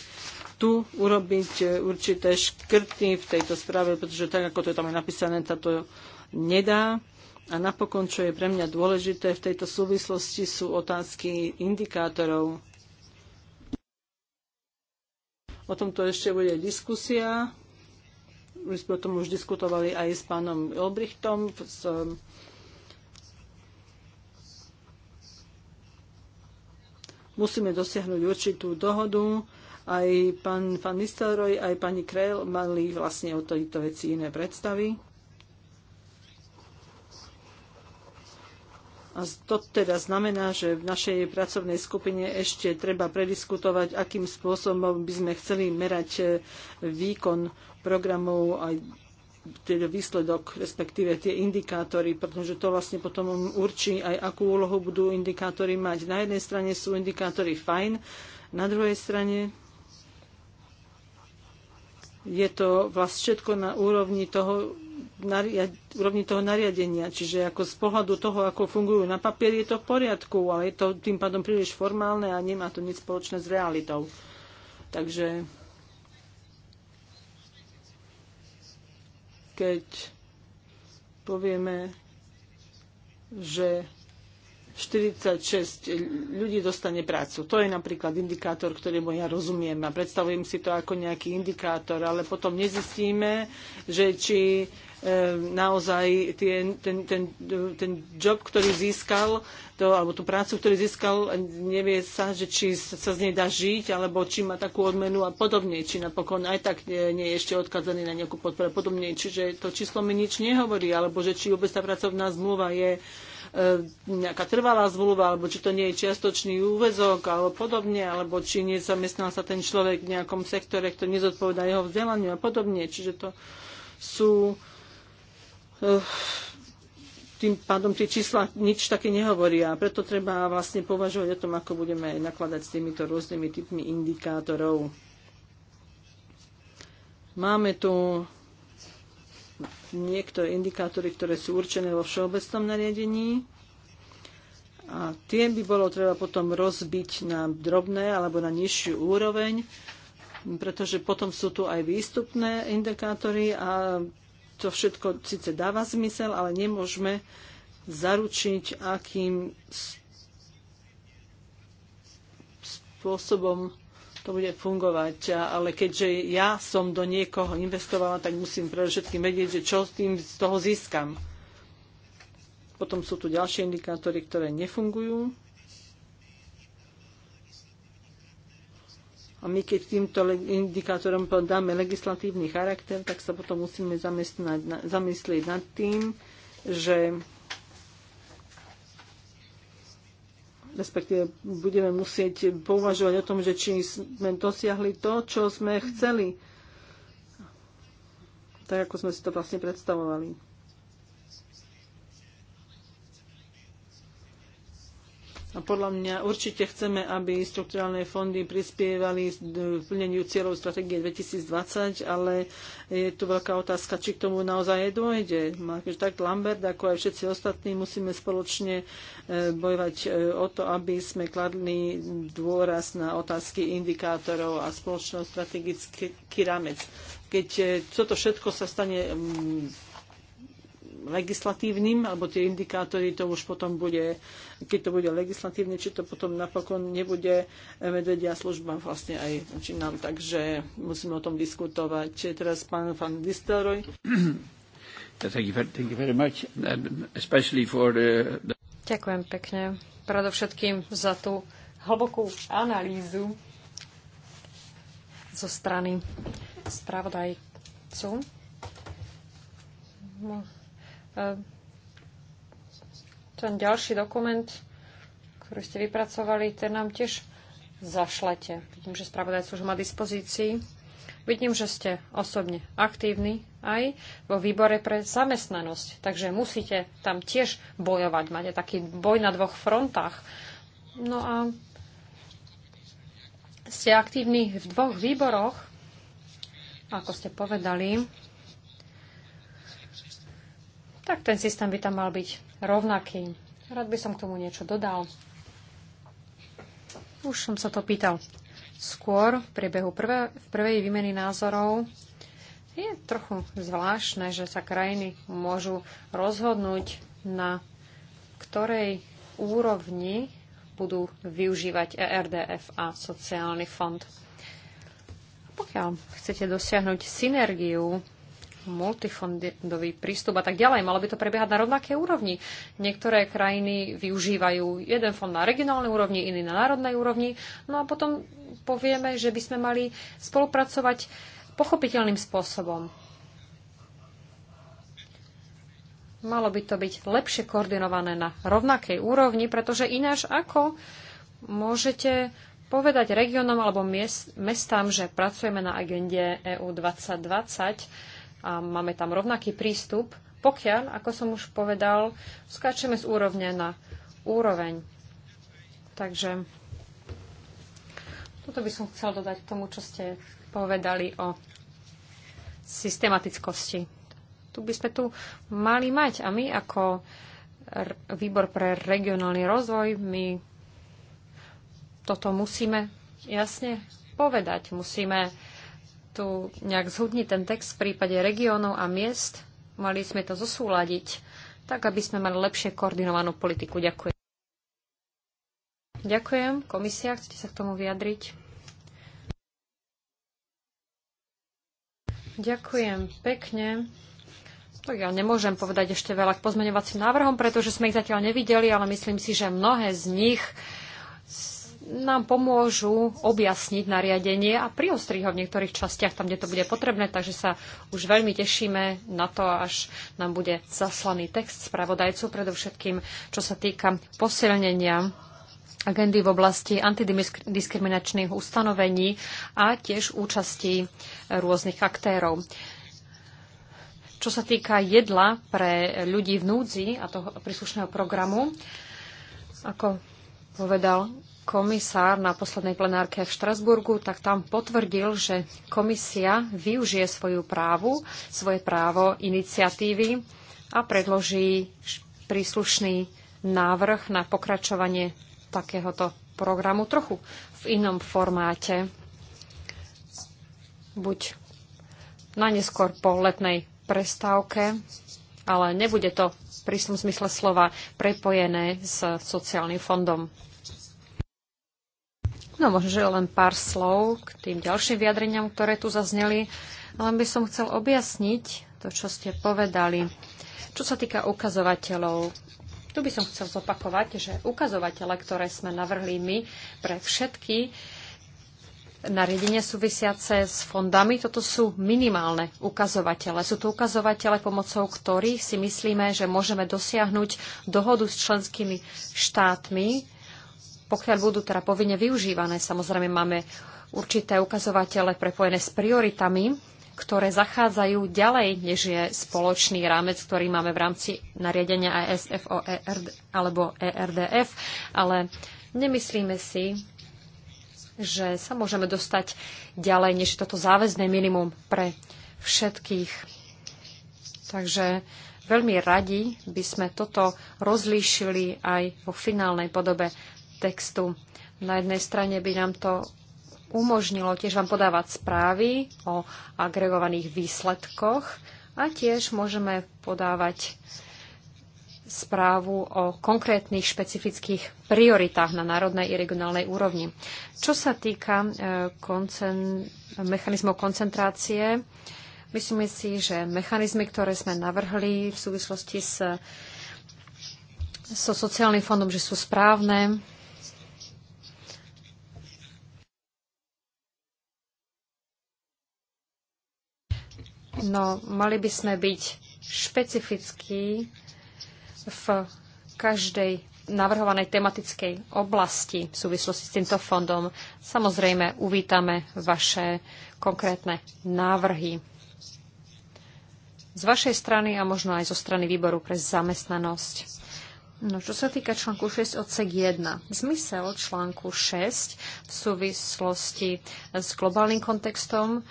tu urobiť e, určité škrty v tejto správe, pretože tak, ako to je tam je napísané, sa to nedá. A napokon, čo je pre mňa dôležité v tejto súvislosti, sú otázky indikátorov. O tomto ešte bude diskusia my sme o tom už diskutovali aj s pánom Olbrichtom, s, ehm, musíme dosiahnuť určitú dohodu. Aj pán, pán Nistelroj, aj pani Krell mali vlastne o tejto veci iné predstavy. A to teda znamená, že v našej pracovnej skupine ešte treba prediskutovať, akým spôsobom by sme chceli merať e, výkon programov aj teda výsledok, respektíve tie indikátory, pretože to vlastne potom určí aj, akú úlohu budú indikátory mať. Na jednej strane sú indikátory fajn, na druhej strane je to vlastne všetko na úrovni toho, nariad, úrovni toho nariadenia. Čiže ako z pohľadu toho, ako fungujú na papier, je to v poriadku, ale je to tým pádom príliš formálne a nemá to nič spoločné s realitou. Takže keď povieme, že 46 ľudí dostane prácu. To je napríklad indikátor, ktorému ja rozumiem a predstavujem si to ako nejaký indikátor, ale potom nezistíme, že či Ehm, naozaj tie, ten, ten, ten job, ktorý získal, to, alebo tú prácu, ktorý získal, nevie sa, že či sa z nej dá žiť, alebo či má takú odmenu a podobne, či napokon aj tak nie, nie je ešte odkazaný na nejakú podporu a podobne. Čiže to číslo mi nič nehovorí, alebo že či vôbec tá pracovná zmluva je e, nejaká trvalá zmluva, alebo či to nie je čiastočný úvezok, alebo podobne, alebo či nezamestnal sa ten človek v nejakom sektore, ktorý nezodpovedá jeho vzdelaniu a podobne. Čiže to sú tým pádom tie čísla nič také nehovoria. Preto treba vlastne považovať o tom, ako budeme nakladať s týmito rôznymi typmi indikátorov. Máme tu niektoré indikátory, ktoré sú určené vo všeobecnom nariadení. A tie by bolo treba potom rozbiť na drobné alebo na nižšiu úroveň, pretože potom sú tu aj výstupné indikátory a to všetko síce dáva zmysel, ale nemôžeme zaručiť, akým spôsobom to bude fungovať. Ale keďže ja som do niekoho investovala, tak musím pre všetkým vedieť, že čo s tým z toho získam. Potom sú tu ďalšie indikátory, ktoré nefungujú. A my keď týmto indikátorom dáme legislatívny charakter, tak sa potom musíme zamyslieť nad tým, že respektíve budeme musieť pouvažovať o tom, že či sme dosiahli to, čo sme chceli, tak ako sme si to vlastne predstavovali. A podľa mňa určite chceme, aby strukturálne fondy prispievali k plneniu cieľov stratégie 2020, ale je tu veľká otázka, či k tomu naozaj dôjde. Takže tak Lambert, ako aj všetci ostatní, musíme spoločne e, bojovať e, o to, aby sme kladli dôraz na otázky indikátorov a spoločnosť strategický rámec. Keď e, toto všetko sa stane legislatívnym, alebo tie indikátory to už potom bude, keď to bude legislatívne, či to potom napokon nebude medvedia služba vlastne aj či nám. Takže musíme o tom diskutovať. Teraz pán Van Distelroj. Uh, Ďakujem pekne. Predovšetkým za tú hlbokú analýzu zo strany spravodajcu. No, Ehm, ten ďalší dokument, ktorý ste vypracovali, ten nám tiež zašlete. Vidím, že spravodajcu už má dispozícii. Vidím, že ste osobne aktívni aj vo výbore pre zamestnanosť, takže musíte tam tiež bojovať. Máte taký boj na dvoch frontách. No a ste aktívni v dvoch výboroch, ako ste povedali, tak ten systém by tam mal byť rovnaký. Rád by som k tomu niečo dodal. Už som sa to pýtal skôr v priebehu prvé, v prvej výmeny názorov. Je trochu zvláštne, že sa krajiny môžu rozhodnúť, na ktorej úrovni budú využívať ERDF a sociálny fond. Pokiaľ chcete dosiahnuť synergiu multifondový prístup a tak ďalej. Malo by to prebiehať na rovnakej úrovni. Niektoré krajiny využívajú jeden fond na regionálnej úrovni, iný na národnej úrovni. No a potom povieme, že by sme mali spolupracovať pochopiteľným spôsobom. Malo by to byť lepšie koordinované na rovnakej úrovni, pretože ináč ako môžete povedať regionom alebo miest, mestám, že pracujeme na agende EU 2020, a máme tam rovnaký prístup, pokiaľ, ako som už povedal, skáčeme z úrovne na úroveň. Takže toto by som chcel dodať k tomu, čo ste povedali o systematickosti. Tu by sme tu mali mať a my ako výbor pre regionálny rozvoj, my toto musíme jasne povedať. Musíme tu nejak zhudniť ten text v prípade regiónov a miest. Mali sme to zosúľadiť, tak aby sme mali lepšie koordinovanú politiku. Ďakujem. Ďakujem. Komisia, chcete sa k tomu vyjadriť? Ďakujem pekne. To ja nemôžem povedať ešte veľa k pozmeňovacím návrhom, pretože sme ich zatiaľ nevideli, ale myslím si, že mnohé z nich nám pomôžu objasniť nariadenie a priostriť ho v niektorých častiach tam, kde to bude potrebné, takže sa už veľmi tešíme na to, až nám bude zaslaný text spravodajcu, predovšetkým čo sa týka posilnenia agendy v oblasti antidiskriminačných ustanovení a tiež účasti rôznych aktérov. Čo sa týka jedla pre ľudí v núdzi a toho príslušného programu, ako povedal komisár na poslednej plenárke v Štrasburgu, tak tam potvrdil, že komisia využije svoju právu, svoje právo iniciatívy a predloží príslušný návrh na pokračovanie takéhoto programu trochu v inom formáte, buď na neskôr po letnej prestávke, ale nebude to v prísnom zmysle slova prepojené s sociálnym fondom. No možno, že len pár slov k tým ďalším vyjadreniam, ktoré tu zazneli, Len by som chcel objasniť to, čo ste povedali. Čo sa týka ukazovateľov, tu by som chcel zopakovať, že ukazovatele, ktoré sme navrhli my pre všetky nariadenia súvisiace s fondami, toto sú minimálne ukazovatele. Sú to ukazovatele, pomocou ktorých si myslíme, že môžeme dosiahnuť dohodu s členskými štátmi pokiaľ budú teda povinne využívané. Samozrejme máme určité ukazovatele prepojené s prioritami, ktoré zachádzajú ďalej, než je spoločný rámec, ktorý máme v rámci nariadenia ASFO e ERD, alebo ERDF, ale nemyslíme si, že sa môžeme dostať ďalej, než toto záväzné minimum pre všetkých. Takže veľmi radi by sme toto rozlíšili aj vo finálnej podobe textu. Na jednej strane by nám to umožnilo tiež vám podávať správy o agregovaných výsledkoch a tiež môžeme podávať správu o konkrétnych špecifických prioritách na národnej i regionálnej úrovni. Čo sa týka e, koncen- mechanizmov koncentrácie, myslíme si, že mechanizmy, ktoré sme navrhli v súvislosti s so sociálnym fondom, že sú správne. No, mali by sme byť špecifickí v každej navrhovanej tematickej oblasti v súvislosti s týmto fondom. Samozrejme, uvítame vaše konkrétne návrhy. Z vašej strany a možno aj zo strany výboru pre zamestnanosť. No, čo sa týka článku 6 odsek 1, zmysel článku 6 v súvislosti s globálnym kontextom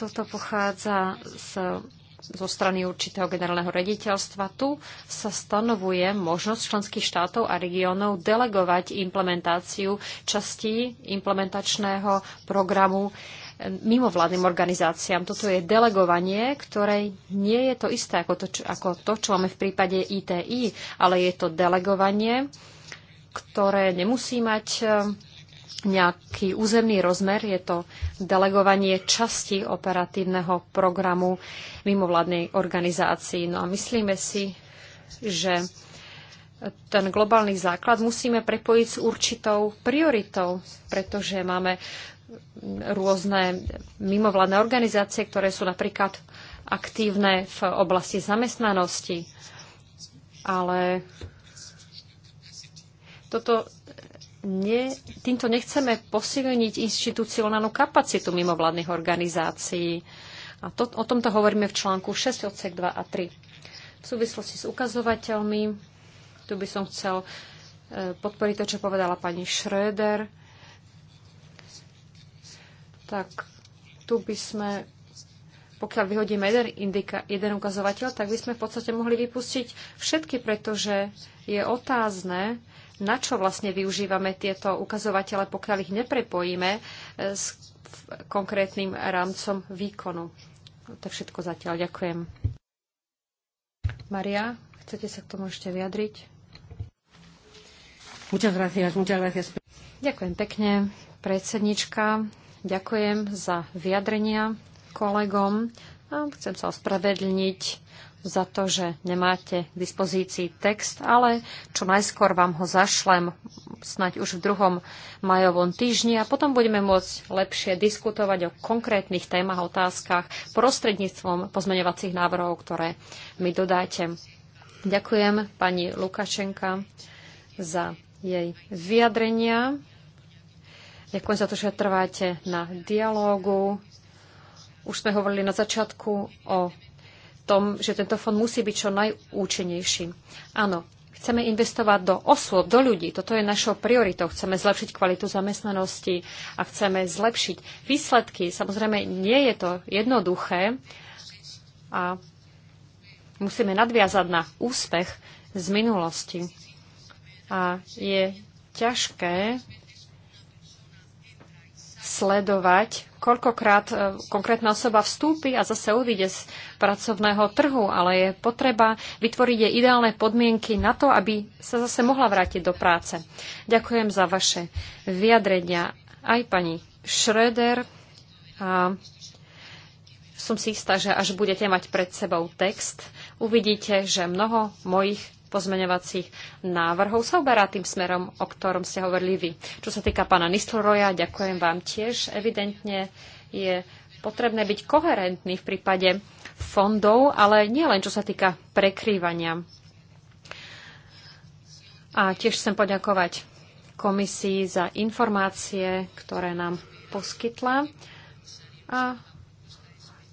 toto pochádza z, zo strany určitého generálneho rediteľstva. Tu sa stanovuje možnosť členských štátov a regiónov delegovať implementáciu častí implementačného programu mimovládnym organizáciám. Toto je delegovanie, ktoré nie je to isté ako to, čo, ako to, čo máme v prípade ITI, ale je to delegovanie, ktoré nemusí mať nejaký územný rozmer, je to delegovanie časti operatívneho programu mimovládnej organizácii. No a myslíme si, že ten globálny základ musíme prepojiť s určitou prioritou, pretože máme rôzne mimovládne organizácie, ktoré sú napríklad aktívne v oblasti zamestnanosti. Ale toto ne, týmto nechceme posilniť inštitucionálnu kapacitu mimovládnych organizácií. A to, o tomto hovoríme v článku 6, odsek 2 a 3. V súvislosti s ukazovateľmi, tu by som chcel e, podporiť to, čo povedala pani Schröder, tak tu by sme, pokiaľ vyhodíme jeden, indika, jeden ukazovateľ, tak by sme v podstate mohli vypustiť všetky, pretože je otázne, na čo vlastne využívame tieto ukazovatele, pokiaľ ich neprepojíme e, s konkrétnym rámcom výkonu. No, to všetko zatiaľ. Ďakujem. Maria, chcete sa k tomu ešte vyjadriť? Muchas gracias, muchas gracias. Ďakujem pekne, predsednička. Ďakujem za vyjadrenia kolegom. A chcem sa ospravedlniť za to, že nemáte k dispozícii text, ale čo najskôr vám ho zašlem, snať už v druhom majovom týždni a potom budeme môcť lepšie diskutovať o konkrétnych témach, otázkach prostredníctvom pozmeňovacích návrhov, ktoré mi dodáte. Ďakujem pani Lukašenka za jej vyjadrenia. Ďakujem za to, že trváte na dialógu už sme hovorili na začiatku o tom, že tento fond musí byť čo najúčinnejší. Áno, chceme investovať do osôb, do ľudí. Toto je našou prioritou. Chceme zlepšiť kvalitu zamestnanosti a chceme zlepšiť výsledky. Samozrejme, nie je to jednoduché a musíme nadviazať na úspech z minulosti. A je ťažké sledovať koľkokrát e, konkrétna osoba vstúpi a zase odíde z pracovného trhu, ale je potreba vytvoriť jej ideálne podmienky na to, aby sa zase mohla vrátiť do práce. Ďakujem za vaše vyjadrenia aj pani Schröder. A som si istá, že až budete mať pred sebou text, uvidíte, že mnoho mojich pozmeňovacích návrhov sa uberá tým smerom, o ktorom ste hovorili vy. Čo sa týka pána Nistelroja, ďakujem vám tiež. Evidentne je potrebné byť koherentný v prípade fondov, ale nie len čo sa týka prekrývania. A tiež chcem poďakovať komisii za informácie, ktoré nám poskytla. A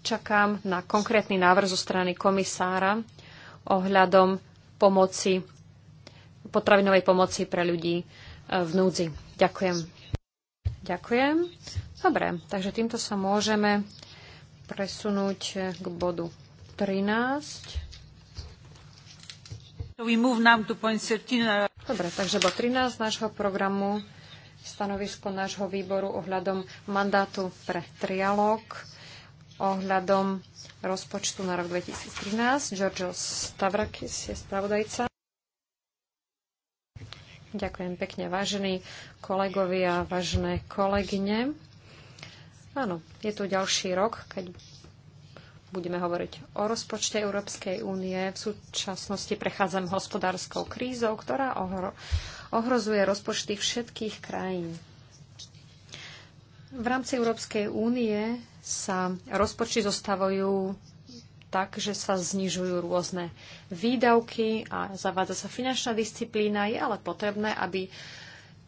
čakám na konkrétny návrh zo strany komisára ohľadom pomoci, potravinovej pomoci pre ľudí e, v núdzi. Ďakujem. Ďakujem. Dobre, takže týmto sa môžeme presunúť e, k bodu 13. Dobre, takže bod 13 nášho programu, stanovisko nášho výboru ohľadom mandátu pre trialóg, ohľadom rozpočtu na rok 2013. Giorgio Stavrakis je spravodajca. Ďakujem pekne, vážení kolegovia, vážne kolegyne. Áno, je tu ďalší rok, keď budeme hovoriť o rozpočte Európskej únie. V súčasnosti prechádzam hospodárskou krízou, ktorá ohrozuje rozpočty všetkých krajín. V rámci Európskej únie sa rozpočty zostavujú tak, že sa znižujú rôzne výdavky a zavádza sa finančná disciplína. Je ale potrebné, aby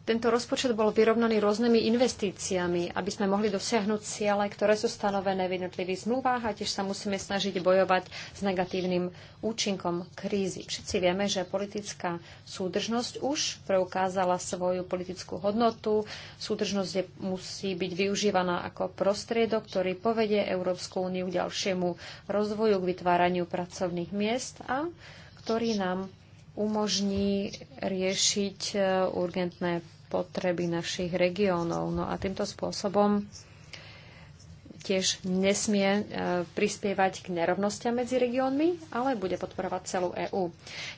tento rozpočet bol vyrovnaný rôznymi investíciami, aby sme mohli dosiahnuť ciele, ktoré sú stanovené v jednotlivých zmluvách a tiež sa musíme snažiť bojovať s negatívnym účinkom krízy. Všetci vieme, že politická súdržnosť už preukázala svoju politickú hodnotu. Súdržnosť je, musí byť využívaná ako prostriedok, ktorý povedie Európsku úniu k ďalšiemu rozvoju, k vytváraniu pracovných miest a ktorý nám umožní riešiť e, urgentné potreby našich regiónov. No a týmto spôsobom tiež nesmie e, prispievať k nerovnostiam medzi regiónmi, ale bude podporovať celú EÚ.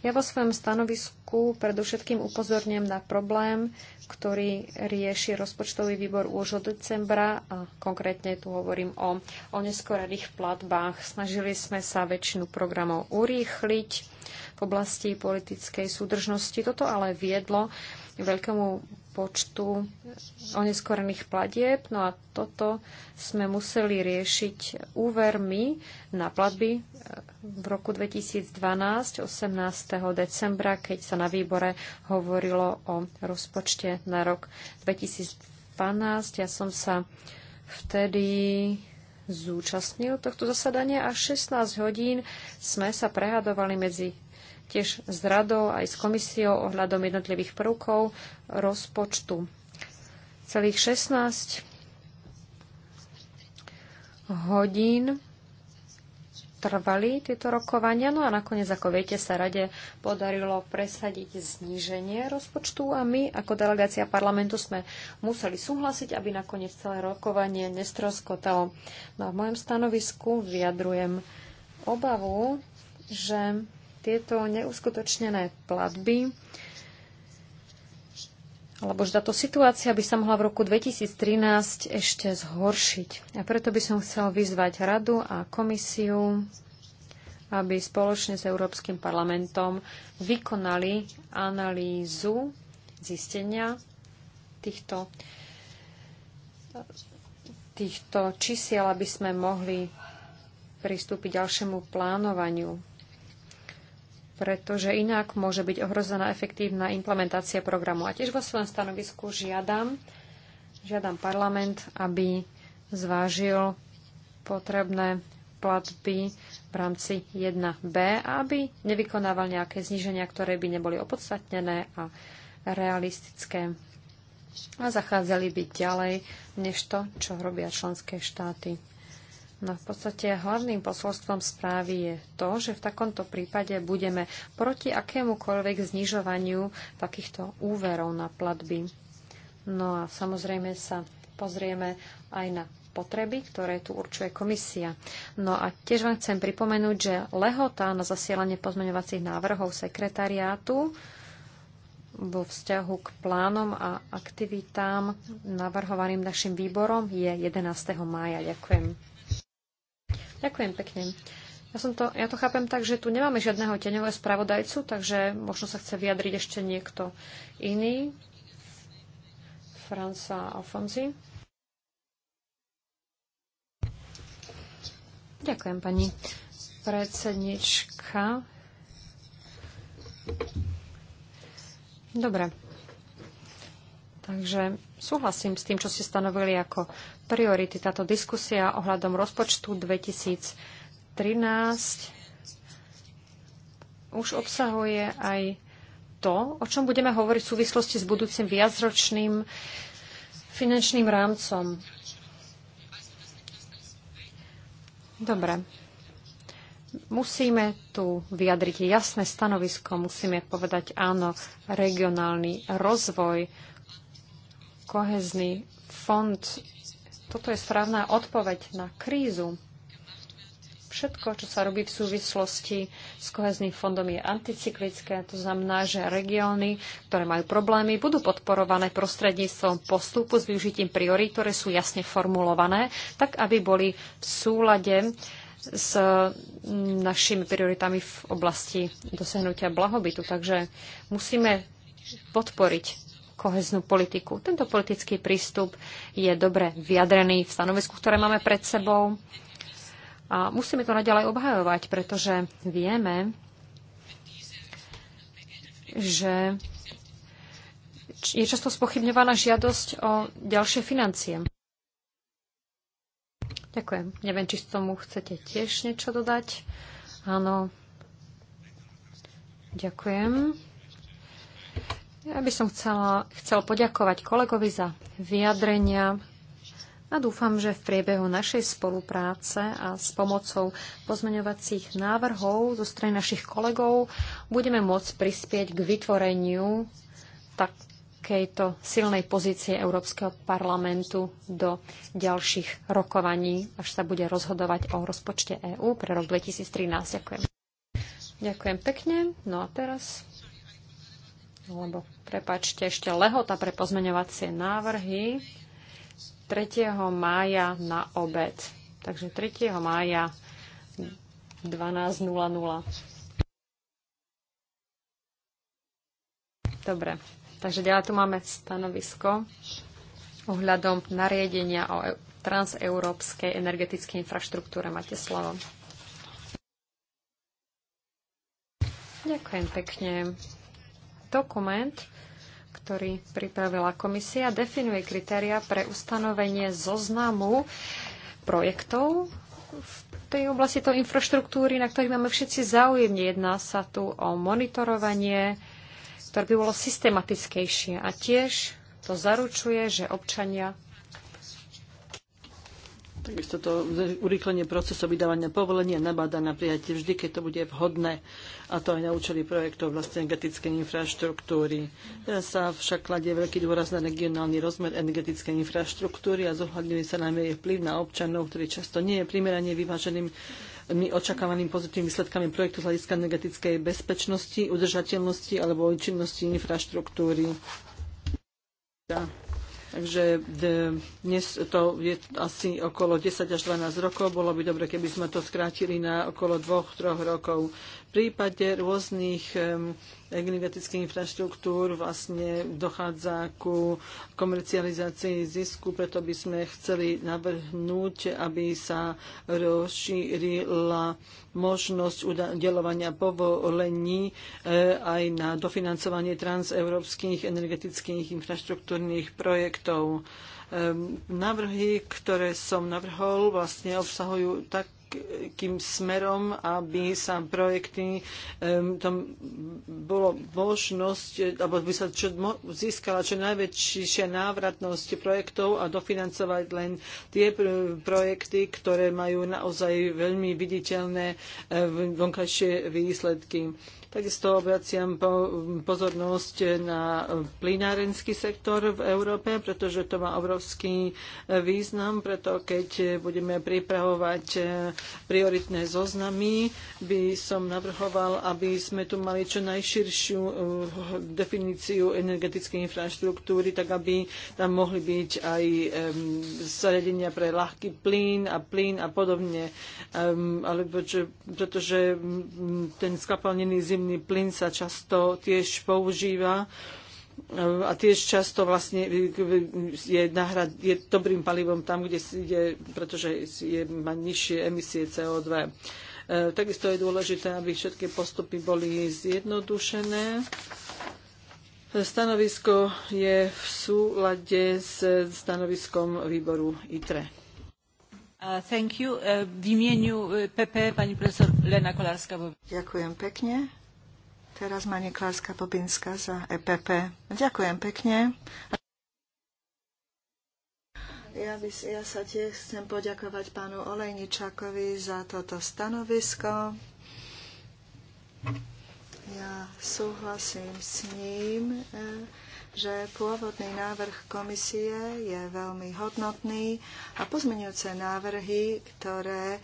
Ja vo svojom stanovisku predovšetkým upozorňujem na problém, ktorý rieši rozpočtový výbor už od decembra a konkrétne tu hovorím o neskorených platbách. Snažili sme sa väčšinu programov urýchliť v oblasti politickej súdržnosti. Toto ale viedlo veľkému počtu oneskorených platieb. No a toto sme museli riešiť úvermi na platby e, v roku 2012, 18. decembra, keď sa na výbore hovorilo o rozpočte na rok 2012. Ja som sa vtedy zúčastnil tohto zasadania a 16 hodín sme sa prehadovali medzi tiež s radou aj s komisiou ohľadom jednotlivých prvkov rozpočtu. Celých 16 hodín trvali tieto rokovania. No a nakoniec, ako viete, sa rade podarilo presadiť zníženie rozpočtu a my ako delegácia parlamentu sme museli súhlasiť, aby nakoniec celé rokovanie nestroskotalo. No a v mojom stanovisku vyjadrujem obavu, že tieto neuskutočnené platby alebo že táto situácia by sa mohla v roku 2013 ešte zhoršiť. A preto by som chcel vyzvať radu a komisiu, aby spoločne s Európskym parlamentom vykonali analýzu zistenia týchto, týchto čísiel, aby sme mohli pristúpiť ďalšiemu plánovaniu pretože inak môže byť ohrozená efektívna implementácia programu. A tiež vo svojom stanovisku žiadam, žiadam parlament, aby zvážil potrebné platby v rámci 1B a aby nevykonával nejaké zníženia, ktoré by neboli opodstatnené a realistické a zachádzali by ďalej než to, čo robia členské štáty. No v podstate hlavným posolstvom správy je to, že v takomto prípade budeme proti akémukoľvek znižovaniu takýchto úverov na platby. No a samozrejme sa pozrieme aj na potreby, ktoré tu určuje komisia. No a tiež vám chcem pripomenúť, že lehota na zasielanie pozmeňovacích návrhov sekretariátu vo vzťahu k plánom a aktivitám navrhovaným našim výborom je 11. mája. Ďakujem. Ďakujem pekne. Ja, som to, ja to chápem tak, že tu nemáme žiadneho teňového spravodajcu, takže možno sa chce vyjadriť ešte niekto iný. Franca Alfonzi. Ďakujem, pani predsednička. Dobre. Takže súhlasím s tým, čo ste stanovili ako priority. Táto diskusia ohľadom rozpočtu 2013 už obsahuje aj to, o čom budeme hovoriť v súvislosti s budúcim viacročným finančným rámcom. Dobre. Musíme tu vyjadriť jasné stanovisko, musíme povedať áno, regionálny rozvoj, kohezný fond. Toto je správna odpoveď na krízu. Všetko, čo sa robí v súvislosti s kohezným fondom, je anticyklické. To znamená, že regióny, ktoré majú problémy, budú podporované prostredníctvom postupu s využitím priorí, ktoré sú jasne formulované, tak aby boli v súlade s mm, našimi prioritami v oblasti dosiahnutia blahobytu. Takže musíme podporiť koheznú politiku. Tento politický prístup je dobre vyjadrený v stanovisku, ktoré máme pred sebou. A musíme to naďalej obhajovať, pretože vieme, že je často spochybňovaná žiadosť o ďalšie financie. Ďakujem. Neviem, či z tomu chcete tiež niečo dodať. Áno. Ďakujem. Ja by som chcela, chcel poďakovať kolegovi za vyjadrenia a dúfam, že v priebehu našej spolupráce a s pomocou pozmeňovacích návrhov zo strany našich kolegov budeme môcť prispieť k vytvoreniu takejto silnej pozície Európskeho parlamentu do ďalších rokovaní, až sa bude rozhodovať o rozpočte EÚ pre rok 2013. Ďakujem. Ďakujem pekne. No a teraz lebo prepačte, ešte lehota pre pozmeňovacie návrhy 3. mája na obed. Takže 3. mája 12.00. Dobre, takže ďalej tu máme stanovisko ohľadom nariadenia o e- transeurópskej energetickej infraštruktúre. Máte slovo. Ďakujem pekne. Dokument, ktorý pripravila komisia, definuje kritéria pre ustanovenie zoznamu projektov v tej oblasti to infraštruktúry, na ktorých máme všetci záujem. Jedná sa tu o monitorovanie, ktoré by bolo systematickejšie a tiež to zaručuje, že občania Takisto to urýchlenie procesu vydávania povolenia nabáda na prijatie vždy, keď to bude vhodné, a to aj na účely projektov vlastne energetickej infraštruktúry. Teraz sa však kladie veľký dôraz na regionálny rozmer energetickej infraštruktúry a zohľadňuje sa najmä jej vplyv na občanov, ktorý často nie je primerane vyváženým očakávaným pozitívnym výsledkami projektu z hľadiska energetickej bezpečnosti, udržateľnosti alebo účinnosti infraštruktúry. Ja. Takže dnes to je asi okolo 10 až 12 rokov. Bolo by dobre, keby sme to skrátili na okolo 2-3 rokov prípade rôznych energetických infraštruktúr vlastne dochádza ku komercializácii zisku, preto by sme chceli navrhnúť, aby sa rozšírila možnosť udelovania povolení e, aj na dofinancovanie transeurópskych energetických infraštruktúrnych projektov. Návrhy, ktoré som navrhol, vlastne obsahujú tak kým smerom, aby sa projekty, tam bolo možnosť, alebo by sa čo, získala čo najväčšia návratnosť projektov a dofinancovať len tie projekty, ktoré majú naozaj veľmi viditeľné vonkajšie výsledky. Takisto obraciam pozornosť na plynárenský sektor v Európe, pretože to má obrovský e, význam, preto keď budeme pripravovať e, prioritné zoznamy, by som navrhoval, aby sme tu mali čo najširšiu e, definíciu energetickej infraštruktúry, tak aby tam mohli byť aj zariadenia pre ľahký plyn a plyn a podobne. Alebo, že, pretože ten skapalnený zim zemný plyn sa často tiež používa eh, a tiež často vlastne eh, je, nahrad, je dobrým palivom tam, kde ide, pretože je, má nižšie emisie CO2. Eh, takisto je dôležité, aby všetky postupy boli zjednodušené. Stanovisko je v súlade s stanoviskom výboru ITRE. Uh, thank you. Uh, v imieniu PP uh, pani profesor Lena Ďakujem pekne. Teraz má Niklárska Bobinska za EPP. Ďakujem pekne. Ja, by, ja sa tiež chcem poďakovať pánu Olejničakovi za toto stanovisko. Ja súhlasím s ním, e, že pôvodný návrh komisie je veľmi hodnotný a pozmenujúce návrhy, ktoré e,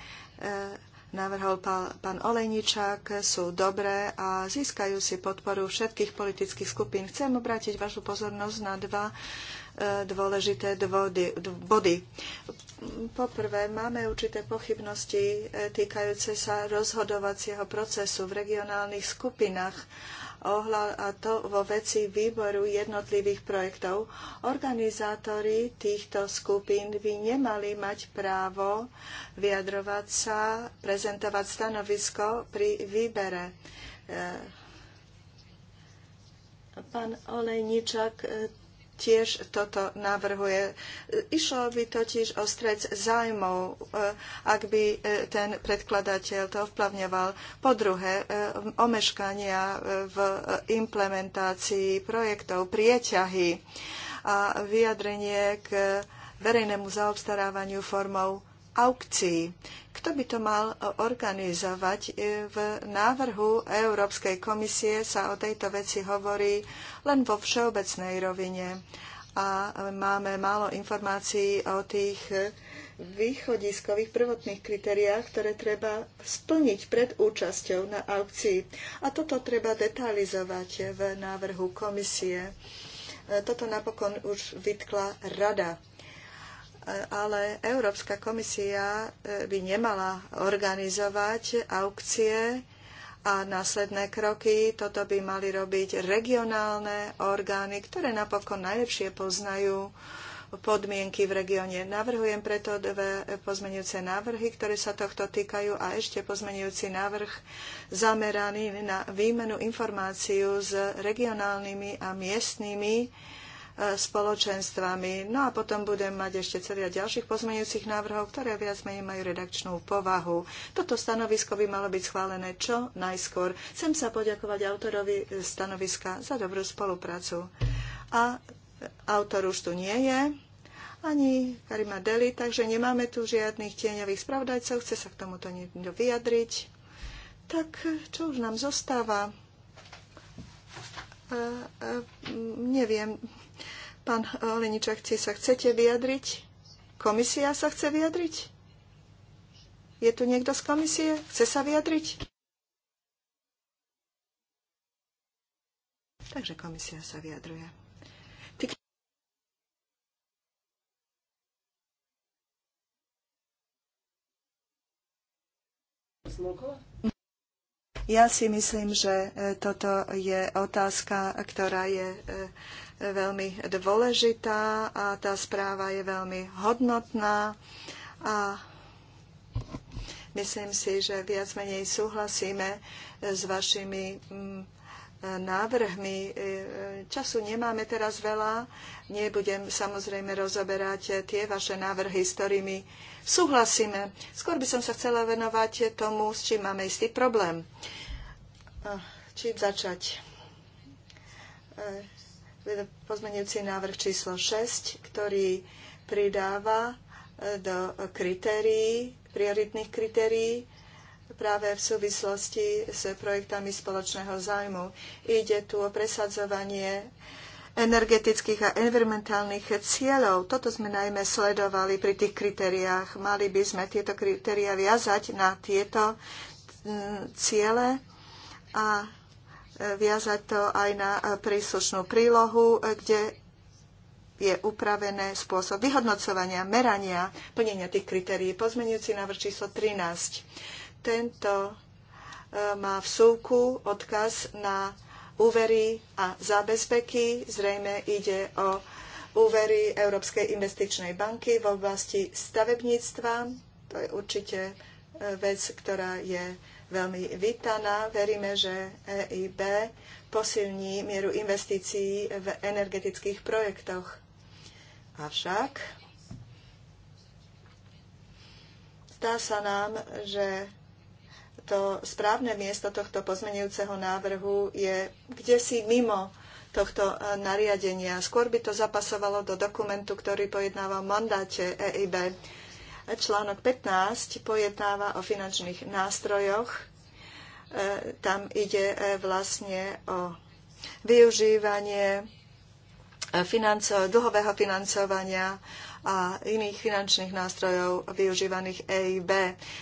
navrhol pán Olejničák, sú dobré a získajú si podporu všetkých politických skupín. Chcem obrátiť vašu pozornosť na dva e, dôležité dvody, body. Poprvé, máme určité pochybnosti e, týkajúce sa rozhodovacieho procesu v regionálnych skupinách a to vo veci výboru jednotlivých projektov. Organizátori týchto skupín by nemali mať právo vyjadrovať sa, prezentovať stanovisko pri výbere. E, pán Olejničak tiež toto navrhuje. Išlo by totiž o stred zájmov, e, ak by e, ten predkladateľ to vplavňoval. Po druhé, e, omeškania v implementácii projektov, prieťahy a vyjadrenie k verejnému zaobstarávaniu formou aukcií. Kto by to mal eh, organizovať? Eh, v návrhu Európskej komisie sa o tejto veci hovorí len vo všeobecnej rovine a eh, máme málo informácií o tých východiskových prvotných kritériách, ktoré treba splniť pred účasťou na aukcii. A toto treba detalizovať v návrhu komisie. Toto napokon už vytkla rada ale Európska komisia e, by nemala organizovať aukcie a následné kroky. Toto by mali robiť regionálne orgány, ktoré napokon najlepšie poznajú podmienky v regióne. Navrhujem preto dve pozmenujúce návrhy, ktoré sa tohto týkajú a ešte pozmenujúci návrh zameraný na výmenu informáciu s regionálnymi a miestnymi spoločenstvami. No a potom budem mať ešte celý ďalších pozmeňujúcich návrhov, ktoré viac menej majú redakčnú povahu. Toto stanovisko by malo byť schválené čo najskôr. Chcem sa poďakovať autorovi stanoviska za dobrú spoluprácu. A autor už tu nie je, ani Karima Deli, takže nemáme tu žiadnych tieňových spravodajcov, Chce sa k tomuto niekto vyjadriť. Tak čo už nám zostáva? E, e, neviem, Pán Leničak, či sa chcete vyjadriť? Komisia sa chce vyjadriť? Je tu niekto z komisie? Chce sa vyjadriť? Takže komisia sa vyjadruje. Ty... Ja si myslím, že e, toto je otázka, ktorá je e, veľmi dôležitá a tá správa je veľmi hodnotná a myslím si, že viac menej súhlasíme s vašimi návrhmi. Času nemáme teraz veľa. Nebudem samozrejme rozoberať tie vaše návrhy, s ktorými súhlasíme. Skôr by som sa chcela venovať tomu, s čím máme istý problém. Čím začať? E, pozmenujúci návrh číslo 6, ktorý pridáva e, do kritérií, prioritných kritérií práve v súvislosti s projektami spoločného zájmu. Ide tu o presadzovanie energetických a environmentálnych cieľov. Toto sme najmä sledovali pri tých kritériách. Mali by sme tieto kritéria viazať na tieto mm, ciele a e, viazať to aj na e, príslušnú prílohu, e, kde je upravené spôsob vyhodnocovania, merania, plnenia tých kritérií. Pozmenujúci návrh číslo 13. Tento e, má v súku odkaz na úvery a zábezpeky. Zrejme ide o úvery Európskej investičnej banky v oblasti stavebníctva. To je určite e, vec, ktorá je veľmi vítaná. Veríme, že EIB posilní mieru investícií v energetických projektoch. Avšak zdá sa nám, že to správne miesto tohto pozmenujúceho návrhu je kde si mimo tohto eh, nariadenia. Skôr by to zapasovalo do dokumentu, ktorý pojednáva o mandáte EIB. Článok 15 pojednáva o finančných nástrojoch. Eh, tam ide eh, vlastne o využívanie financo- dlhového financovania a iných finančných nástrojov využívaných EIB.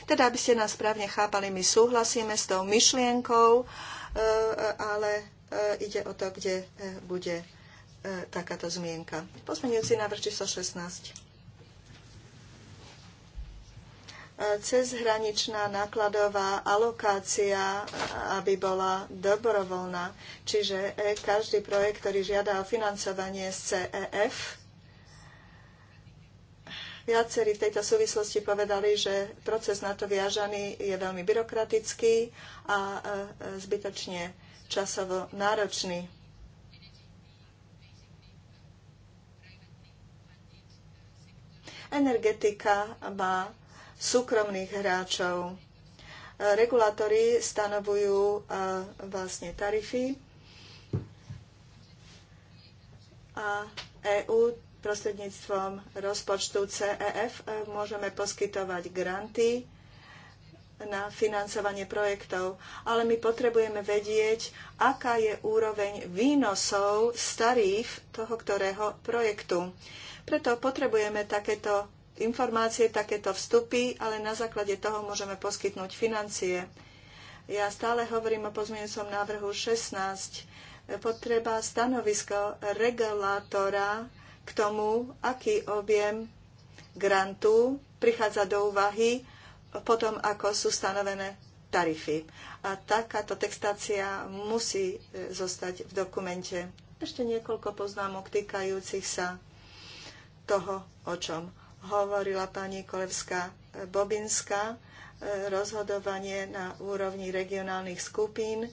Teda, aby ste nás správne chápali, my súhlasíme s tou myšlienkou, e, e, ale e, ide o to, kde bude takáto zmienka. Pozmeňujúci návrh číslo 16 cezhraničná nákladová alokácia, aby bola dobrovoľná. Čiže každý projekt, ktorý žiada o financovanie z CEF, Viacerí v tejto súvislosti povedali, že proces na to viažaný je veľmi byrokratický a e, e, zbytočne časovo náročný. Energetika má súkromných hráčov. E, Regulátory stanovujú vlastne tarify a EÚ prostredníctvom rozpočtu CEF eh, môžeme poskytovať granty na financovanie projektov, ale my potrebujeme vedieť, aká je úroveň výnosov z tarív toho ktorého projektu. Preto potrebujeme takéto informácie, takéto vstupy, ale na základe toho môžeme poskytnúť financie. Ja stále hovorím o pozmienujúcom návrhu 16. Potreba stanovisko regulátora k tomu, aký objem grantu prichádza do úvahy potom, ako sú stanovené tarify. A takáto textácia musí e, zostať v dokumente. Ešte niekoľko poznámok týkajúcich sa toho, o čom hovorila pani Kolevská e, Bobinská, e, rozhodovanie na úrovni regionálnych skupín.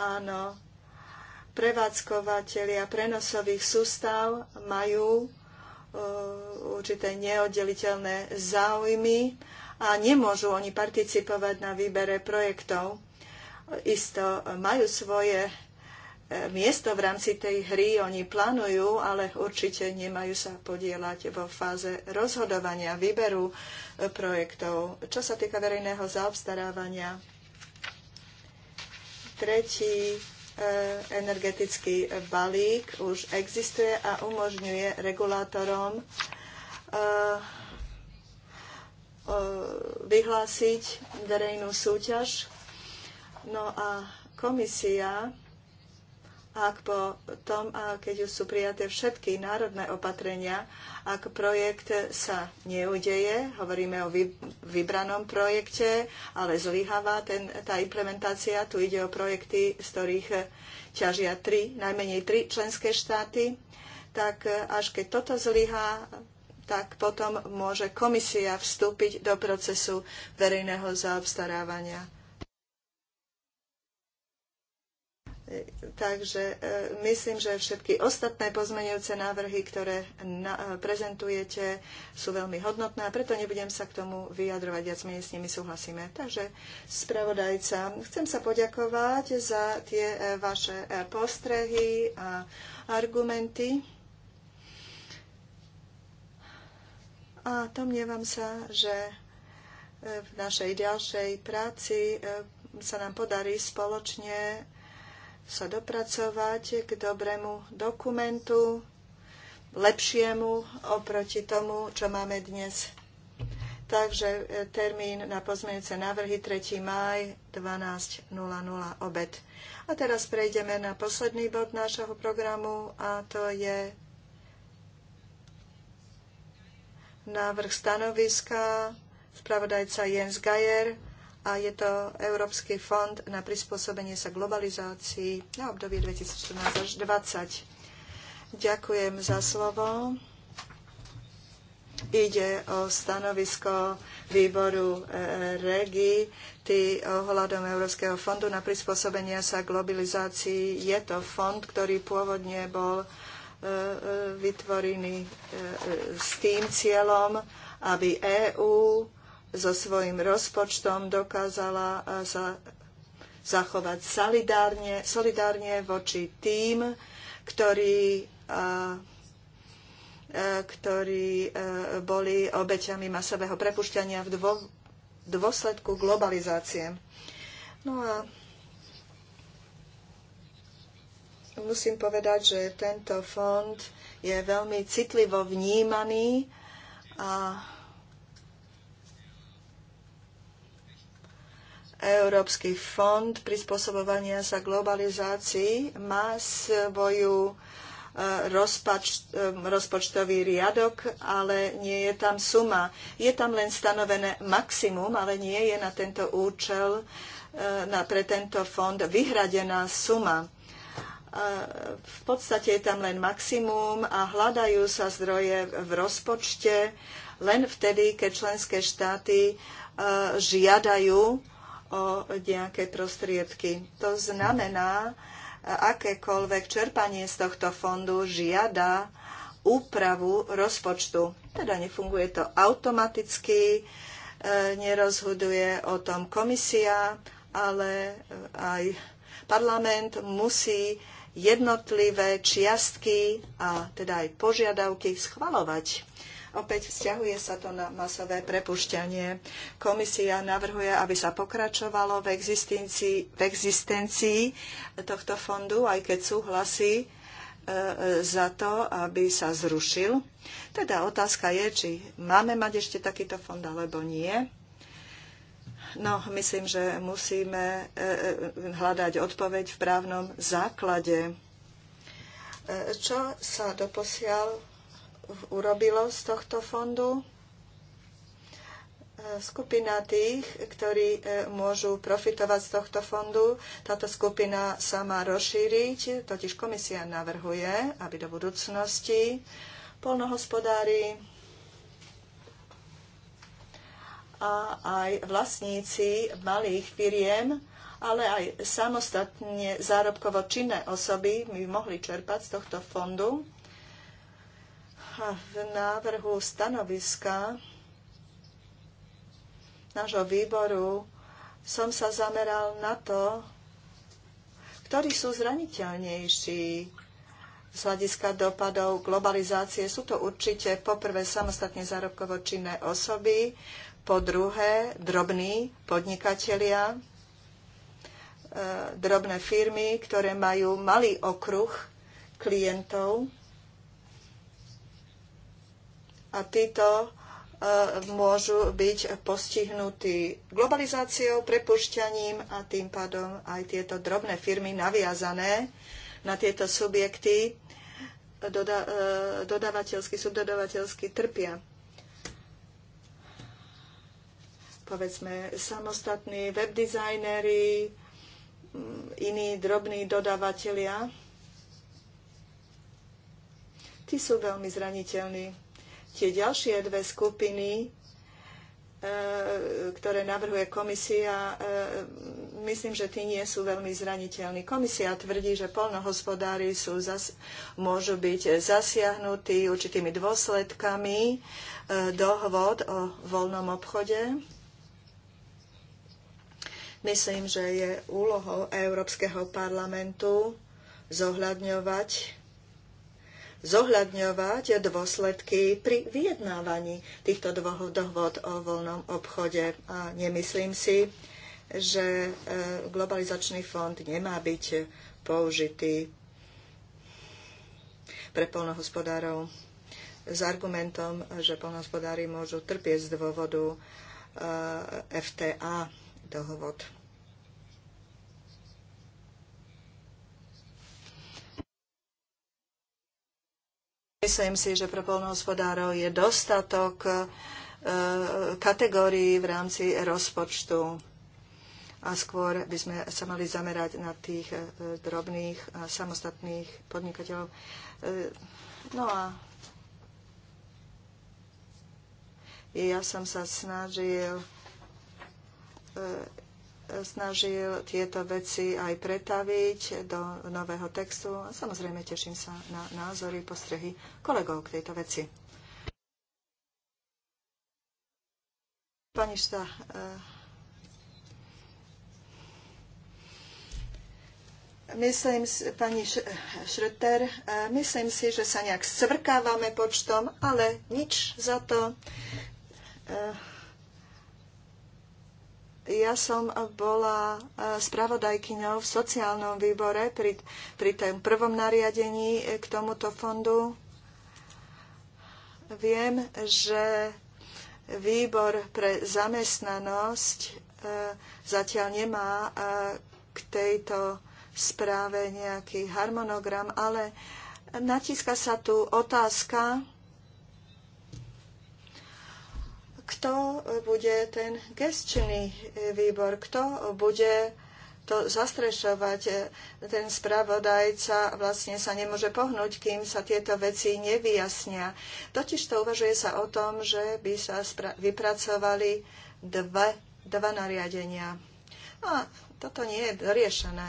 Áno, prevádzkovateľia prenosových sústav majú e, určité neoddeliteľné záujmy a nemôžu oni participovať na výbere projektov. Isto e, majú svoje e, miesto v rámci tej hry, oni plánujú, ale určite nemajú sa podielať vo fáze rozhodovania, výberu projektov. Čo sa týka verejného zaobstarávania, tretí E, energetický balík už existuje a umožňuje regulátorom e, e, vyhlásiť verejnú súťaž. No a komisia ak po tom, keď už sú prijaté všetky národné opatrenia, ak projekt sa neudeje, hovoríme o vybranom projekte, ale zlyháva tá implementácia, tu ide o projekty, z ktorých ťažia tri, najmenej tri členské štáty, tak až keď toto zlyhá, tak potom môže komisia vstúpiť do procesu verejného zaobstarávania Takže e, myslím, že všetky ostatné pozmeňujúce návrhy, ktoré e, prezentujete, sú veľmi hodnotné a preto nebudem sa k tomu vyjadrovať, viac menej s nimi súhlasíme. Takže spravodajca, chcem sa poďakovať za tie e, vaše postrehy a argumenty. A domnievam sa, že v našej ďalšej práci sa nám podarí spoločne sa dopracovať k dobrému dokumentu, lepšiemu oproti tomu, čo máme dnes. Takže e, termín na pozmeňujúce návrhy 3. máj 12.00 obed. A teraz prejdeme na posledný bod nášho programu a to je návrh stanoviska spravodajca Jens Gajer a je to Európsky fond na prispôsobenie sa globalizácii na obdobie 2014 až 2020. Ďakujem za slovo. Ide o stanovisko výboru e, REGI tý e, ohľadom Európskeho fondu na prispôsobenie sa globalizácii. Je to fond, ktorý pôvodne bol e, vytvorený s tým cieľom, aby EÚ so svojím rozpočtom dokázala e, sa zachovať solidárne, solidárne voči tým, ktorí, e, e, ktorí boli obeťami masového prepušťania v dôsledku globalizácie. No a musím povedať, že tento fond je veľmi citlivo vnímaný a Európsky fond prispôsobovania sa globalizácii má svoju e, rozpač, e, rozpočtový riadok, ale nie je tam suma. Je tam len stanovené maximum, ale nie je na tento účel, e, na, pre tento fond vyhradená suma v podstate je tam len maximum a hľadajú sa zdroje v rozpočte len vtedy, keď členské štáty žiadajú o nejaké prostriedky. To znamená, akékoľvek čerpanie z tohto fondu žiada úpravu rozpočtu. Teda nefunguje to automaticky, e, nerozhoduje o tom komisia, ale e, aj parlament musí jednotlivé čiastky a teda aj požiadavky schvalovať Opäť vzťahuje sa to na masové prepušťanie. Komisia navrhuje, aby sa pokračovalo v existencii, v existencii tohto fondu, aj keď súhlasí e, za to, aby sa zrušil. Teda otázka je, či máme mať ešte takýto fond alebo nie. No, myslím, že musíme e, e, hľadať odpoveď v právnom základe. Čo sa doposiaľ urobilo z tohto fondu. E, skupina tých, ktorí e, môžu profitovať z tohto fondu, táto skupina sa má rozšíriť, totiž komisia navrhuje, aby do budúcnosti polnohospodári a aj vlastníci malých firiem, ale aj samostatne zárobkovo činné osoby by mohli čerpať z tohto fondu v návrhu stanoviska nášho výboru som sa zameral na to, ktorí sú zraniteľnejší z hľadiska dopadov globalizácie. Sú to určite poprvé samostatne zárobkovo činné osoby, po druhé drobní podnikatelia, e, drobné firmy, ktoré majú malý okruh klientov a títo eh, môžu byť postihnutí globalizáciou, prepušťaním a tým pádom aj tieto drobné firmy naviazané na tieto subjekty doda- eh, dodávateľsky, subdodávateľsky trpia. Povedzme, samostatní webdesignery, mm, iní drobní dodavatelia, Tí sú veľmi zraniteľní Tie ďalšie dve skupiny, e, ktoré navrhuje komisia, e, myslím, že tí nie sú veľmi zraniteľní. Komisia tvrdí, že polnohospodári sú zas, môžu byť zasiahnutí určitými dôsledkami e, dohôd o voľnom obchode. Myslím, že je úlohou Európskeho parlamentu zohľadňovať zohľadňovať dôsledky pri vyjednávaní týchto dvoch dohod o voľnom obchode. A nemyslím si, že e, globalizačný fond nemá byť použitý pre polnohospodárov s argumentom, že polnohospodári môžu trpieť z dôvodu e, FTA dohovod. Myslím si, že pre polnohospodárov je dostatok e, kategórií v rámci rozpočtu a skôr by sme sa mali zamerať na tých e, drobných a samostatných podnikateľov. E, no a ja som sa snažil snažil tieto veci aj pretaviť do nového textu. A samozrejme, teším sa na názory, postrehy kolegov k tejto veci. Pani Šta, eh, Myslím, pani Šreter, eh, myslím si, že sa nejak svrkávame počtom, ale nič za to. E ja som bola e, spravodajkyňou v sociálnom výbore pri, pri tom prvom nariadení e, k tomuto fondu. Viem, že výbor pre zamestnanosť e, zatiaľ nemá k tejto správe nejaký harmonogram, ale natíska sa tu otázka, kto bude ten gestčný e, výbor, kto bude to zastrešovať. E, ten spravodajca vlastne sa nemôže pohnúť, kým sa tieto veci nevyjasnia. Totiž to uvažuje sa o tom, že by sa vypracovali dve, dva nariadenia. A toto nie je doriešené.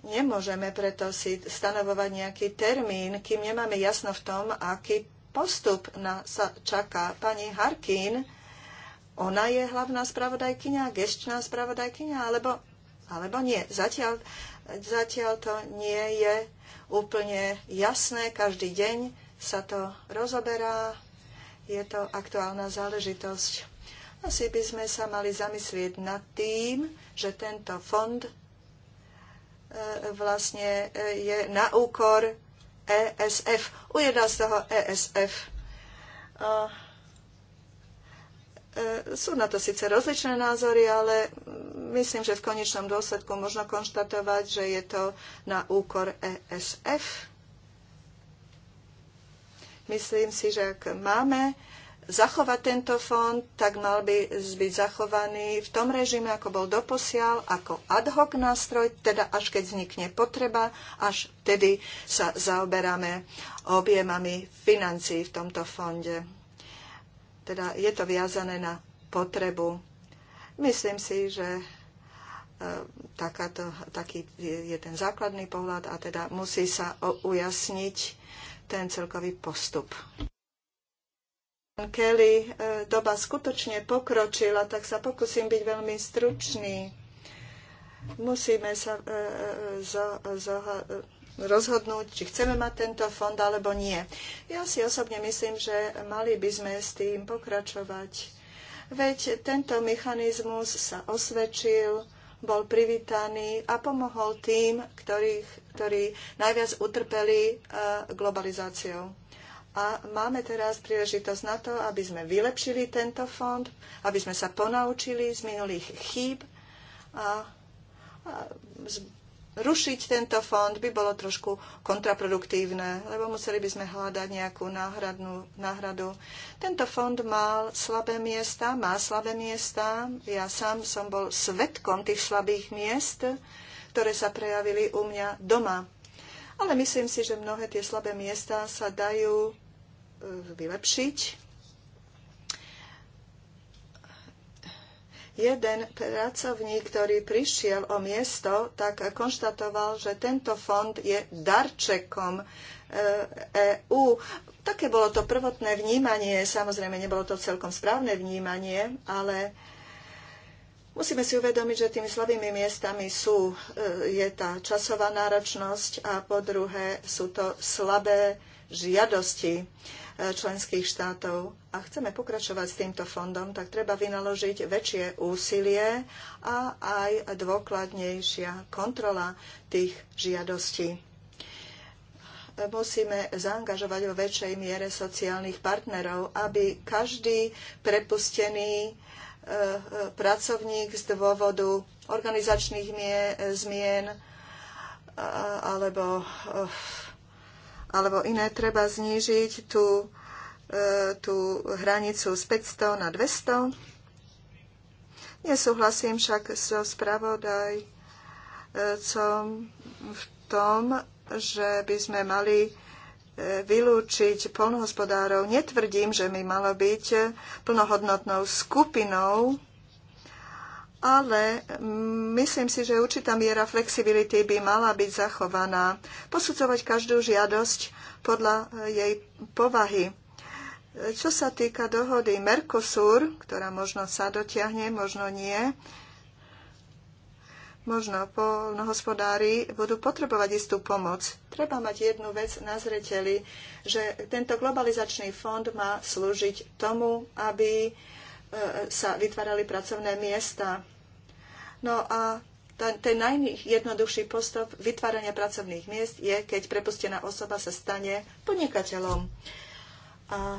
Nemôžeme preto si stanovovať nejaký termín, kým nemáme jasno v tom, aký postup na, sa čaká. Pani Harkin, ona je hlavná spravodajkyňa, gestčná spravodajkyňa, alebo, alebo nie. Zatiaľ, zatiaľ to nie je úplne jasné. Každý deň sa to rozoberá. Je to aktuálna záležitosť. Asi by sme sa mali zamyslieť nad tým, že tento fond e, vlastne e, je na úkor ESF. Ujedná z toho ESF. A e, sú na to síce rozličné názory, ale myslím, že v konečnom dôsledku možno konštatovať, že je to na úkor ESF. Myslím si, že ak máme zachovať tento fond, tak mal by byť zachovaný v tom režime, ako bol doposiaľ, ako ad hoc nástroj, teda až keď vznikne potreba, až vtedy sa zaoberáme objemami financií v tomto fonde. Teda je to viazané na potrebu. Myslím si, že e, takáto, taký je ten základný pohľad a teda musí sa ujasniť ten celkový postup. Kelly, e, doba skutočne pokročila, tak sa pokúsim byť veľmi stručný. Musíme sa e, e, zo, zo, rozhodnúť, či chceme mať tento fond alebo nie. Ja si osobne myslím, že mali by sme s tým pokračovať. Veď tento mechanizmus sa osvedčil, bol privítaný a pomohol tým, ktorých, ktorí najviac utrpeli globalizáciou. A máme teraz príležitosť na to, aby sme vylepšili tento fond, aby sme sa ponaučili z minulých chýb a, a z, rušiť tento fond by bolo trošku kontraproduktívne, lebo museli by sme hľadať nejakú náhradnú, náhradu. Tento fond mal slabé miesta, má slabé miesta. Ja sám som bol svetkom tých slabých miest, ktoré sa prejavili u mňa doma. Ale myslím si, že mnohé tie slabé miesta sa dajú E, vylepšiť. Jeden pracovník, ktorý prišiel o miesto, tak konštatoval, že tento fond je darčekom EÚ. E Také bolo to prvotné vnímanie, samozrejme nebolo to celkom správne vnímanie, ale Musíme si uvedomiť, že tými slabými miestami sú, e, je tá časová náročnosť a po druhé sú to slabé žiadosti členských štátov a chceme pokračovať s týmto fondom, tak treba vynaložiť väčšie úsilie a aj dôkladnejšia kontrola tých žiadostí musíme zaangažovať vo väčšej miere sociálnych partnerov, aby každý prepustený e, e, pracovník z dôvodu organizačných zmien alebo e, alebo iné, treba znížiť tú, e, tú hranicu z 500 na 200. Nesúhlasím však so spravodajcom v tom, že by sme mali e, vylúčiť polnohospodárov. Netvrdím, že by malo byť plnohodnotnou skupinou ale mm, myslím si, že určitá miera flexibility by mala byť zachovaná. Posudzovať každú žiadosť podľa e, jej povahy. Čo sa týka dohody Mercosur, ktorá možno sa dotiahne, možno nie, možno polnohospodári budú potrebovať istú pomoc. Treba mať jednu vec na zreteli, že tento globalizačný fond má slúžiť tomu, aby E, sa vytvárali pracovné miesta. No a ten najjednoduchší postup vytvárania pracovných miest je, keď prepustená osoba sa stane podnikateľom. A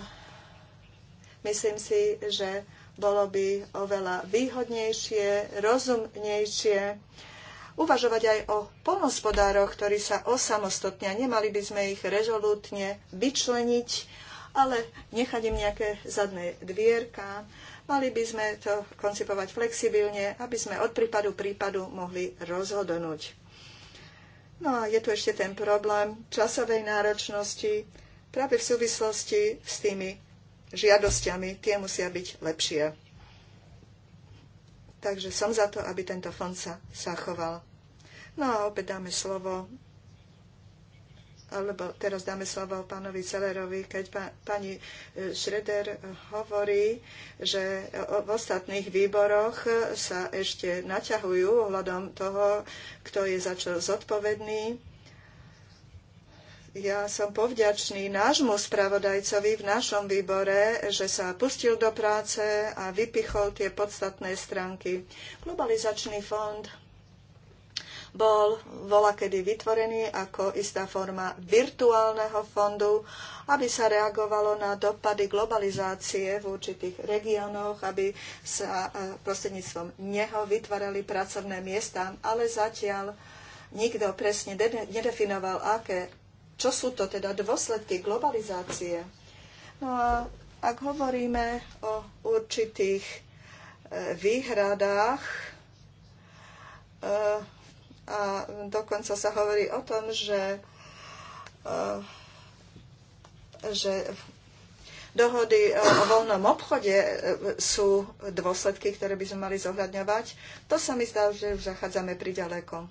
myslím si, že bolo by oveľa výhodnejšie, rozumnejšie uvažovať aj o polnospodároch, ktorí sa osamostotnia. Nemali by sme ich rezolútne vyčleniť, ale nechať im nejaké zadné dvierka, Mali by sme to koncipovať flexibilne, aby sme od prípadu prípadu mohli rozhodnúť. No a je tu ešte ten problém časovej náročnosti práve v súvislosti s tými žiadosťami. Tie musia byť lepšie. Takže som za to, aby tento fond sa zachoval. No a opäť dáme slovo alebo teraz dáme slovo pánovi Celerovi, keď pa, pani Šreder e, hovorí, že v ostatných výboroch sa ešte naťahujú ohľadom toho, kto je za čo zodpovedný. Ja som povďačný nášmu spravodajcovi v našom výbore, že sa pustil do práce a vypichol tie podstatné stránky. Globalizačný fond bol volakedy vytvorený ako istá forma virtuálneho fondu, aby sa reagovalo na dopady globalizácie v určitých regiónoch, aby sa e, prostredníctvom neho vytvárali pracovné miesta, ale zatiaľ nikto presne nedefinoval, aké, čo sú to teda dôsledky globalizácie. No a ak hovoríme o určitých e, výhradách, e, a dokonca sa hovorí o tom, že, e, že dohody e, o voľnom obchode e, sú dôsledky, ktoré by sme mali zohľadňovať. To sa mi zdá, že už zachádzame priďaleko.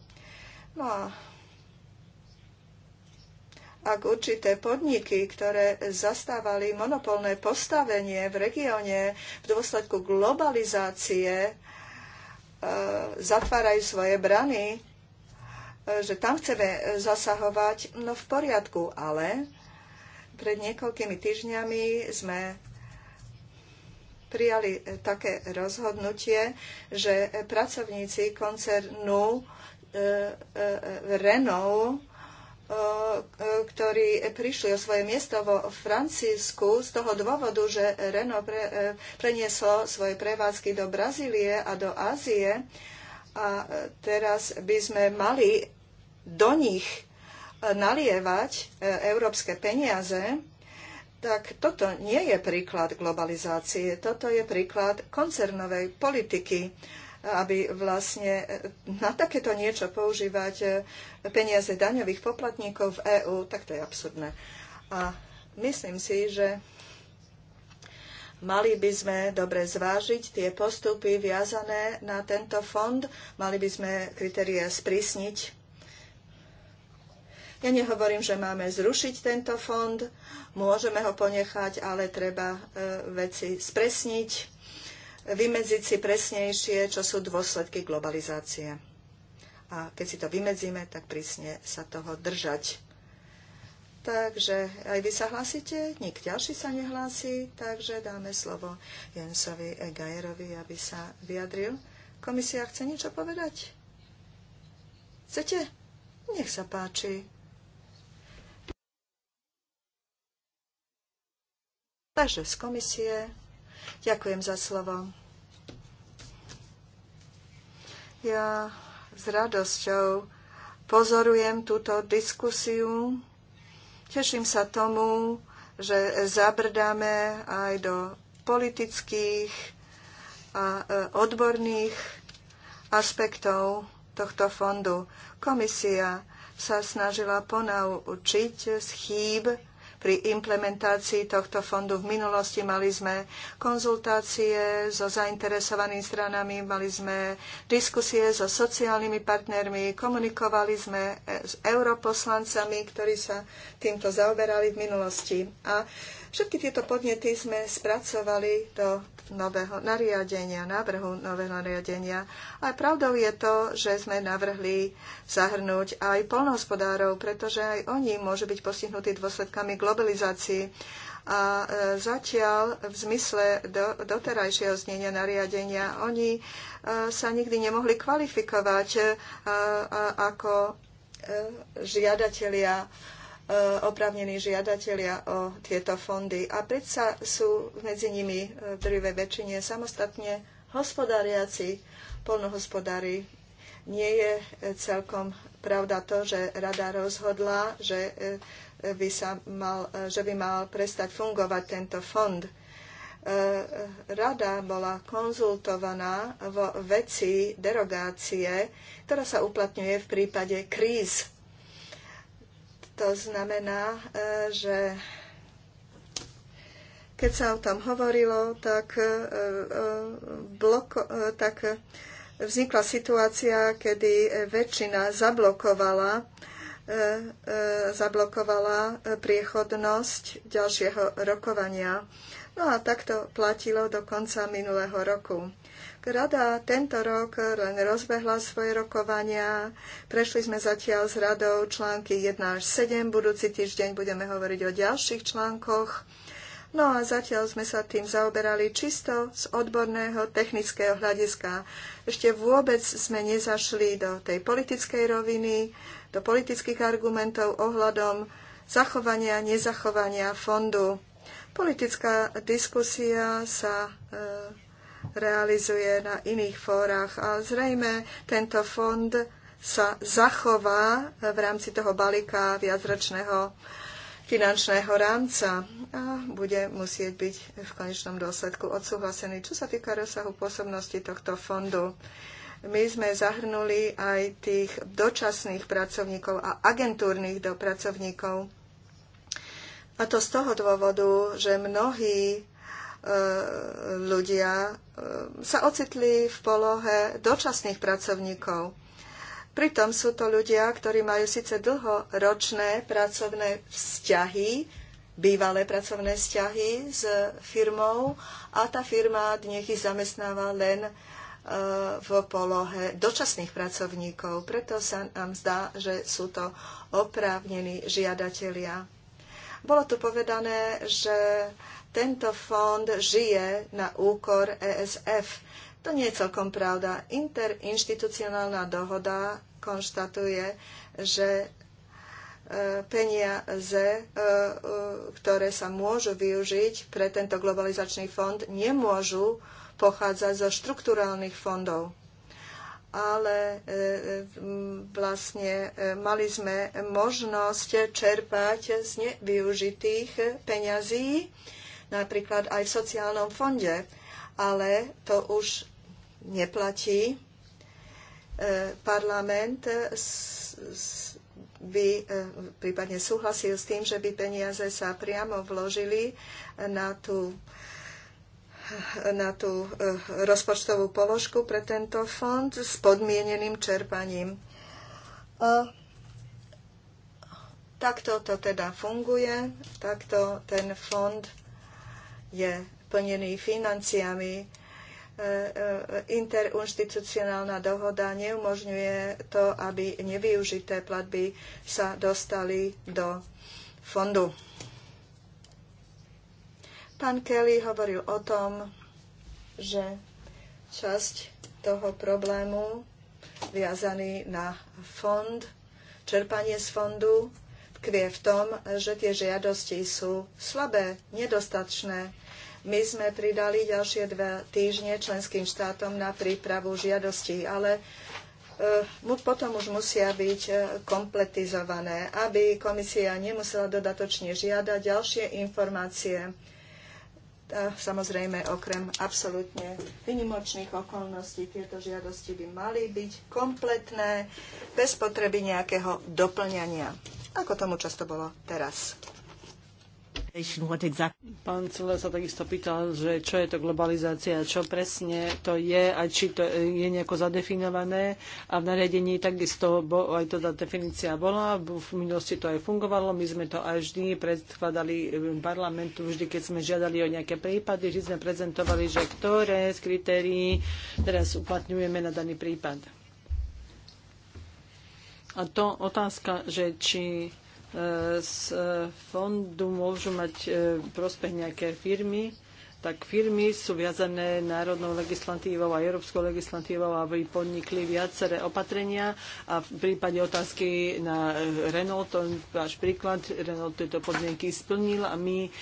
No a ak určité podniky, ktoré zastávali monopolné postavenie v regióne v dôsledku globalizácie, zatvárajú svoje brany, E, že tam chceme e, zasahovať, no v poriadku, ale pred niekoľkými týždňami sme prijali e, také rozhodnutie, že pracovníci koncernu Renault ktorí prišli o svoje miesto vo Francisku z toho dôvodu, že Renault pre, prenieslo svoje prevádzky do Brazílie a do Ázie a teraz by sme mali do nich e, nalievať e, európske peniaze, tak toto nie je príklad globalizácie, toto je príklad koncernovej politiky, e, aby vlastne na takéto niečo používať peniaze daňových poplatníkov v EÚ, tak to je absurdné. A myslím si, že Mali by sme dobre zvážiť tie postupy viazané na tento fond, mali by sme kritéria sprísniť. Ja nehovorím, že máme zrušiť tento fond, môžeme ho ponechať, ale treba e, veci spresniť, vymedziť si presnejšie, čo sú dôsledky globalizácie. A keď si to vymedzíme, tak prísne sa toho držať. Takže aj vy sa hlasíte, nik ďalší sa nehlási, takže dáme slovo Jensovi Gajerovi, aby sa vyjadril. Komisia chce niečo povedať? Chcete? Nech sa páči. Takže z komisie. Ďakujem za slovo. Ja s radosťou pozorujem túto diskusiu Teším sa tomu, že zabrdáme aj do politických a e, odborných aspektov tohto fondu. Komisia sa snažila ponaučiť z chýb pri implementácii tohto fondu v minulosti mali sme konzultácie so zainteresovanými stranami, mali sme diskusie so sociálnymi partnermi, komunikovali sme eh, s europoslancami, ktorí sa týmto zaoberali v minulosti. A Všetky tieto podnety sme spracovali do nového nariadenia, návrhu nového nariadenia. A pravdou je to, že sme navrhli zahrnúť aj polnohospodárov, pretože aj oni môžu byť postihnutí dôsledkami globalizácií. A e, zatiaľ v zmysle do, doterajšieho znenia nariadenia oni e, sa nikdy nemohli kvalifikovať e, ako žiadatelia Eh, oprávnení žiadatelia o tieto fondy. A predsa sú medzi nimi eh, v drvivej väčšine samostatne hospodáriaci, polnohospodári. Nie je eh, celkom pravda to, že rada rozhodla, že by, sa mal, že by mal prestať fungovať tento fond rada bola konzultovaná vo veci derogácie, ktorá sa uplatňuje v prípade kríz. To znamená, e, že keď sa o tom hovorilo, tak, e, e, bloko, tak vznikla situácia, kedy väčšina zablokovala, zablokovala priechodnosť ďalšieho rokovania. No a takto platilo do konca minulého roku. Rada tento rok len rozbehla svoje rokovania. Prešli sme zatiaľ s radou články 1 až 7. Budúci týždeň budeme hovoriť o ďalších článkoch. No a zatiaľ sme sa tým zaoberali čisto z odborného technického hľadiska. Ešte vôbec sme nezašli do tej politickej roviny, do politických argumentov ohľadom zachovania, nezachovania fondu. Politická diskusia sa e, realizuje na iných fórach. A zrejme tento fond sa zachová v rámci toho balíka viacročného finančného rámca a bude musieť byť v konečnom dôsledku odsúhlasený. Čo sa týka rozsahu pôsobnosti tohto fondu, my sme zahrnuli aj tých dočasných pracovníkov a agentúrnych dopracovníkov. A to z toho dôvodu, že mnohí E, ľudia e, sa ocitli v polohe dočasných pracovníkov. Pritom sú to ľudia, ktorí majú síce dlhoročné pracovné vzťahy, bývalé pracovné vzťahy s firmou a tá firma dnes ich zamestnáva len e, v polohe dočasných pracovníkov. Preto sa nám zdá, že sú to oprávnení žiadatelia. Bolo tu povedané, že tento fond žije na úkor ESF. To nie je celkom pravda. Interinstitucionálna dohoda konštatuje, že e, peniaze, e, e, ktoré sa môžu využiť pre tento globalizačný fond, nemôžu pochádzať zo štrukturálnych fondov. Ale vlastne mali sme možnosť čerpať z nevyužitých peňazí napríklad aj v sociálnom fonde, ale to už neplatí. E, parlament by e, prípadne súhlasil s tým, že by peniaze sa priamo vložili na tú na tú e, rozpočtovú položku pre tento fond s podmieneným čerpaním. takto to teda funguje, takto ten fond je plnený financiami. E, e, interinstitucionálna dohoda neumožňuje to, aby nevyužité platby sa dostali do fondu. Pán Kelly hovoril o tom, že časť toho problému viazaný na fond, čerpanie z fondu tkvie v tom, že tie žiadosti sú slabé, nedostačné. My sme pridali ďalšie dva týždne členským štátom na prípravu žiadostí, ale eh, potom už musia byť eh, kompletizované, aby komisia nemusela dodatočne žiadať ďalšie informácie. Samozrejme, okrem absolútne vynimočných okolností, tieto žiadosti by mali byť kompletné, bez potreby nejakého doplňania, ako tomu často bolo teraz. Pán Cele sa takisto pýtal, že čo je to globalizácia, čo presne to je a či to je nejako zadefinované. A v nariadení takisto bo, aj to tá definícia bola, v minulosti to aj fungovalo, my sme to aj vždy predkladali parlamentu, vždy keď sme žiadali o nejaké prípady, vždy sme prezentovali, že ktoré z kritérií teraz uplatňujeme na daný prípad. A to otázka, že či z eh, eh, fondu môžu mať eh, prospech nejaké firmy, tak firmy sú viazané národnou legislatívou a európskou legislatívou, aby podnikli viaceré opatrenia a v prípade otázky na eh, Renault, to je váš príklad, Renault tieto podmienky splnil a my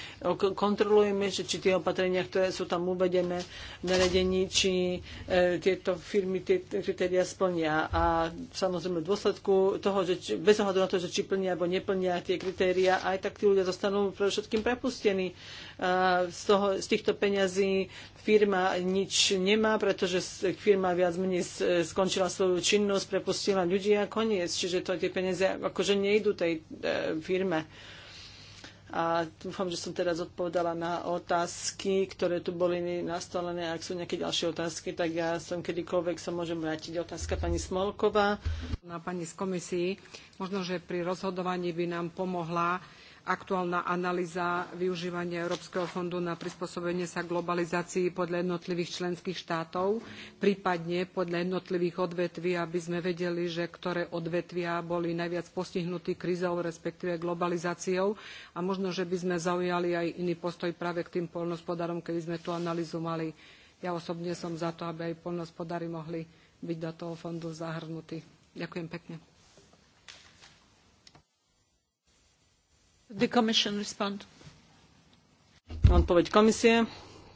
kontrolujeme, že či tie opatrenia, ktoré sú tam uvedené v naredení, či e, tieto firmy tie kritéria splnia. A samozrejme v dôsledku toho, že či, bez ohľadu na to, že či plnia alebo neplnia tie kritéria, aj tak tí ľudia zostanú pre všetkým prepustení. A z, toho, z týchto týchto peňazí firma nič nemá, pretože firma viac menej skončila svoju činnosť, prepustila ľudí a koniec. Čiže to, tie peniaze akože nejdu tej e, firme. A dúfam, že som teraz odpovedala na otázky, ktoré tu boli nastolené. Ak sú nejaké ďalšie otázky, tak ja som kedykoľvek sa môžem vrátiť. Otázka pani Smolková. Na pani z komisii, možno, že pri rozhodovaní by nám pomohla aktuálna analýza využívania Európskeho fondu na prispôsobenie sa globalizácii podľa jednotlivých členských štátov, prípadne podľa jednotlivých odvetví, aby sme vedeli, že ktoré odvetvia boli najviac postihnutí krízou, respektíve globalizáciou. A možno, že by sme zaujali aj iný postoj práve k tým poľnohospodárom, keby sme tú analýzu mali. Ja osobne som za to, aby aj poľnohospodári mohli byť do toho fondu zahrnutí. Ďakujem pekne. Odpoveď komisie.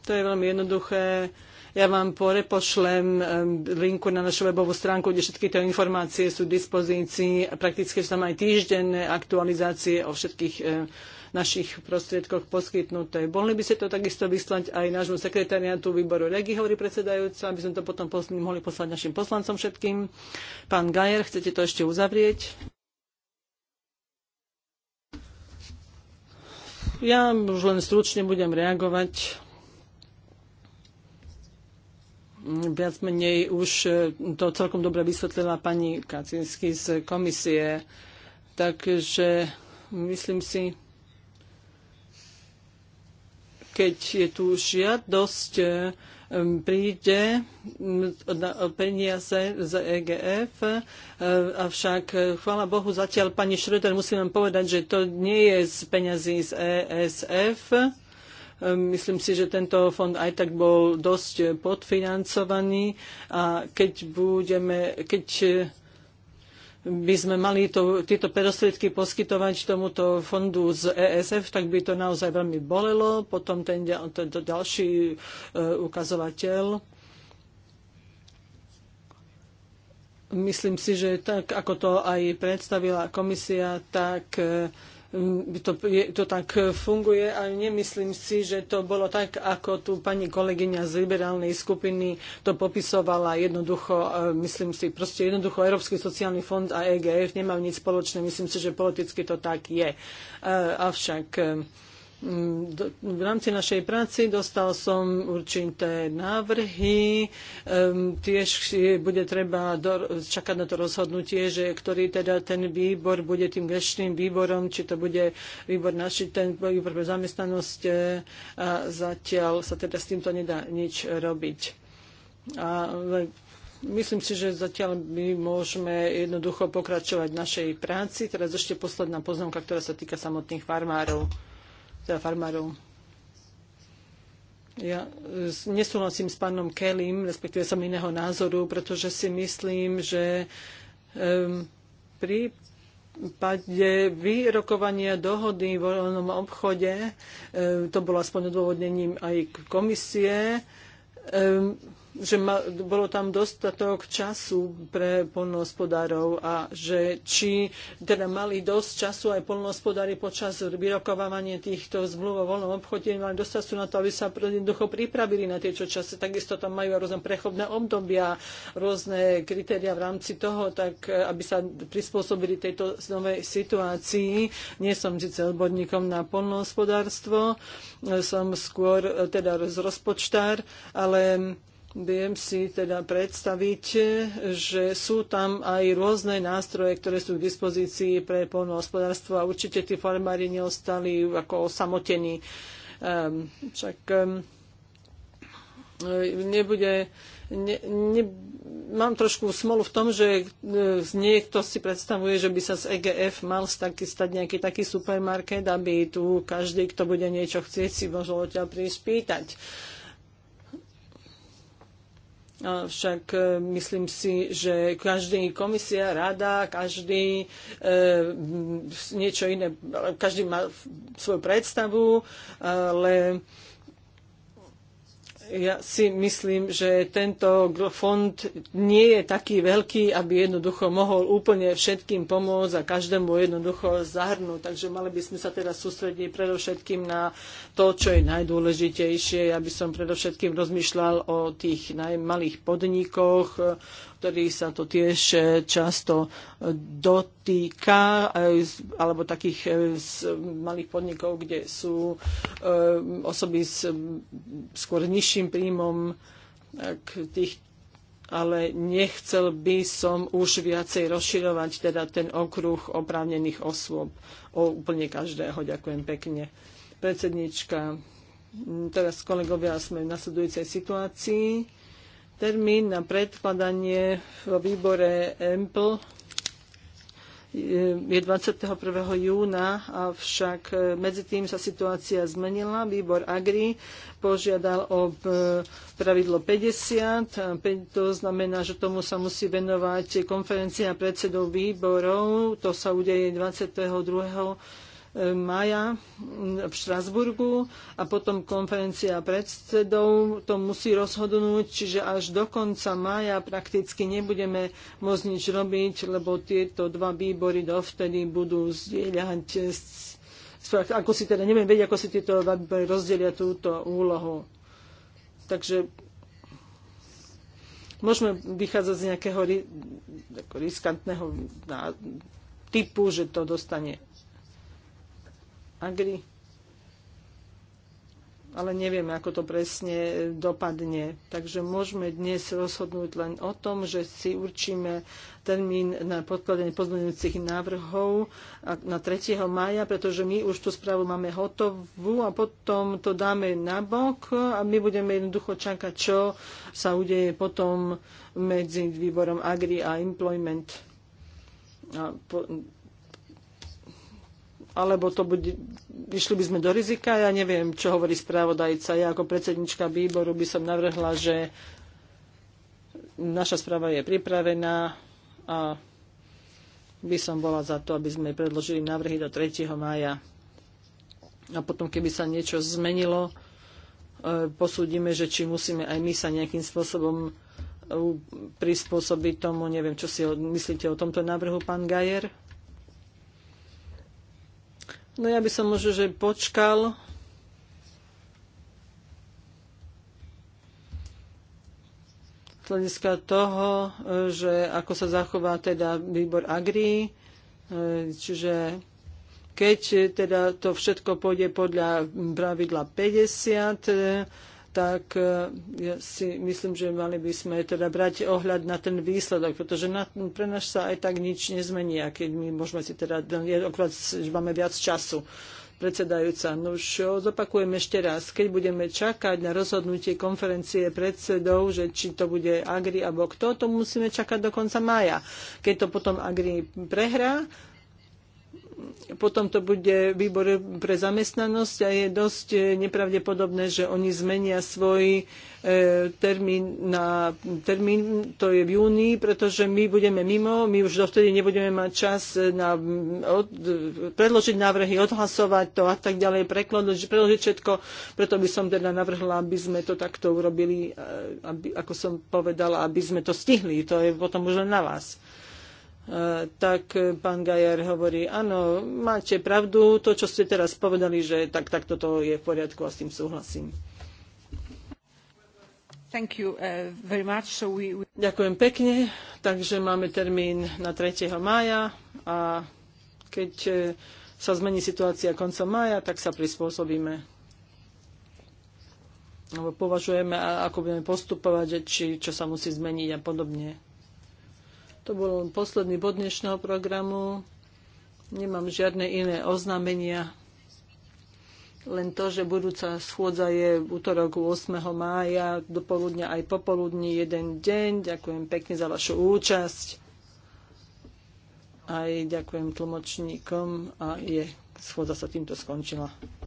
To je veľmi jednoduché. Ja vám porepošlem linku na našu webovú stránku, kde všetky tie informácie sú v dispozícii. Prakticky sú tam aj týždenné aktualizácie o všetkých našich prostriedkoch poskytnuté. Mohli by ste to takisto vyslať aj nášmu sekretariátu výboru Regi, hovorí predsedajúca, aby sme to potom mohli poslať našim poslancom všetkým. Pán Gajer, chcete to ešte uzavrieť? Ja už len stručne budem reagovať. Viac menej už e, to celkom dobre vysvetlila pani Kacinsky z komisie. Takže myslím si, keď je tu žiadosť e, príde peniaze z EGF, avšak e, chvála Bohu zatiaľ pani Schröder musím vám povedať, že to nie je z peniazy z ESF, Myslím si, že tento fond aj tak bol dosť e, podfinancovaný a keď budeme, keď by sme mali to, tieto prostriedky poskytovať tomuto fondu z ESF, tak by to naozaj veľmi bolelo. Potom ten, ten, ten ďalší e, ukazovateľ. Myslím si, že tak, ako to aj predstavila komisia, tak e, Mm, to, je, to tak funguje a nemyslím si, že to bolo tak, ako tu pani kolegyňa z liberálnej skupiny to popisovala jednoducho, e, myslím si, proste jednoducho Európsky sociálny fond a EGF nemajú nič spoločné, myslím si, že politicky to tak je. E, avšak e, Mm, v rámci našej práci dostal som určité návrhy. Tiež bude treba čakať na to rozhodnutie, že ktorý teda ten výbor bude tým gešným výborom, či to bude výbor naši, ten výbor pre zamestnanosť. E, a zatiaľ sa teda s týmto nedá nič robiť. A e, myslím si, že zatiaľ my môžeme jednoducho pokračovať v našej práci. Teraz ešte posledná poznámka, ktorá sa týka samotných farmárov teda farmárov. Ja e, nesúhlasím s pánom Kellym, respektíve som iného názoru, pretože si myslím, že um, pri pade vyrokovania dohody v voľnom obchode, um, to bolo aspoň odôvodnením aj komisie, um, že ma, bolo tam dostatok času pre polnohospodárov a že či teda mali dosť času aj polnohospodári počas vyrokovávania týchto zmluv o voľnom obchode, mali dosť času na to, aby sa jednoducho pripravili na tieto časy. Takisto tam majú rôzne prechodné obdobia, rôzne kritéria v rámci toho, tak aby sa prispôsobili tejto novej situácii. Nie som síce odborníkom na polnohospodárstvo, som skôr teda rozpočtár, ale Viem si teda predstaviť, že sú tam aj rôzne nástroje, ktoré sú k dispozícii pre polnohospodárstvo a určite tí farmári neostali ako osamotení. Um, však um, nebude ne, ne, mám trošku smolu v tom, že e, niekto si predstavuje, že by sa z EGF mal taký, stať nejaký taký supermarket, aby tu každý, kto bude niečo chcieť, si možno odtiaľ prísť pýtať. Však e, myslím si, že každý komisia, rada, každý e, niečo iné, každý má svoju predstavu, ale ja si myslím, že tento fond nie je taký veľký, aby jednoducho mohol úplne všetkým pomôcť a každému jednoducho zahrnúť. Takže mali by sme sa teraz sústrediť predovšetkým na to, čo je najdôležitejšie. Ja by som predovšetkým rozmýšľal o tých najmalých podnikoch, ktorý sa to tiež e, často e, dotýka, e, alebo takých malých podnikov, kde sú osoby s skôr nižším príjmom tých ale nechcel by som už viacej rozširovať teda ten okruh oprávnených osôb o úplne každého. Ďakujem pekne. Predsednička, teraz kolegovia sme v nasledujúcej situácii. Termín na predkladanie vo výbore EMPL je 21. júna, avšak e, medzi tým sa situácia zmenila. Výbor Agri požiadal o e, pravidlo 50. To znamená, že tomu sa musí venovať konferencia predsedov výborov. To sa udeje 22 maja v Štrasburgu a potom konferencia predsedov to musí rozhodnúť, čiže až do konca maja prakticky nebudeme môcť nič robiť, lebo tieto dva výbory dovtedy budú zdieľať ako si teda neviem vedieť, ako si tieto výbory rozdelia túto úlohu. Takže môžeme vychádzať z nejakého riskantného typu, že to dostane Agri. Ale nevieme, ako to presne dopadne. Takže môžeme dnes rozhodnúť len o tom, že si určíme termín na podkladanie pozmeňujúcich návrhov na 3. maja, pretože my už tú správu máme hotovú a potom to dáme nabok a my budeme jednoducho čakať, čo sa udeje potom medzi výborom Agri a Employment. A po, alebo to bude, išli by sme do rizika. Ja neviem, čo hovorí správodajca. Ja ako predsednička výboru by som navrhla, že naša správa je pripravená a by som bola za to, aby sme predložili návrhy do 3. mája. A potom, keby sa niečo zmenilo, e, posúdime, že či musíme aj my sa nejakým spôsobom e, prispôsobiť tomu. Neviem, čo si myslíte o tomto návrhu, pán Gajer. No ja by som možno, že počkal. Z hľadiska toho, že ako sa zachová teda výbor Agri, e, čiže keď teda to všetko pôjde podľa pravidla 50, tak e, ja si myslím, že mali by sme teda brať ohľad na ten výsledok, pretože na, pre nás sa aj tak nič nezmení, a keď my môžeme si teda, okrát, že máme viac času predsedajúca. No už zopakujem ešte raz, keď budeme čakať na rozhodnutie konferencie predsedov, že či to bude Agri alebo kto, to musíme čakať do konca mája. Keď to potom Agri prehrá, potom to bude výbor pre zamestnanosť a je dosť nepravdepodobné, že oni zmenia svoj e, termín na termín, to je v júni, pretože my budeme mimo, my už dovtedy nebudeme mať čas na od, predložiť návrhy, odhlasovať to a tak ďalej, prekladať, predložiť všetko, preto by som teda navrhla, aby sme to takto urobili, e, aby, ako som povedala, aby sme to stihli, to je potom už len na vás. E, tak pán Gajer hovorí, áno, máte pravdu, to, čo ste teraz povedali, že tak, tak toto je v poriadku a s tým súhlasím. Uh, so we... Ďakujem pekne. Takže máme termín na 3. mája a keď e, sa zmení situácia koncom mája, tak sa prispôsobíme. považujeme, ako budeme postupovať, či čo sa musí zmeniť a podobne. To bol posledný bod dnešného programu. Nemám žiadne iné oznámenia. Len to, že budúca schôdza je v útorok 8. mája, dopoludne aj popoludní jeden deň. Ďakujem pekne za vašu účasť. Aj ďakujem tlmočníkom a je, schôdza sa týmto skončila.